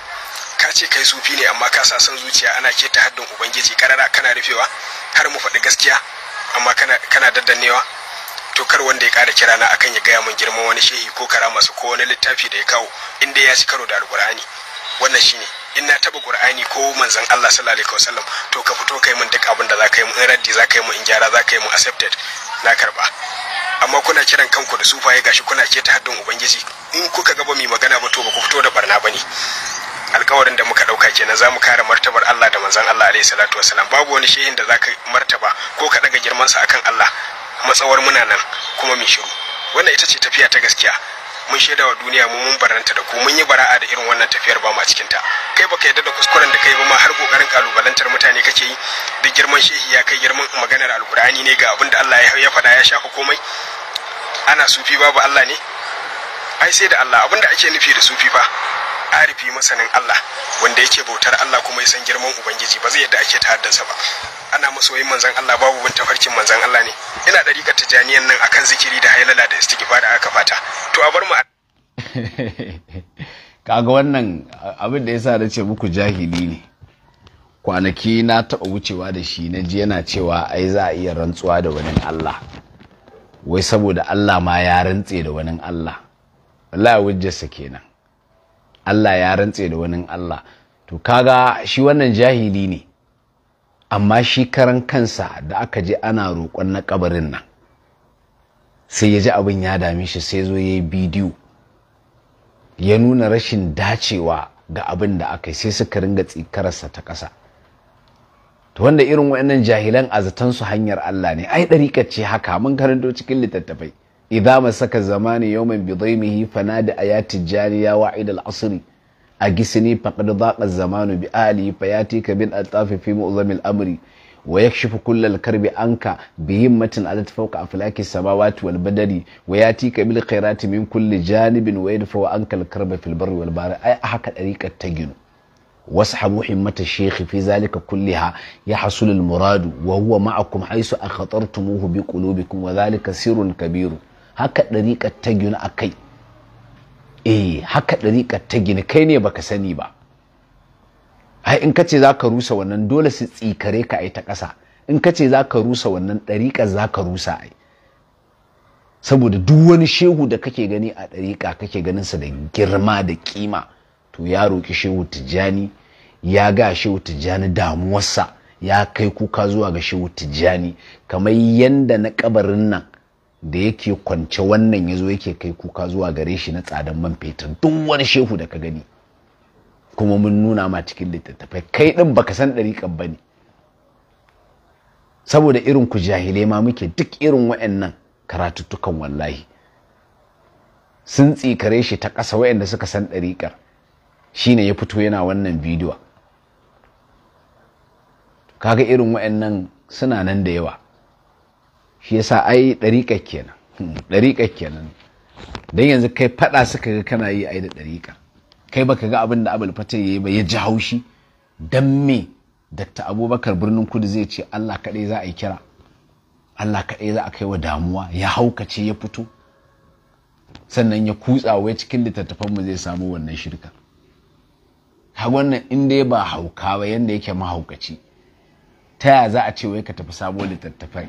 ka ce kai sufi ne amma ka sa son zuciya ana keta haddin ubangiji karara kana rufewa har mu faɗi gaskiya amma kana kana daddannewa to kar wanda ya ƙara kira na akan ya gaya min girman wani shehi ko kara masa ko wani littafi da ya kawo inda ya ci karo da alƙur'ani wannan shine in na taba ƙur'ani ko manzon Allah sallallahu alaihi wasallam to ka fito kai min duk abin da za ka yi mu in raddi za ka yi mu in gyara za ka yi mu accepted na karba amma kuna kiran kanku da sufaye gashi kuna keta haddin ubangiji in kuka ga ba mu magana ba to ba ku fito da barna bane alkawarin da muka dauka kenan zamu kare martabar Allah da manzon Allah alaihi salatu wasalam babu wani shehin da zaka martaba ko ka daga girman sa akan Allah matsawar muna nan kuma mu shiru wannan ita ce tafiya ta gaskiya mun shaida wa duniya mu mun baranta da ku mun yi bara'a da irin wannan tafiyar ba ma cikin ta kai baka yadda da kuskuren da kai ba ma har kokarin kalubalantar mutane kake yi da girman shehi ya kai girman maganar alkur'ani ne ga abin da Allah ya faɗa ya shafa komai ana sufi babu Allah ne ai sai da Allah abinda ake nufi da sufi fa arifi masanin Allah wanda yake bautar Allah kuma ya san girman ubangiji ba zai yadda ake tahaddansa ba ana masoyin manzan Allah babu bin tafarkin manzan Allah ne ina ta janiyan nan akan zikiri da hailala da istighfar da aka fata to a bar mu kaga wannan abin da yasa da ce muku jahili ne kwanaki na taɓa wucewa da shi na ji yana cewa ai za a iya rantsuwa da wani Allah wai saboda Allah ma ya rantse da wani Allah wallahi wujjarsa kenan Allah ya rantse da wani Allah to kaga shi wannan jahili ne amma shi karan kansa da aka je ana roƙon na ƙabarin nan sai ya ji abin ya dame shi sai zo ya yi bidiyo ya nuna rashin dacewa ga abin da aka yi sai suka ringa tsikararsa ta ƙasa to irin wa'annan jahilan a zaton su hanyar Allah ne ai dariƙar ce haka mun karanto cikin littattafai idza saka zamani yawman bidaymihi fanada ayati jariya wa'id al-asr a gisini faqad daqa zamanu bi ali fayati ka bin al-tafi fi al-amri waya yakshifu kull al-karbi anka bi himmatin ala tafawqa aflaki samawati wal badari wa yati ka bil khairati min kulli janibin wa yadfa anka al-karba fil barri wal bahri ai haka dariƙar ta ginu واسحبوا همة الشيخ في ذلك كلها يحصل المراد وهو معكم حيث أخطرتموه بقلوبكم وذلك سر كبير هكا طريقة تجن أكي إيه هكا طريقة تجن كيني بكسني با هاي إن كتي ذاك روسا ونن دولة سيكريكا أي تكسا إن كتي ذاك روسا ونن طريقة ذاك روسا أي saboda duk شيهو دا da kake gani a ɗariƙa kake ganinsa da girma to ya roƙi shehu tijjani ya ga shehu tijjani damuwarsa ya kai kuka zuwa ga shehu tijjani kamar yanda na kabarin nan da yake kwance wannan ya zo yake kai kuka zuwa gare shi na tsadan man fetur duk wani shehu da ka gani kuma mun nuna ma cikin littattafai kai ɗin baka san ɗariƙan ba ne saboda irin ku jahilai ma muke duk irin wa'annan karatuttukan wallahi sun tsikare shi ta ƙasa wa'anda suka san ɗariƙar ne ya fito yana wannan bidiyo kaga irin waɗannan suna nan da yawa shi yasa ai dariƙa kenan dariƙa hmm, kenan don yanzu kai faɗa suka ga kana yi ai da ɗariƙa kai baka ga abin da abul ya yayi ba ya ji haushi dan me dakta abubakar birnin kudu zai ce allah kaɗai za a yi kira allah kaɗai za a kai wa damuwa ya haukace ya fito sannan ya kutsa wai cikin littattafanmu zai samu wannan shirka ha wannan in dai ba hauka ba yanda yake mahaukaci ta yaya za a ce wai ka tafi sabo littattafai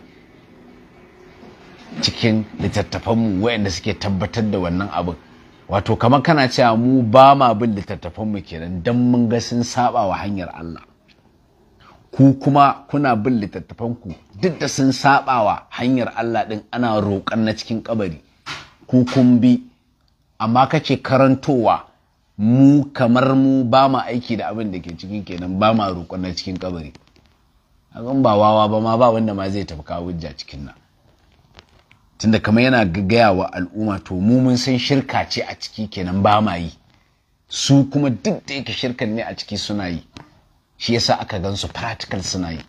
cikin littattafanmu wayanda suke tabbatar da wannan abin wato kamar kana cewa mu ba ma bin littattafanmu kenan don mun ga sun saba wa hanyar Allah ku kuma kuna bin littattafanku duk da sun saba wa hanyar Allah din ana roƙon na cikin kabari ku kun bi amma kake karantowa mu kamar mu ba ma aiki da abin da ke ciki kenan ba ma roƙon na cikin kabari Abin ba wawa ba ma ba wanda ma zai tafi kawo hujja cikin nan tunda kamar yana gaggaya wa al'umma to mu mun san shirka ce a ciki kenan ba ma yi su kuma duk da yake shirkan ne a ciki suna yi shi yasa aka gan su practical suna yi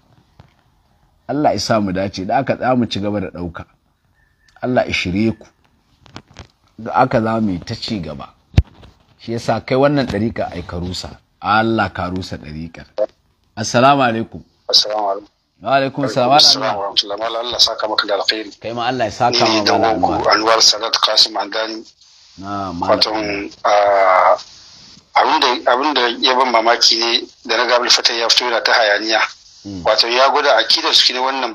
Allah ya sa mu dace da aka za mu ci gaba da ɗauka Allah ya shirye ku da aka za mu ta ci gaba shi yasa kai wannan ɗariƙa ai ka rusa Allah ka rusa ɗariƙar assalamu alaikum assalamu alaikum wa alaikum salam wa rahmatullahi wa Allah saka maka da alkhairi kai ma Allah ya saka ma mana anwar anwar salat qasim andani na malam ah, abin da ya ban mamaki ne da na gabar fata ya fito yana ta hayaniya hmm. wato ya gwada akidarsu ne wannan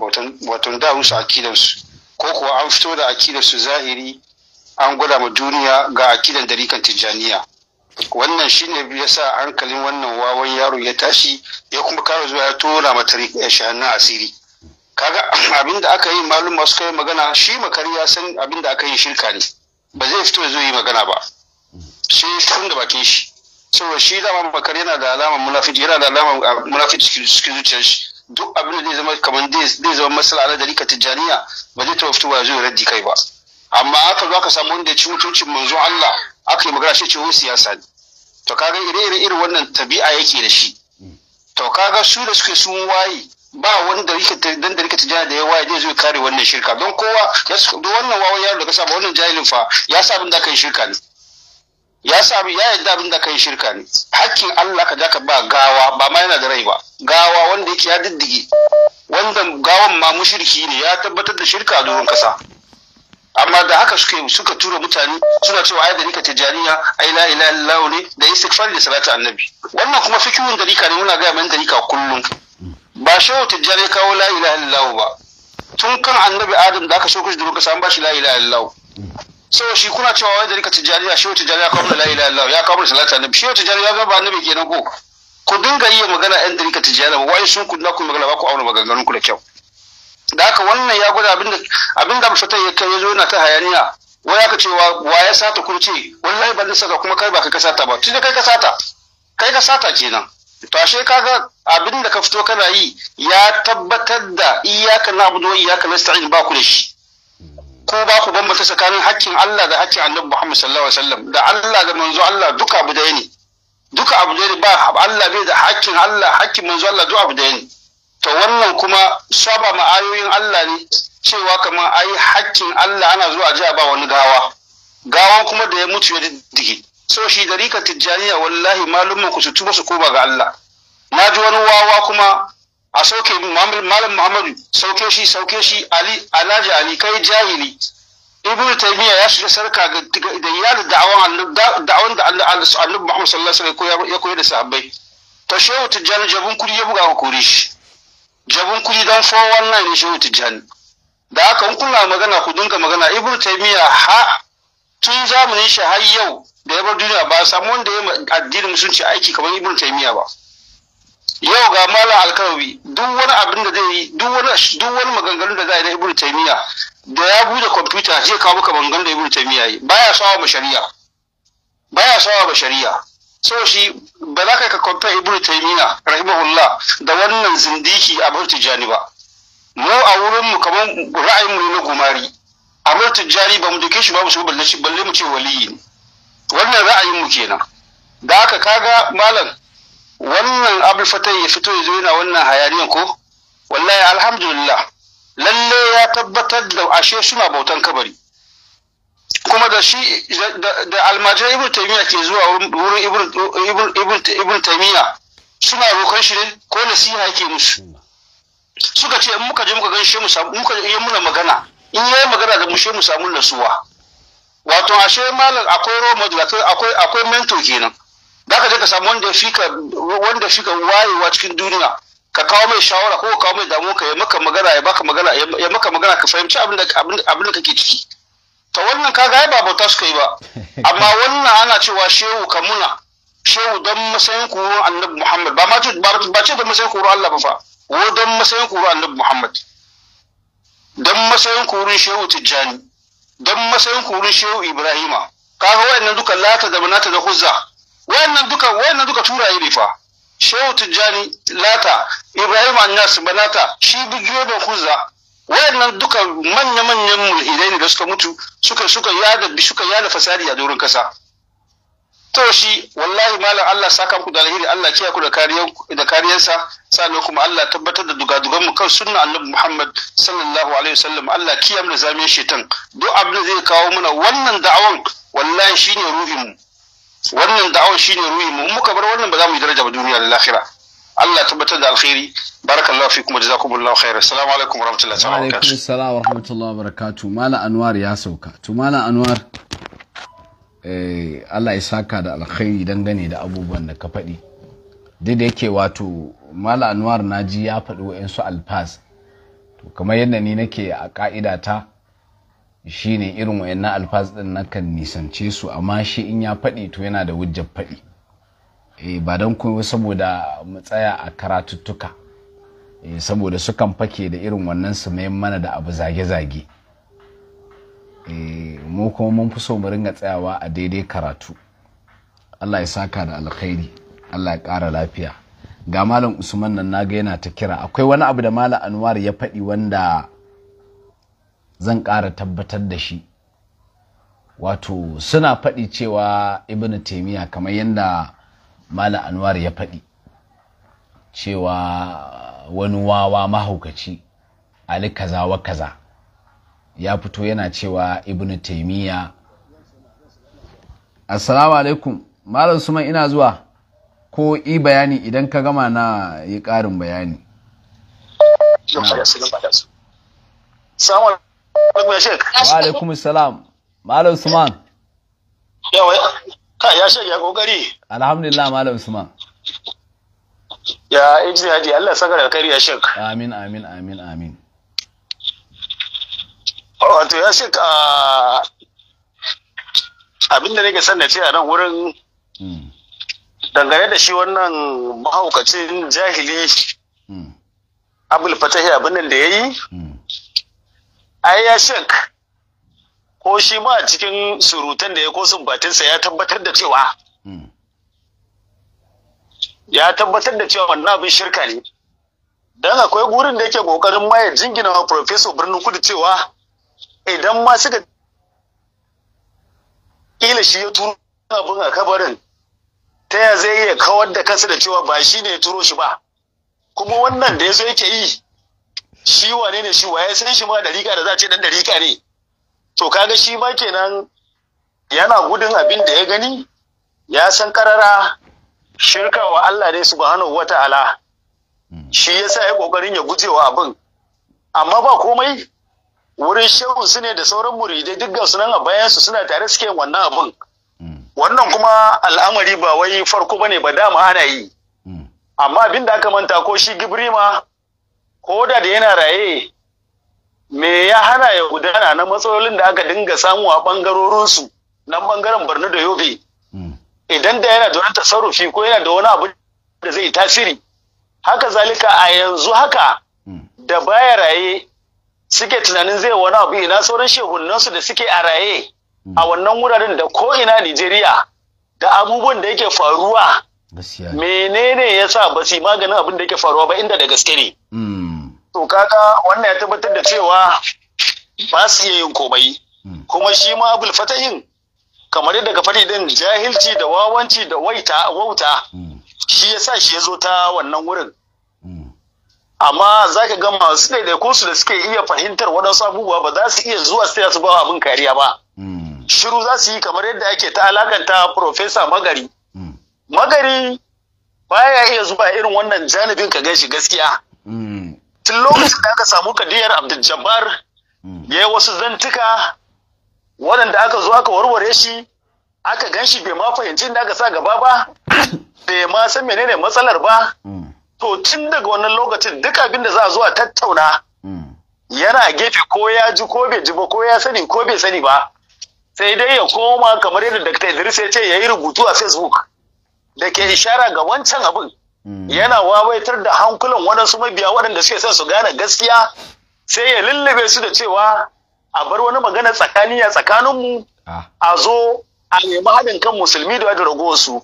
wato da musu akidarsu ko kuwa an fito da akidarsu zahiri an gwada ma duniya ga akidan darikan tijjaniya wannan shi ne ya sa hankalin wannan wawan yaro ya tashi ya kuma kawo zuwa ya tona mata shahanna asiri kaga abin da aka yi malum masu kai magana shi makari ya san abin da aka yi shirka ne ba zai fito zai yi magana ba shi tun da bakin shi saboda shi dama makari yana da alama munafiki yana da alama ah, munafiki cikin zuciyar shi duk abin da zai zama kamar zai zama masala na dalika tijjaniya ba zai taɓa fitowa zai raddi kai ba amma aka zo aka samu wanda ya ci mutuncin manzo Allah aka yi magana shi ce wai siyasa ne to kaga ire-ire irin wannan tabi'a yake da shi to kaga su da suke sun waye ba wani da rike dan da rike tijara da ya waye zai zo kare wannan shirka don kowa duk wannan wawa yaro da ka ba wannan jahilin fa ya sa abin da kai shirka ne ya sa ya yadda abin da kai shirka ne hakkin Allah ka ka ba gawa ba ma yana da rai ba gawa wanda yake ya diddige wanda gawan ma mushriki ne ya tabbatar da shirka a doron kasa amma da haka suke suka tura mutane suna cewa ai dalika tijaniya ai la ilaha illallah ne da istighfari da salatu annabi wannan kuma fikihun dalika ne muna ga mai dalika kullum ba shehu tijjani kawo la ilaha illallah ba tun kan annabi adam da aka so kushi da muka samu bashi la ilaha illallah sau shi kuna cewa wai dalika tijaniya shehu tijjani ya kawo la ilaha illallah ya kawo salatu annabi shehu tijjani ya ga annabi kenan ko ku dinga yi magana yan dalika tijaniya ba wai sun kunna ku magana ba ku auna maganganun ku da kyau da haka wannan ya gwada abinda abinda mutum ya kai zo na ta hayaniya wai aka ce wa ya sata kurce wallahi ban saka kuma kai ba ka sata ba tunda kai ka sata kai ka sata kenan to ashe kaga abin da ka fito kana yi ya tabbatar da iyyaka na'budu wa iyyaka nasta'in ba ku da shi ko ba ku bambata tsakanin haƙƙin Allah da haƙƙin Annabi Muhammad sallallahu alaihi wasallam da Allah da manzo Allah duka abu da ne duka abu da ne ba Allah bai da haƙƙin Allah haƙƙin manzo Allah duka abu da ne to wannan kuma saba ma ayoyin Allah ne cewa kamar ayi hakkin Allah ana zuwa ji ba wani gawa gawan kuma da ya mutu ya diddige so shi da rika tijjaniya wallahi malumman ku su tuba su koma ga Allah na ji wani wawa kuma a sauke malam Muhammadu sauke shi sauke shi Ali Alhaji Ali kai jahili ibnu taymiya ya shiga sarka ga da iyalin da'awan da'awan da Allah Muhammad sallallahu alaihi wasallam ya koyar da sahabbai to shehu tijjani jabun kudi ya buga ku kore shi jabin kuɗi don 419 ne shehu tijjani da haka in kuna magana ku dinga magana ibnu taymiya ha tun zamanin shi har yau da ya bar duniya ba samu wanda ya addinin musulunci aiki kamar ibnu taymiya ba yau ga malam alkarawi duk wani abin da zai yi duk wani maganganun da zai da ibnu taymiya da ya bude kwamfuta zai kawo maka maganganun da ibnu taymiya yi baya sawa ba shari'a baya sawa ba shari'a so shi ba za ka ka kwanta ibn taymiya rahimahullah da wannan zindiki a bar tijani ba mu a wurin kamar ra'ayinmu mu na gumari a bar tijani ba mu dake shi ba mu shi balle shi balle mu ce waliyi wannan ra'ayin mu kenan da aka kaga malam wannan abu fatai ya fito ya zo yana wannan hayaniyan ko wallahi alhamdulillah lalle ya tabbatar da ashe suna bautan kabari kuma da shi da almajirai ibn taymiya ke zuwa wurin ibn taymiya suna rokon shi ne ko nasiha yake musu suka ce in muka je muka gan shi mu samu muka yi muna magana in yayi magana da mu shi mu samu nasuwa wato ashe malam akwai role model akwai akwai mentor kenan zaka je ka samu wanda fika wanda ka wayewa cikin duniya ka kawo mai shawara ko ka kawo mai damuwa ka ya maka magana ya baka magana ya maka magana ka fahimci abin da abin da kake ciki ta wannan kaga ba bauta suka yi ba amma wannan ana cewa shehu kamuna shehu don matsayin kuro annabi muhammad ba ce don matsayin kuro allah ba fa wo don matsayin kuro annabi muhammad don matsayin kurin shehu tijjani don matsayin kurin shehu ibrahima kaga wayannan duka lata da manata da huzza wayannan duka wayannan duka turaye ne fa shehu tijjani lata ibrahima annas manata shi bigiyo da huzza wayannan duka manya-manyan mulhidai ne da suka mutu suka suka yada suka yada fasadi a doron kasa to shi wallahi malam Allah saka ku da alheri Allah kiyaye ku da kariyar da kariyarsa sannan kuma Allah tabbatar da dugadugan mu kan sunna Annabi Muhammad sallallahu alaihi wasallam Allah kiyaye mu da zamiyar shaitan duk abin da zai kawo mana wannan da'awan wallahi shine ruhin mu wannan da'awan shine ruhin mu muka bar wannan ba za mu yi daraja ba duniya da lahira Allah tabbatar da alkhairi barakallahu fikum wa jazakumullahu khair assalamu alaikum wa rahmatullahi wa barakatuh alaikum assalam wa rahmatullahi wa barakatuh mala anwar ya sauka to mala anwar eh Allah ya saka da alkhairi dangane da abubuwan da ka faɗi duk da yake wato mala anwar naji ya faɗi wa'ansu alfaz to kamar yadda ni nake a ka'ida ta shine irin wayannan alfaz din nakan nisance su amma shi in ya faɗi to yana da wujjar faɗi Eh, ba don kuwa saboda mu tsaya a karatuttuka eh, saboda sukan fake da irin wannan su mai mana da abu zage-zage eh, mu kuma mun fi so mu ringa tsayawa a daidai karatu Allah ya saka da alkhairi Allah ya ƙara lafiya ga malam usman nan naga yana ta kira akwai wani abu da malam anwar ya faɗi wanda zan ƙara tabbatar da shi wato suna faɗi cewa Ibn taimiyya kamar yadda mala anwar ya faɗi cewa wani wawa mahaukaci ali kaza wa kaza ya fito yana cewa ibnu taimiyya assalamu alaikum malam suman ina zuwa ko i bayani idan ka gama na yi ƙarin bayani wa alaikum salam malam suman Ka ya shirya kokari. Alhamdulillah Malam Suma. Ya inji haji Allah saka da kariya shek. Amin amin amin amin. Wato oh, ya shek a ah, abinda nake son na ce a nan wurin hmm. dangane da shi wannan mahaukacin jahili hmm. abul fatahi abin da ya yi hmm. ai ya shek ko shi ma a cikin surutan da ya ko sumbatinsa ya tabbatar da cewa hmm. ya tabbatar da cewa wannan abin shirka ne Don akwai gurin da yake kokarin ma ya jingina wa professor Birnin Kudu cewa idan ma suka kila shi ya turo abin a kabarin ta ya zai iya kawar da kansa da cewa ba shi ne ya turo shi ba kuma wannan da ya zo yake yi shi wane ne shi waye san shi ma da da za a ce dan da ne to kaga shi ma kenan yana gudun abin da ya gani ya san karara shirka wa Allah ne subhanahu ta'ala hmm. shi yasa ya kokarin ya guje wa abin amma ba komai wurin shehu su ne da sauran muridai duk su nan a bayan su suna tare suke wannan abin hmm. wannan kuma al'amari ba wai farko bane ba dama ana yi hmm. amma abin da aka manta ko shi gibrima ko da da yana raye me ya hana ya gudana na matsalolin da aka dinga samu a bangarorinsu na bangaren birni da Yobe. Hmm. Idan da yana da wani tasarrufi ko yana da wani abu da zai tasiri. Haka zalika a yanzu haka hmm. da baya raye suke tunanin zai wani abu ina sauran shehunansu da suke a raye hmm. a wannan wuraren da ko ina Nijeriya da abubuwan da yake faruwa. Menene ya sa ba su maganin abin da yake faruwa ba inda da gaske ne. to kaga wannan ya tabbatar da cewa ba su iya yin komai hmm. kuma shi ma abul fatahin kamar yadda ka faɗi din jahilci da wawanci da waita wauta hmm. shi ya sa shi ya zo ta wannan wurin hmm. amma za ka su masu da su da suke iya fahimtar waɗansu abubuwa ba za su iya zuwa su su ba abin kariya ba shiru za su yi kamar yadda ake ta alakanta profesa magari magari baya iya zuba irin wannan janibin ka gan gaskiya tun lokacin da aka samu kadiyar abdul jabbar hmm. ya yi wasu zantuka waɗanda aka zo aka warware shi aka gan shi bai ma fahimci inda aka sa gaba ba bai ma san menene matsalar ba hmm. to tun daga wannan lokacin duk abin da za a zo a tattauna hmm. yana gefe ko ya ji ko bai ji ba ko ya sani ko bai sani ba sai dai ya koma kamar yadda Dr. Idris ya ce ya yi rubutu a Facebook da ke ishara ga wancan abin Mm. yana wawaitar da hankulan waɗansu mabiya waɗanda suke son su gane gaskiya sai ya lullube su da cewa a bar wani magana tsakani a tsakaninmu ah. a zo a nemi haɗin kan musulmi da da su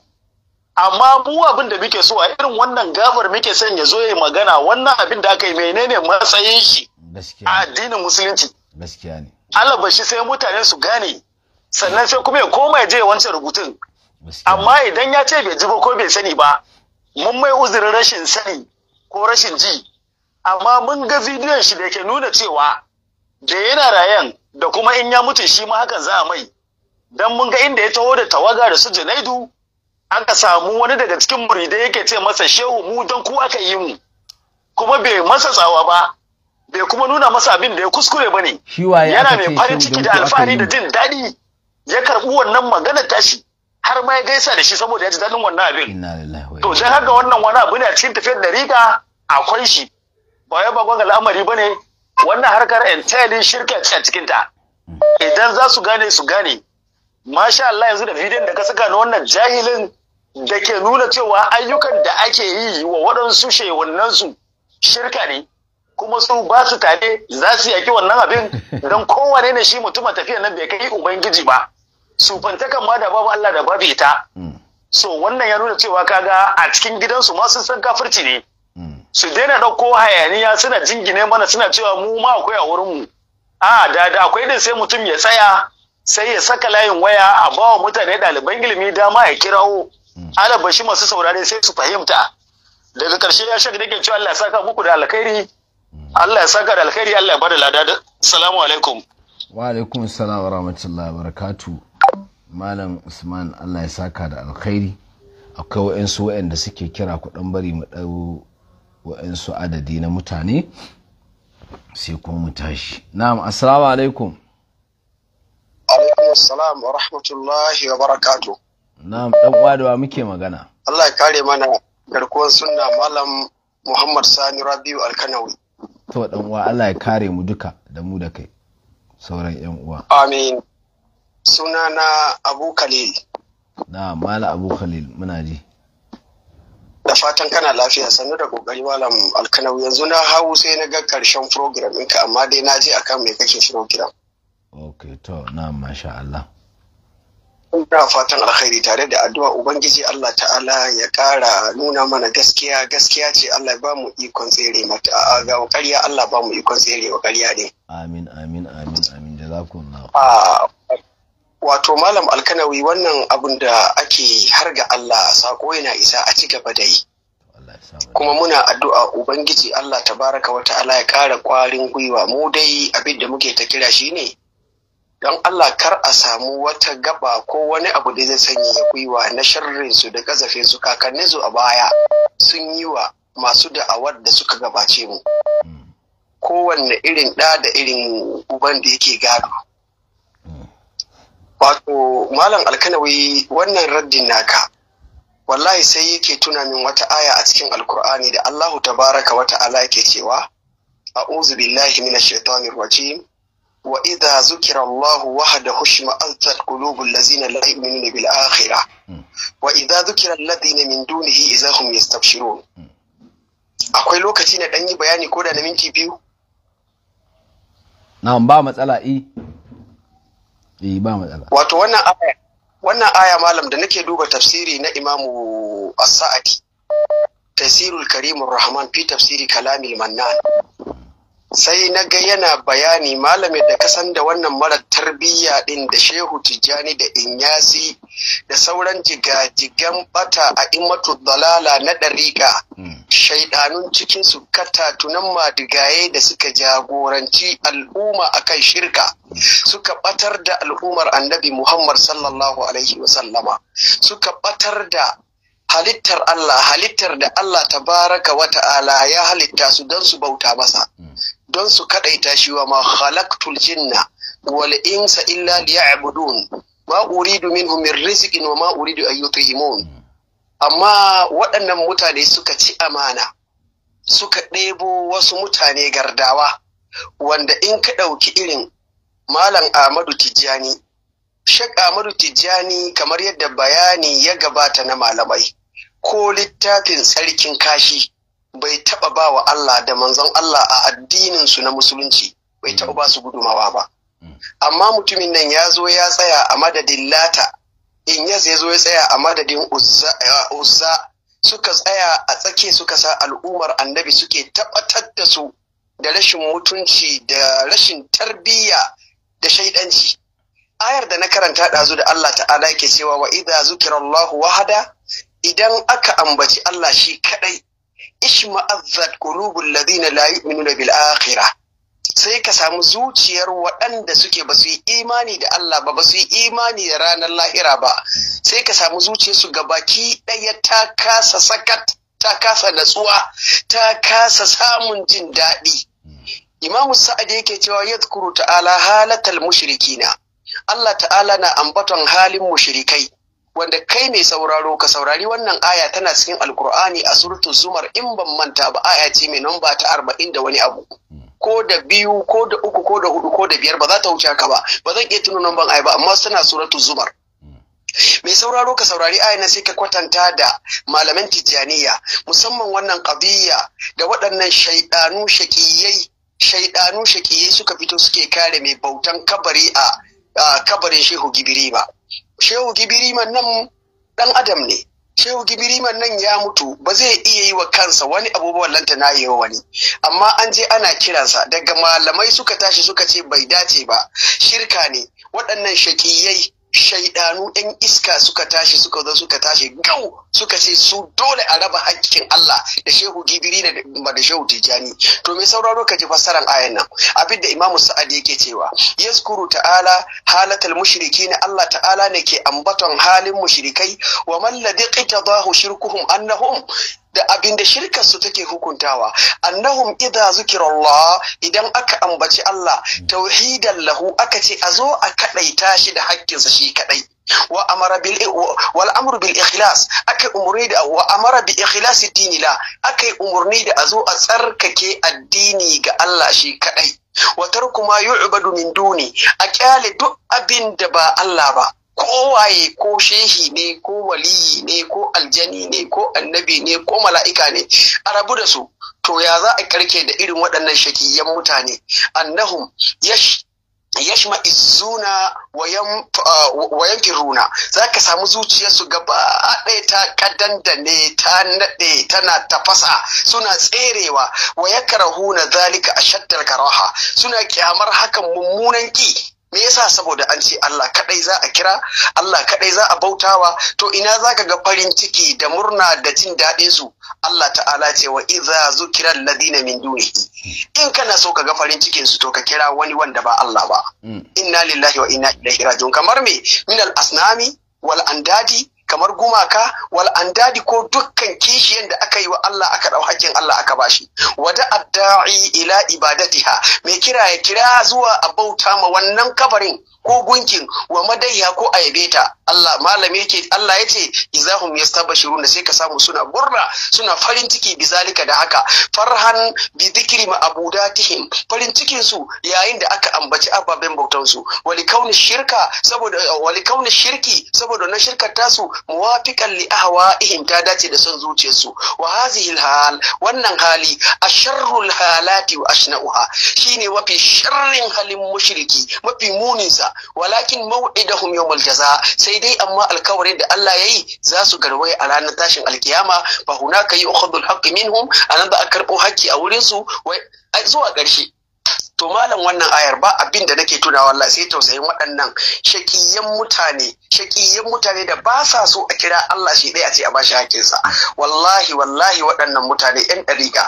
amma mu abin da muke so a irin wannan gabar muke son ya zo ya magana wannan abin da aka yi menene matsayin shi a addinin musulunci Allah bashi sai mutane su gane sannan sai kuma ya koma ya je wancan rubutun amma idan ya ce bai ji ba ko bai sani ba mun mai uzurin rashin sani ko rashin ji amma mun ga bidiyon shi da ke nuna cewa da yana rayan da kuma in ya mutu shi ma hakan za a mai dan mun ga inda ya taho da tawaga da su janaidu aka samu wani daga cikin muridai yake ce masa shehu mu dan ku aka yi mu kuma bai masa tsawa ba bai kuma nuna masa abin da ya kuskure ba ne yana mai farin ciki da alfahari da jin daɗi ya karɓi wannan magana tashi har ma ya gaisa da shi saboda ya ji daɗin wannan abin to sai haka wannan wani abu ne a cikin tafiyar da riga akwai shi ba wai bakon al'amari ba ne wannan harkar entirely shirka a cikin ta hmm. idan za su gane su gane masha Allah yanzu da bidiyon da ka saka na wannan jahilin da ke nuna cewa ayyukan da ake yi wa waɗansu shewannansu shirka ne kuma su ba su tare za su yaki wannan abin don kowane ne shi mutum a tafiya nan bai kai ubangiji ba sufantakan ma da babu Allah da babu ita mm. so wannan ya nuna cewa kaga a cikin gidansu masu sun san kafirci ne mm. su daina ɗauko hayaniya suna jingine mana suna cewa mu ma akwai a wurin mu a da da akwai din sai mutum ya tsaya sai ya saka layin waya a bawa mutane ɗaliban ilimi dama ya kirawo mm. shi masu saurare sai su fahimta daga ƙarshe ya shaka dake cewa Allah ya saka muku da alkhairi Allah ya saka da alkhairi Allah ya bada lada assalamu alaikum wa alaikum wa rahmatullahi wa barakatuh malam usman allah ya saka da alkhairi akwai wa'yansu wa'yanda suke kira kuɗin bari mu ɗau wa'yansu adadi na mutane sai kuma mu tashi na'am assalamu alaikum alaikum assalam wa rahmatullahi wa barakatu na'am dan uwa da wa muke magana Allah ya kare mana garkuwar sunna malam Muhammad Sani Rabiu Alkanawi to dan uwa Allah ya kare mu duka da mu da kai sauran yan uwa amin Suna na Abu Khalil. Na Mala Abu Khalil muna ji. Da fatan kana lafiya sannu da kokari malam alkanau yanzu na hau sai na ga karshen program ɗinka amma dai na je akan me kake program. Ok to na masha Allah. Ina fatan alkhairi tare da addu'a Ubangiji Allah ta'ala ya ƙara nuna mana gaskiya gaskiya ce Allah ba mu ikon tsere mata a ga ƙarya Allah ba mu ikon tsere wa ƙarya ne. Amin amin amin amin da za ku na. wato malam alkanawi wannan abun da ake harga Allah sako yana isa a ci gaba da yi kuma muna addu'a ubangiji Allah tabaraka wa ta'ala ya kara kwarin gwiwa mu dai abin da muke ta kira shine don Allah kar a samu wata gaba ko wani abu da zai sanya gwiwa na sharrin da kazafin su kakanni su a baya sun yi wa masu da'awar da suka gabace mu hmm. kowanne irin ɗa da irin uban da yake gado wato malam alkanawi wannan raddin naka wallahi sai yake tuna min wata aya a cikin alkur'ani da allahu tabaraka wa ta'ala yake cewa a'udhu billahi minash shaitanir rajim wa idan zukira allah wahdahu shuma'at qulubul ladzina la yu'minuna bil akhirah hmm. wa idan zukira alladhina min dunihi idza hum yastabshirun hmm. akwai lokaci na dan yi bayani ko da na minti biyu Na ba matsala Eh, ba matsala wato wannan aya wannan aya malam da nake duba tafsiri na imamu as-sa'di tafsirul karimur rahman fi tafsiri kalamil mannan sai na ga yana bayani malamin da kasan da wannan marar tarbiyya din da shehu tijjani da inyasi da sauran jigajigan bata a imatu dalala na dariƙa. Hmm. shaidanun cikin su tunan madigaye da suka jagoranci al'umma akan shirka suka batar da al'ummar annabi muhammad sallallahu alaihi wasallama suka batar da halittar Allah halittar da Allah tabaraka wata ala ya halitta su don su bauta masa hmm. don su kaɗaita shi wa ma khalaqtul jinna wal insa illa liya'budun ma uridu minhum min rizqin wa ma uridu an yutihimun amma waɗannan mutane suka ci amana suka ɗebo wasu mutane gardawa wanda in ka ɗauki irin malam Ahmadu Tijjani Shek Ahmadu Tijjani kamar yadda bayani ya gabata na malamai ko littafin sarkin kashi bai taɓa ba wa Allah da manzon Allah a addininsu na musulunci bai taɓa ba su gudumawa ba. Amma mutumin nan ya zo ya tsaya a madadin lata, in ya zo ya tsaya a madadin uzza suka tsaya a tsake suka sa al'ummar annabi suke tabbatar da su da rashin mutunci da rashin tarbiyya da shaidanci. Ayar da na karanta ɗazu da Allah ta'ala yake cewa wa idza zukira Allahu wahada idan aka ambaci Allah shi kadai azzat qulubul ladina la yu'minuna bil akhirah sai ka samu zuciyar waɗanda suke ba su yi imani da Allah ba ba su yi imani da ranar lahira ba sai ka samu zuciyar zuciyarsu gabaki ɗaya ta kasa sakat ta kasa natsuwa ta kasa samun jin daɗi imamu sa'ad yake cewa yadhkuru ta'ala halatal mushrikina Allah ta'ala na ambaton halin mushrikai wanda kai mai sauraro ka saurari wannan aya tana cikin alkur'ani a suratul zumar in ban manta ba aya ce mai namba ta arba'in da wani abu ko da biyu ko da uku ko da hudu ko da biyar ba za ta wuce ka ba ba zan iya tuno namban aya ba amma suna suratul zumar mai sauraro ka saurari aya na sai ka kwatanta da malaman tijjaniya musamman wannan qadiyya da waɗannan shaidanu shakiyai shaidanu shakiyai suka fito suke kare mai bautan kabari a kabarin shehu gibiri ba shehu gibiriman nan dan adam ne shehu gibiriman nan ya mutu ba zai iya yi wa kansa wani abubuwan lanta na yi wani amma an je ana kiransa daga malamai suka tashi suka ce bai dace ba shirka ne waɗannan shakiyai shaidanu yan iska suka tashi suka zo suka tashi gau suka ce su dole a raba hakkin Allah da shehu gibiri da da shehu tijani to me sauraro ka ji fassarar ayan nan abin da imamu sa'ad yake cewa yazkuru ta'ala halatal mushrikin Allah ta'ala ne ke ambaton halin mushrikai wa man ladiqita dahu shirkuhum annahum da abin da shirkarsu take hukuntawa annahum idza zukirallah idan aka ambaci Allah tauhidan lahu aka ce a zo a kadaita shi da haƙƙinsa shi kadai wa amara bil wal amru bil ikhlas akai umurni da wa amara bi ikhlas dinila akai umurni da azo a tsarkake addini ga Allah shi kadai wa tarku ma yu'badu min duni a kyale duk abin da ba Allah ba kowaye ko shehi ne ko waliyi ne ko aljani ne ko annabi ne ko mala'ika ne a rabu da su to ya za a karke da irin waɗannan shakiyyan mutane annahum yashma izuna yan firuna za ka samu zuciyarsu gaba ɗaya ta ne ta naɗe tana tafasa suna tserewa wa ya karahuna zalika a shaddar karaha suna kyamar hakan mummunan ki me yasa saboda an ce Allah kaɗai za a kira Allah kaɗai za a bautawa to ina za ka ga farin ciki da murna da jin daɗin su Allah ta'ala ce wa idza zukira alladhina min dunihi in kana so ka ga farin cikin su to ka kira wani wanda ba Allah ba hmm. inna lillahi wa inna ilaihi raji'un kamar me Minal asnami wal andadi kamar gumaka wal andadi ko dukkan kishiyan da aka yi wa Allah aka dau hakkin Allah aka bashi wada adda'i ila ibadatiha mai kira ya kira zuwa a bauta ma wannan kabarin ko gunkin wa madaiya ko ta? Allah malami yake Allah yace izahum yastabashirun sai ka samu suna gurna suna farin ciki bizalika da haka farhan bi dhikri abudatihim farin cikin su yayin da aka ambaci ababen bautan su wali kauni shirka saboda wali kauni shirki saboda na shirkar tasu muwafiqan li ahwa'ihim ta dace da son zuciyarsu wa hazihi hal wannan hali asharrul halati wa ashna'uha shine mafi sharrin halin mushriki mafi muninsa walakin maw'idahum yawmul jaza sai dai amma alkawarin da Allah yayi za su garwaye a ranar tashin alkiyama fa hunaka yu'khadhu alhaqqu minhum anan da a karbo haƙƙi a wurin su zuwa ƙarshe to malam wannan ayar ba abin da nake tunawa Allah sai tausayin waɗannan shakiyyan mutane shakiyyan mutane da ba sa so a kira Allah shi ɗaya a ce a ba shi hakinsa wallahi wallahi waɗannan mutane yan ɗariƙa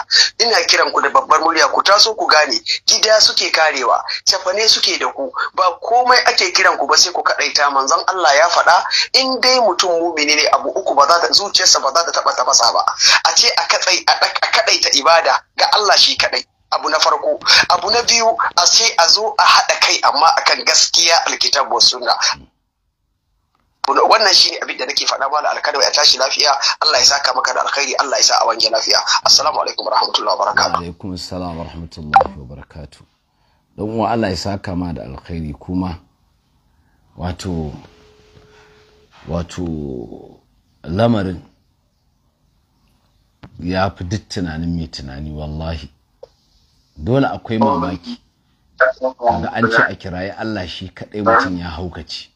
ina kiran ku da babbar murya ku taso ku gane gida suke karewa cafane suke da ku ba komai ake kiran ku ba sai ku kaɗaita manzon Allah ya faɗa in dai mutum mumini ne abu uku ba za ta zuciyarsa ba za ta taɓa tafasa ba a ce a katsai a kaɗaita ibada ga Allah shi kaɗai abu na farko abu na biyu a sai a zo a haɗa kai amma akan gaskiya alkitabu suna wannan shine abin da nake faɗa mana alkadawa ya tashi lafiya Allah ya saka maka da alkhairi Allah ya sa a wange lafiya assalamu alaikum warahmatullahi wabarakatuh alaikum assalam warahmatullahi wabarakatuh dan uwa Allah ya saka ma da alkhairi kuma wato wato lamarin ya fi duk tunanin mai tunani wallahi dole akwai mamaki ga an ce a kirayi Allah shi kaɗai mutum ya haukaci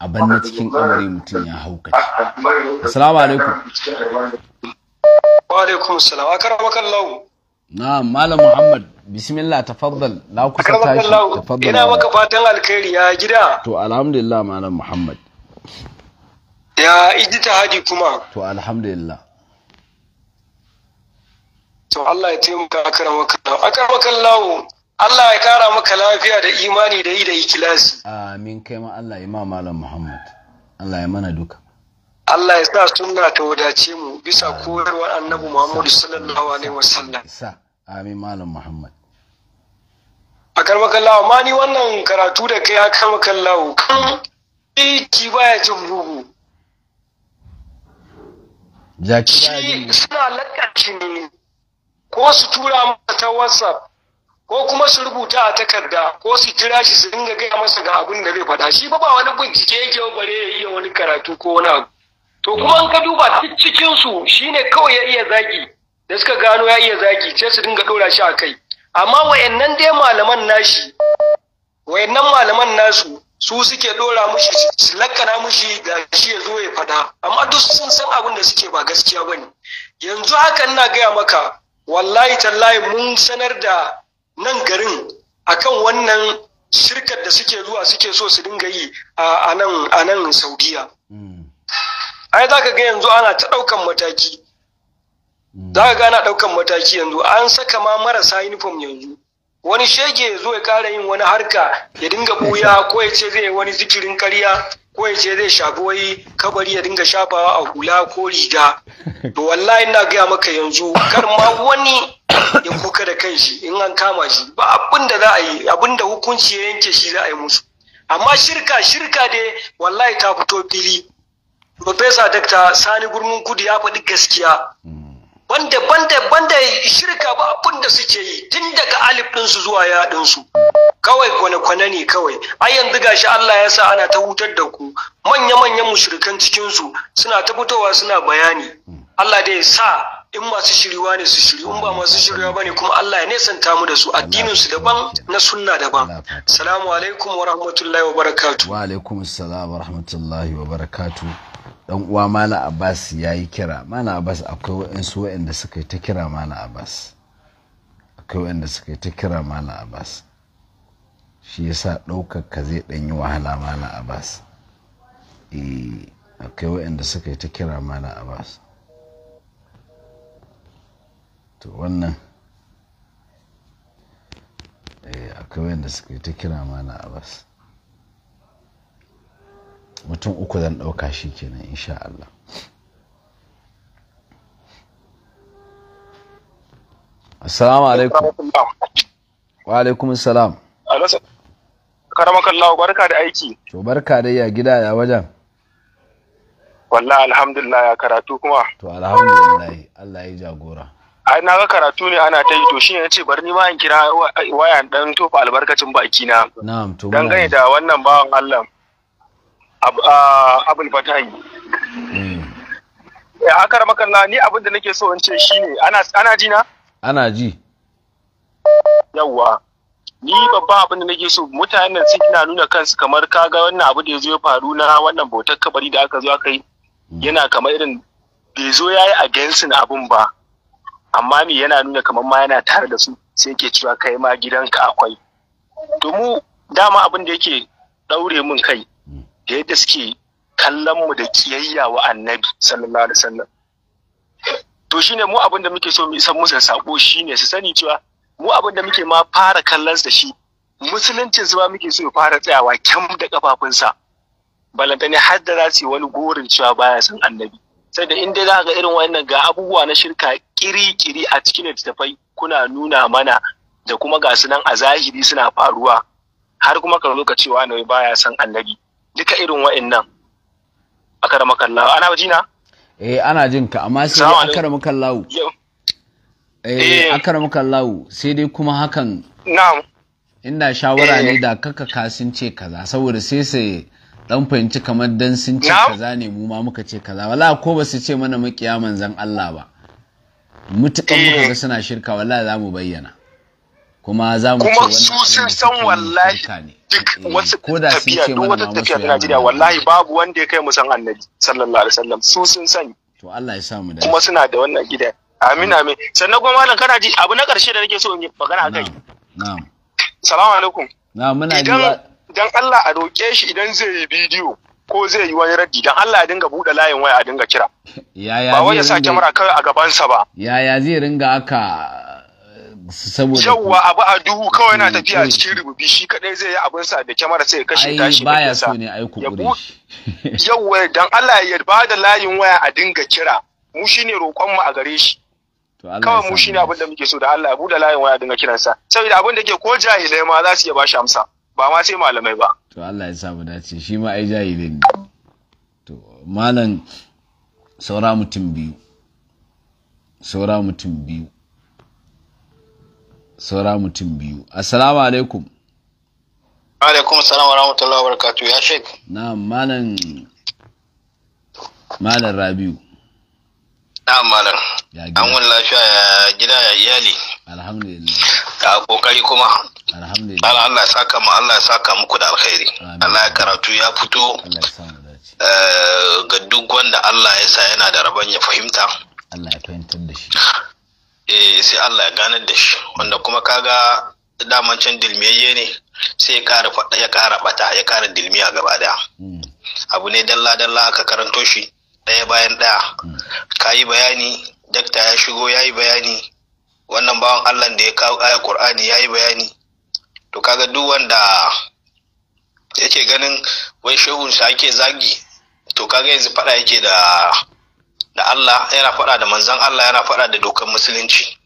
a banna cikin amare mutum ya haukaci assalamu alaikum wa alaikum assalam akaramakan lahu na malam muhammad bismillah tafaddal la kusa tashi tafaddal ina maka fatan alkhairi ya gida to alhamdulillah malam muhammad ya ijtihadi kuma to alhamdulillah to Allah ya taimaka a A akaramaka lawo Allah ya kara maka lafiya da imani da yi da ikilasi amin kai ma Allah ya ma malam Muhammad Allah ya mana duka Allah ya sa sunna ta wadace mu bisa koyarwar annabi Muhammad sallallahu alaihi wasallam sa amin malam Muhammad a karmakan lawo ma ni wannan karatu da kai a karmakan lawo kan aiki baya jin bugu shi suna lakaci ne ko su tura masa ta whatsapp ko kuma su rubuta a takarda ko su jira shi su dinga gaya masa ga abin da zai faɗa shi ba ba wani bincike yake wa bare ya iya wani karatu ko wani abu to kuma in ka duba cikin su shine kawai ya iya zagi da suka gano ya iya zagi sai su dinga dora shi a kai amma wayannan dai malaman nashi wayannan malaman nasu su suke dora mushi su lakkana mushi ga shi ya zo ya faɗa amma duk sun san abin da suke ba gaskiya bane yanzu haka ina gaya maka wallahi tallahi mun sanar da nan garin akan wannan shirkar da suke zuwa suke so su dinga yi a nan a saudiya hmm. ai za ka ga yanzu ana ta ɗaukan mataki hmm. za ka ga ana ɗaukan mataki yanzu an saka ma marasa uniform yanzu wani shege ya zo ya ƙara yin wani harka ya dinga buya ko ya ce zai yi wani zikirin ƙarya ko ce zai shafi wai kabari ya dinga shafawa a hula ko riga to wallahi ina gaya maka yanzu kar ma wani ya kuka da kanshi in an kama shi ba abin da za a yi abin da hukunci ya yanke shi za a yi musu amma shirka shirka dai wallahi ta fito fili Profesa Dr. Sani Gurmin Kudu ya faɗi gaskiya. banda banda banda shirka ba abin da suke yi tun daga alif su zuwa ya su, kawai kwane-kwane ne kawai ai yanzu gashi Allah ya sa ana ta hutar da ku manya-manyan mushrikan cikinsu suna ta fitowa suna bayani Allah dai sa in masu shiriwa ne su shiri in ba masu shiriwa bane kuma Allah ya nesanta mu da su addinin su daban na sunna daban assalamu alaikum wa rahmatullahi wa barakatuh wa alaikum assalam wa rahmatullahi wa barakatuh dan uwa mala abbas ya yi kira mala abbas akwai wa'insu wa'inda suka yi ta kira mala abbas akwai wa'inda suka yi ta kira mala abbas shi sa ɗaukar ka zai ɗan yi wahala mala abbas eh, akwai wa'inda suka yi ta kira mala abbas to wannan eh, akwai wa'inda suka yi ta kira mala abbas mutum uku zan ɗauka shi kenan insha Allah assalamu alaikum wa alaikum salam karamakallahu barka da aiki to barka dai ya gida ya wajen wallahi alhamdulillah ya karatu kuma to alhamdulillah Allah ya jagora ai na ga karatu ne ana ta yi to shine ce bar ni ma in kira wayan dan tofa albarkacin baki na na'am to gane da wannan bawan Allah Ah, abul fatahi hmm. ya akar makalla ni abin da nake so in ce shine ana ana ji na ana ji yawwa ni babba abin da nake so mutanen nan sun kina nuna kansu kamar kaga wannan abu da yazo ya faru na wannan bautar kabari da aka zo aka yi hmm. yana kamar irin bai zo yayi against abun ba amma me yana nuna kamar ma yana tare da su sai ke cewa kai ma gidanka akwai to mu dama abin da yake daure mun kai da yadda suke kallon mu da kiyayya wa annabi sallallahu alaihi wasallam to shine mu abin da muke so mu isar musu sako shine su sani cewa mu abin da muke ma fara kallon da shi musuluncin su ba muke so ya fara tsayawa kyam da kafafunsa balantane har da za su yi wani gorin cewa baya son annabi sai da inda za ga irin wannan ga abubuwa na shirka kiri-kiri a cikin littattafai kuna nuna mana da kuma ga su nan a zahiri suna faruwa har kuma ka zo ka cewa baya son annabi duka irin wa'annan akara makallawa ana jina? eh ana jin ka amma sai dai akara makallawu eh, eh. sai dai kuma hakan na'am ina shawara ne eh. da kaka ka sun ce kaza saboda sai sai dan fahimci kamar dan sun ce kaza ne mu ma muka ce kaza wala ko ba su ce mana makiya zan Allah ba mutukan muka ga eh. suna shirka wala za mu bayyana kuma za mu kuma su sun san wallahi duk eh, wasu tafiya duk wata tafiya ta Najeriya wallahi babu wanda ya kai mu san annabi sallallahu alaihi wasallam su sun sani to Allah ya sa mu da kuma suna da wannan gida amin amin sannan kuma malam kana ji abu na karshe da nake so in yi magana kai na'am assalamu alaikum na'am muna idan dan Allah a roke shi idan zai yi bidiyo ko zai yi wani raddi dan Allah ya dinga buɗe layin waya a dinga kira ba wai ya sa kamera kai a gabansa ba yaya zai ringa aka saboda yawwa abu a duhu kawai yana eh, tafiya cikin rububi shi kadai zai yi abin sa da kyamara sai ya kashe tashi baya so ne ai ku yawwa dan Allah ya ba da layin waya a dinga kira mu shine roƙon mu a gare shi kawai mu shine abin da muke so da Allah ya bude layin waya a dinga kiran sa saboda abin da ke ko jahilai ma za su iya bashi amsa ba ma sai malamai ba to Allah ya sa mu dace shi ma ai jahilai ne to malam saura mutum biyu saura mutum biyu saura mutum biyu assalamu alaikum alaikum salam wa rahmatullahi wa barakatu ya shek Na malam malam rabiu Na malam an wani lafiya ya gida ya iyali alhamdulillah ka kokari kuma alhamdulillah Allah ya saka mu Allah ya saka muku da alkhairi Allah ya karatu ya fito eh, ga duk wanda Allah ya sa yana da rabon ya fahimta Allah ya fahimtar da shi eh sai Allah ya ganar da shi wanda kuma kaga daman can dilmiyayye ne sai ya kara ya kara bata ya kara dilmiya gaba daya hmm. abu ne dalla dalla aka karanto shi ɗaya bayan daya hmm. kayi bayani dakta ya shigo yayi bayani wannan bawan Allah da ya kawo aya Qur'ani yayi bayani to kaga duk wanda yake ganin wai shehun sa ake zagi to kaga yanzu fada yake da da Allah yana faɗa da manzan Allah yana faɗa da dokar musulunci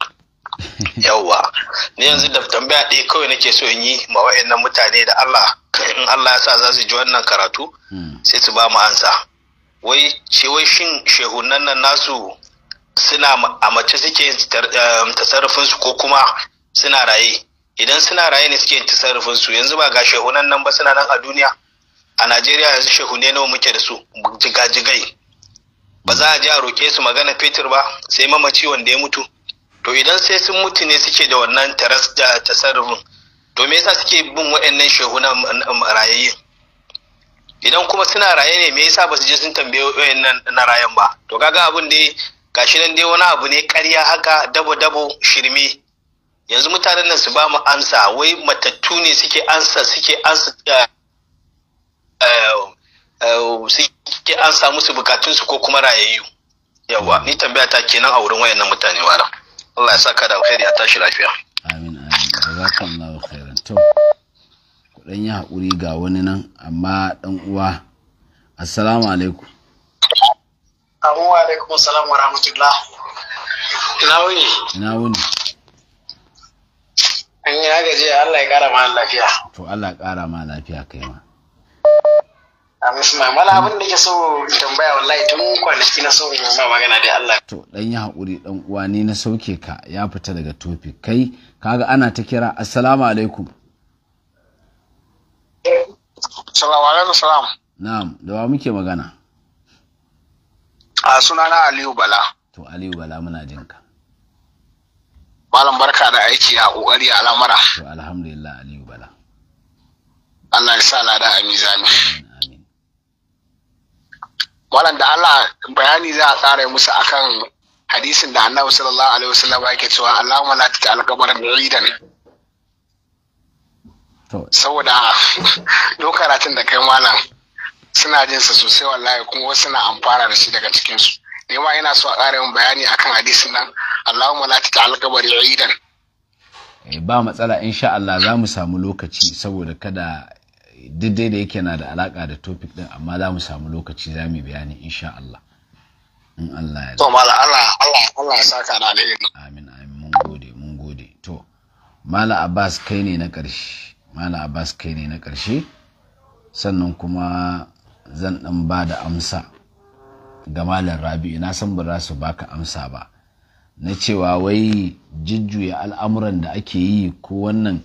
yawwa ni yanzu da tambaya ɗaya kawai nake so in yi ma wa'annan mutane da Allah in Allah ya sa za su ji wannan karatu hmm. sai su ba mu ansa wai ce wai shin shehunan nan nasu suna a mace suke eh, tasarrufin su ko kuma suna raye idan suna raye ne suke tasarrufin su yanzu ba ga shehunan nan ba suna nan a duniya a Najeriya yanzu shehune nawa muke da su jigajigai ba za a je a roke su magana fetur ba sai mamaci wanda ya mutu to idan sai sun mutu ne suke da wannan taras da tasarrufin to me yasa suke bin waɗannan shehuna um, um, rayayye idan kuma suna raye ne me yasa ba su je sun tambaye waɗannan na rayan ba to kaga abin da gashi nan dai wani abu ne ƙarya haka dabo dabo shirme yanzu mutanen nan su ba mu ansa wai matattu ne suke ansa suke ansa eh, eh, Eh, suke an samu su bukatun su ko kuma rayayyu yawa ni tambaya ta kenan a wurin wayannan mutane wara Allah ya saka da alkhairi a tashi lafiya amin amin jazakallahu khairan to ku dan yi hakuri ga wani nan amma dan uwa assalamu alaikum Assalamu alaikum assalamu wa rahmatullah ina wuni ina wuni an yi gaji Allah ya kara ma lafiya to Allah ya kara ma lafiya kai ma amma wala abin da ke so tambaya wallahi tun kwanaki na so in ma magana dai Allah to dan yi hakuri dan uwa ne na sauke ka ya fita daga tofi kai kaga ana ta kira assalamu alaikum assalamu alaikum salam na'am da wa muke magana a sunana Aliyu Bala to Aliyu Bala muna jin ka Malam barka da aiki a kokari a lamara to alhamdulillah Aliyu Bala Allah ya sa lada a mizani malam da Allah bayani za a tsara musu akan hadisin da annabi sallallahu alaihi wasallam yake cewa Allahumma la tuti alqabaran idan saboda lokaratin da kai malam suna jin sa sosai wallahi kuma wasu na amfana da shi daga cikin su ne ma ina so a ƙara yin bayani akan hadisin nan Allahumma la tuti alqabaran idan eh, ba matsala insha Allah za mu samu lokaci saboda kada duk daidai da yake na da alaka da topic din amma za mu samu lokaci za mu bayani insha Allah in Allah ya to mala Allah Allah Allah ya saka na da amin amin mun gode mun gode to mala Abbas kai ne na karshe mala Abbas kai ne na karshe sannan kuma zan dan ba da amsa ga malam Rabi'u na san ba za su baka amsa ba na cewa wai jujjuya al'amuran da ake yi ko wannan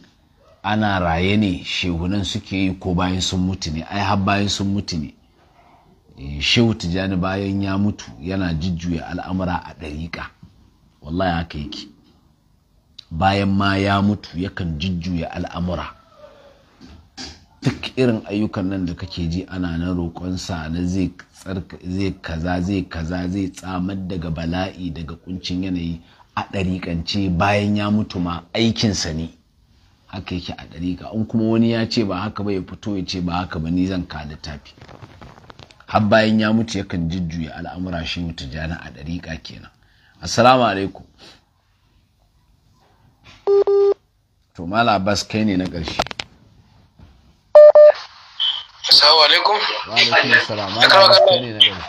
ana raye ne shehunan suke yi ko bayan sun mutu ne ai har bayan sun mutu ne eh, shehu tijjani bayan ya mutu yana jujjuya al'amura a ɗariƙa wallahi haka yake bayan ma ya mutu yakan jujjuya al'amura duk irin ayyukan nan da kake ji ana na roƙonsa na zai kaza zai kaza zai tsamar daga bala'i daga kuncin yanayi a ɗariƙance bayan ya mutu ma aikinsa ne haka yake a ɗariƙa in kuma wani ya ce ba haka ba ya fito ya ce ba haka ba ni zan ka littafi har bayan ya mutu yakan jujjuya al'amura shi mutujana a ɗariƙa kenan assalamu alaikum to mala bas kai ne na ƙarshe assalamu alaikum wa alaikum assalam mala abbas kai ne na ƙarshe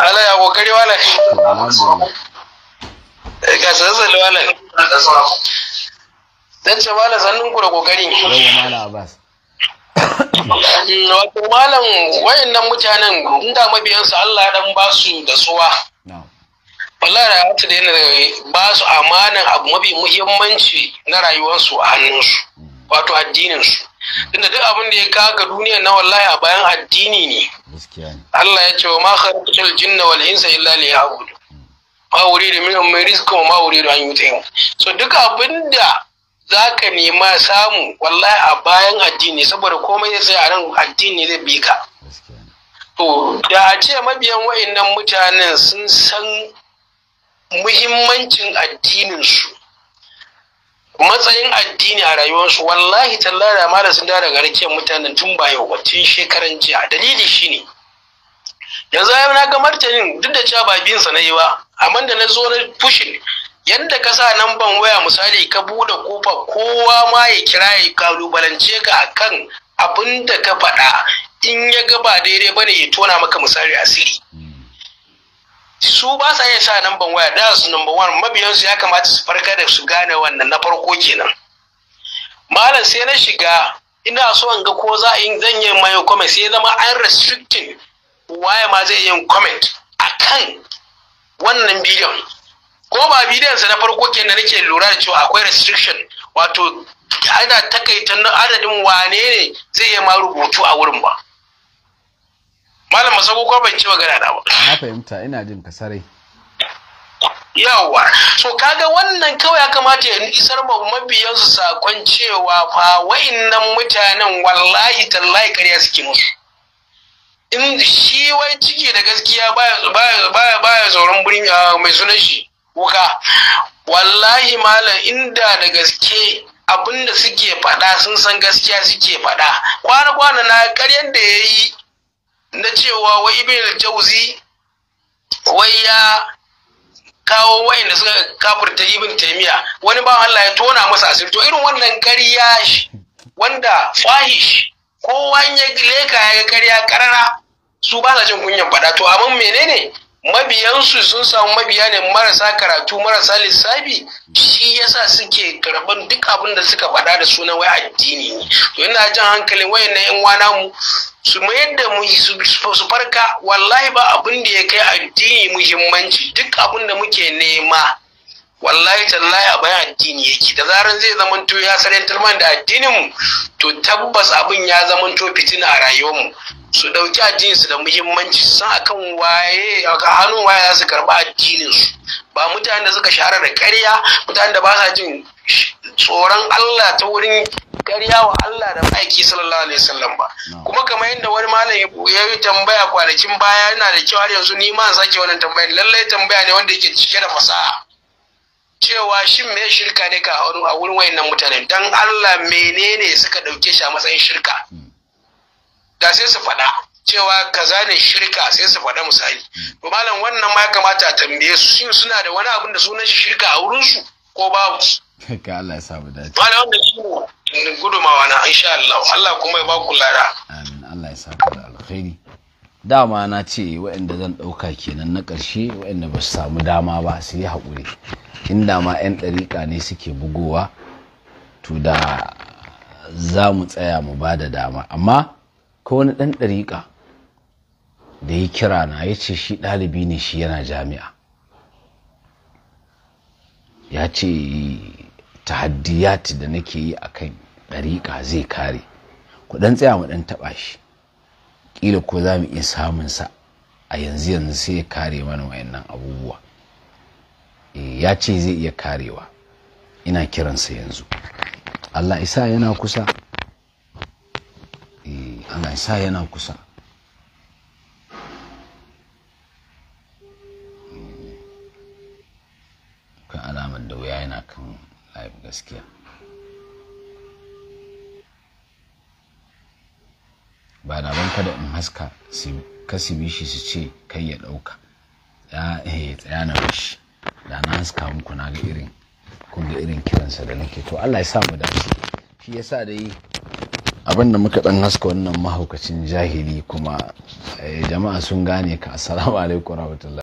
Allah ya kokari wala alhamdulillah eh, ga sanin wala dan ce mala sannun ku da kokari wato malam wayannan mutanen inda su Allah ya dan ba su da suwa wallahi da hatu da yana ba su amanan abu mafi muhimmanci na rayuwarsu a hannunsu wato su. tunda duk abin da ya kaga duniya na wallahi a bayan addini ne Allah ya ce wa ma kharaqatul jinna wal insa illa liya'budu ma wuri da min rizqi wa ma uridu an yutihim so duk abin da za ka nema samu wallahi a bayan addini saboda komai zai a nan addini zai bi ka to da a ce mabiyan wa'annan mutanen sun san muhimmancin addininsu matsayin addini a rayuwarsu wallahi tallar da mara sun dara garkiyar mutanen tun ba yau tun shekaran jiya dalili shine yanzu ya na ga martanin duk da cewa ba biyinsa na yi ba amma da na zo na fushin Yadda ka sa namban waya misali ka buɗe kofa kowa ma ya kira ya kalubalance ka akan abin da ka faɗa in ya ga ba daidai bane ya tona maka misali asiri su ba sa iya sa namban waya da su wani mabiyan mabiyansu ya kamata su farka da su gane wannan na farko kenan malam sai na shiga ina so in ga ko za in zan yi mai comment sai zama an restricting waya ma zai yin comment akan wannan bidiyon ko ba bidiyon sa na farko kenan nake lura da cewa akwai restriction wato ana takaita adadin wane ne zai yi ma rubutu a wurin ba malam masako ko ban ci magana da ba na fahimta ina jin ka sarai yawa so kaga wannan kawai ya kamata ya isar ma mabiyansu sakon cewa fa wa'innan mutanen wallahi tallahi kariya suke musu in shi wai ciki da gaskiya baya baya baya birni ah, mai sunan shi kuka wallahi malam inda da gaske abinda suke faɗa sun san gaskiya suke faɗa kwana-kwana na karyar da ya yi na cewa wa ibn jauzi wai ya kawo wayanda suka kafirta ibn taimiya wani ba Allah ya tona masa asir to irin wannan karya shi wanda fahish kowa ya leka ya karya karara su ba sa jin kunyan faɗa to amma menene mabiyansu sun samu mabiya ne marasa karatu marasa lissafi shi yasa suke karban duk abin da suka faɗa da suna wai addini ne to ina jan hankalin wayan na yan mu su mayar da mu su farka wallahi ba abin da ya kai addini muhimmanci duk abin da muke nema wallahi tallahi a bayan addini yake da zaran zai zamanto ya sarantar man da addinin mu to tabbas abin ya zamanto fitina a rayuwar mu su dauki addinin su da muhimmanci san akan waye aka hannun waye za su karba addinin su ba mutanen da suka shahara da ƙarya mutanen da ba sa jin tsoron Allah ta wurin ƙarya wa Allah da aiki sallallahu alaihi wasallam ba kuma kamar yadda wani malam ya yi tambaya kwanakin baya yana da kyau har yanzu ni ma sake wannan tambayar lallai tambaya ne wanda yake cike da fasaha cewa shin me shirka ne ka a wurin wayannan mutane dan Allah menene suka dauke shi a matsayin shirka da sai su faɗa cewa kaza ne shirka sai su faɗa misali to malam wannan ma ya kamata a tambaye su shin suna da wani abin da sunan shi shirka a wurin su ko babu ka Allah ya samu dace malam wannan shi ne gudumawa na insha Allah Allah kuma ya ba ku lada amin Allah ya sa da alkhairi dama na ce waɗanda zan ɗauka kenan na ƙarshe waɗanda ba su samu dama ba su yi haƙuri da ma 'yan ɗariƙa ne suke bugowa to da za mu tsaya mu ba da dama amma ko wani ɗan ɗariƙa da ya kira na ya ce shi ɗalibi ne shi yana jami'a ya ce tahaddiyat da nake yi a kan ɗariƙa zai kare ku ɗan tsaya mu ɗan taɓa shi ƙila ko za mu iya samunsa a yanzu yanzu sai ya kare mana wayannan abubuwa Eh, ya ce zai iya karewa ina kiransa yanzu allah isa yana kusa eh, allah isa yana kusa eh, kan alamar da wuya yana kan live gaskiya ba na ban kada in haska kasi bishi su ce kai ya ɗauka ya tsaya na shi. da na haska muku na ga irin kun ga irin kiransa da nake to Allah ya sa mu dace shi yasa dai abin da muka dan haska wannan mahaukacin jahili kuma eh, jama'a sun gane ka assalamu alaikum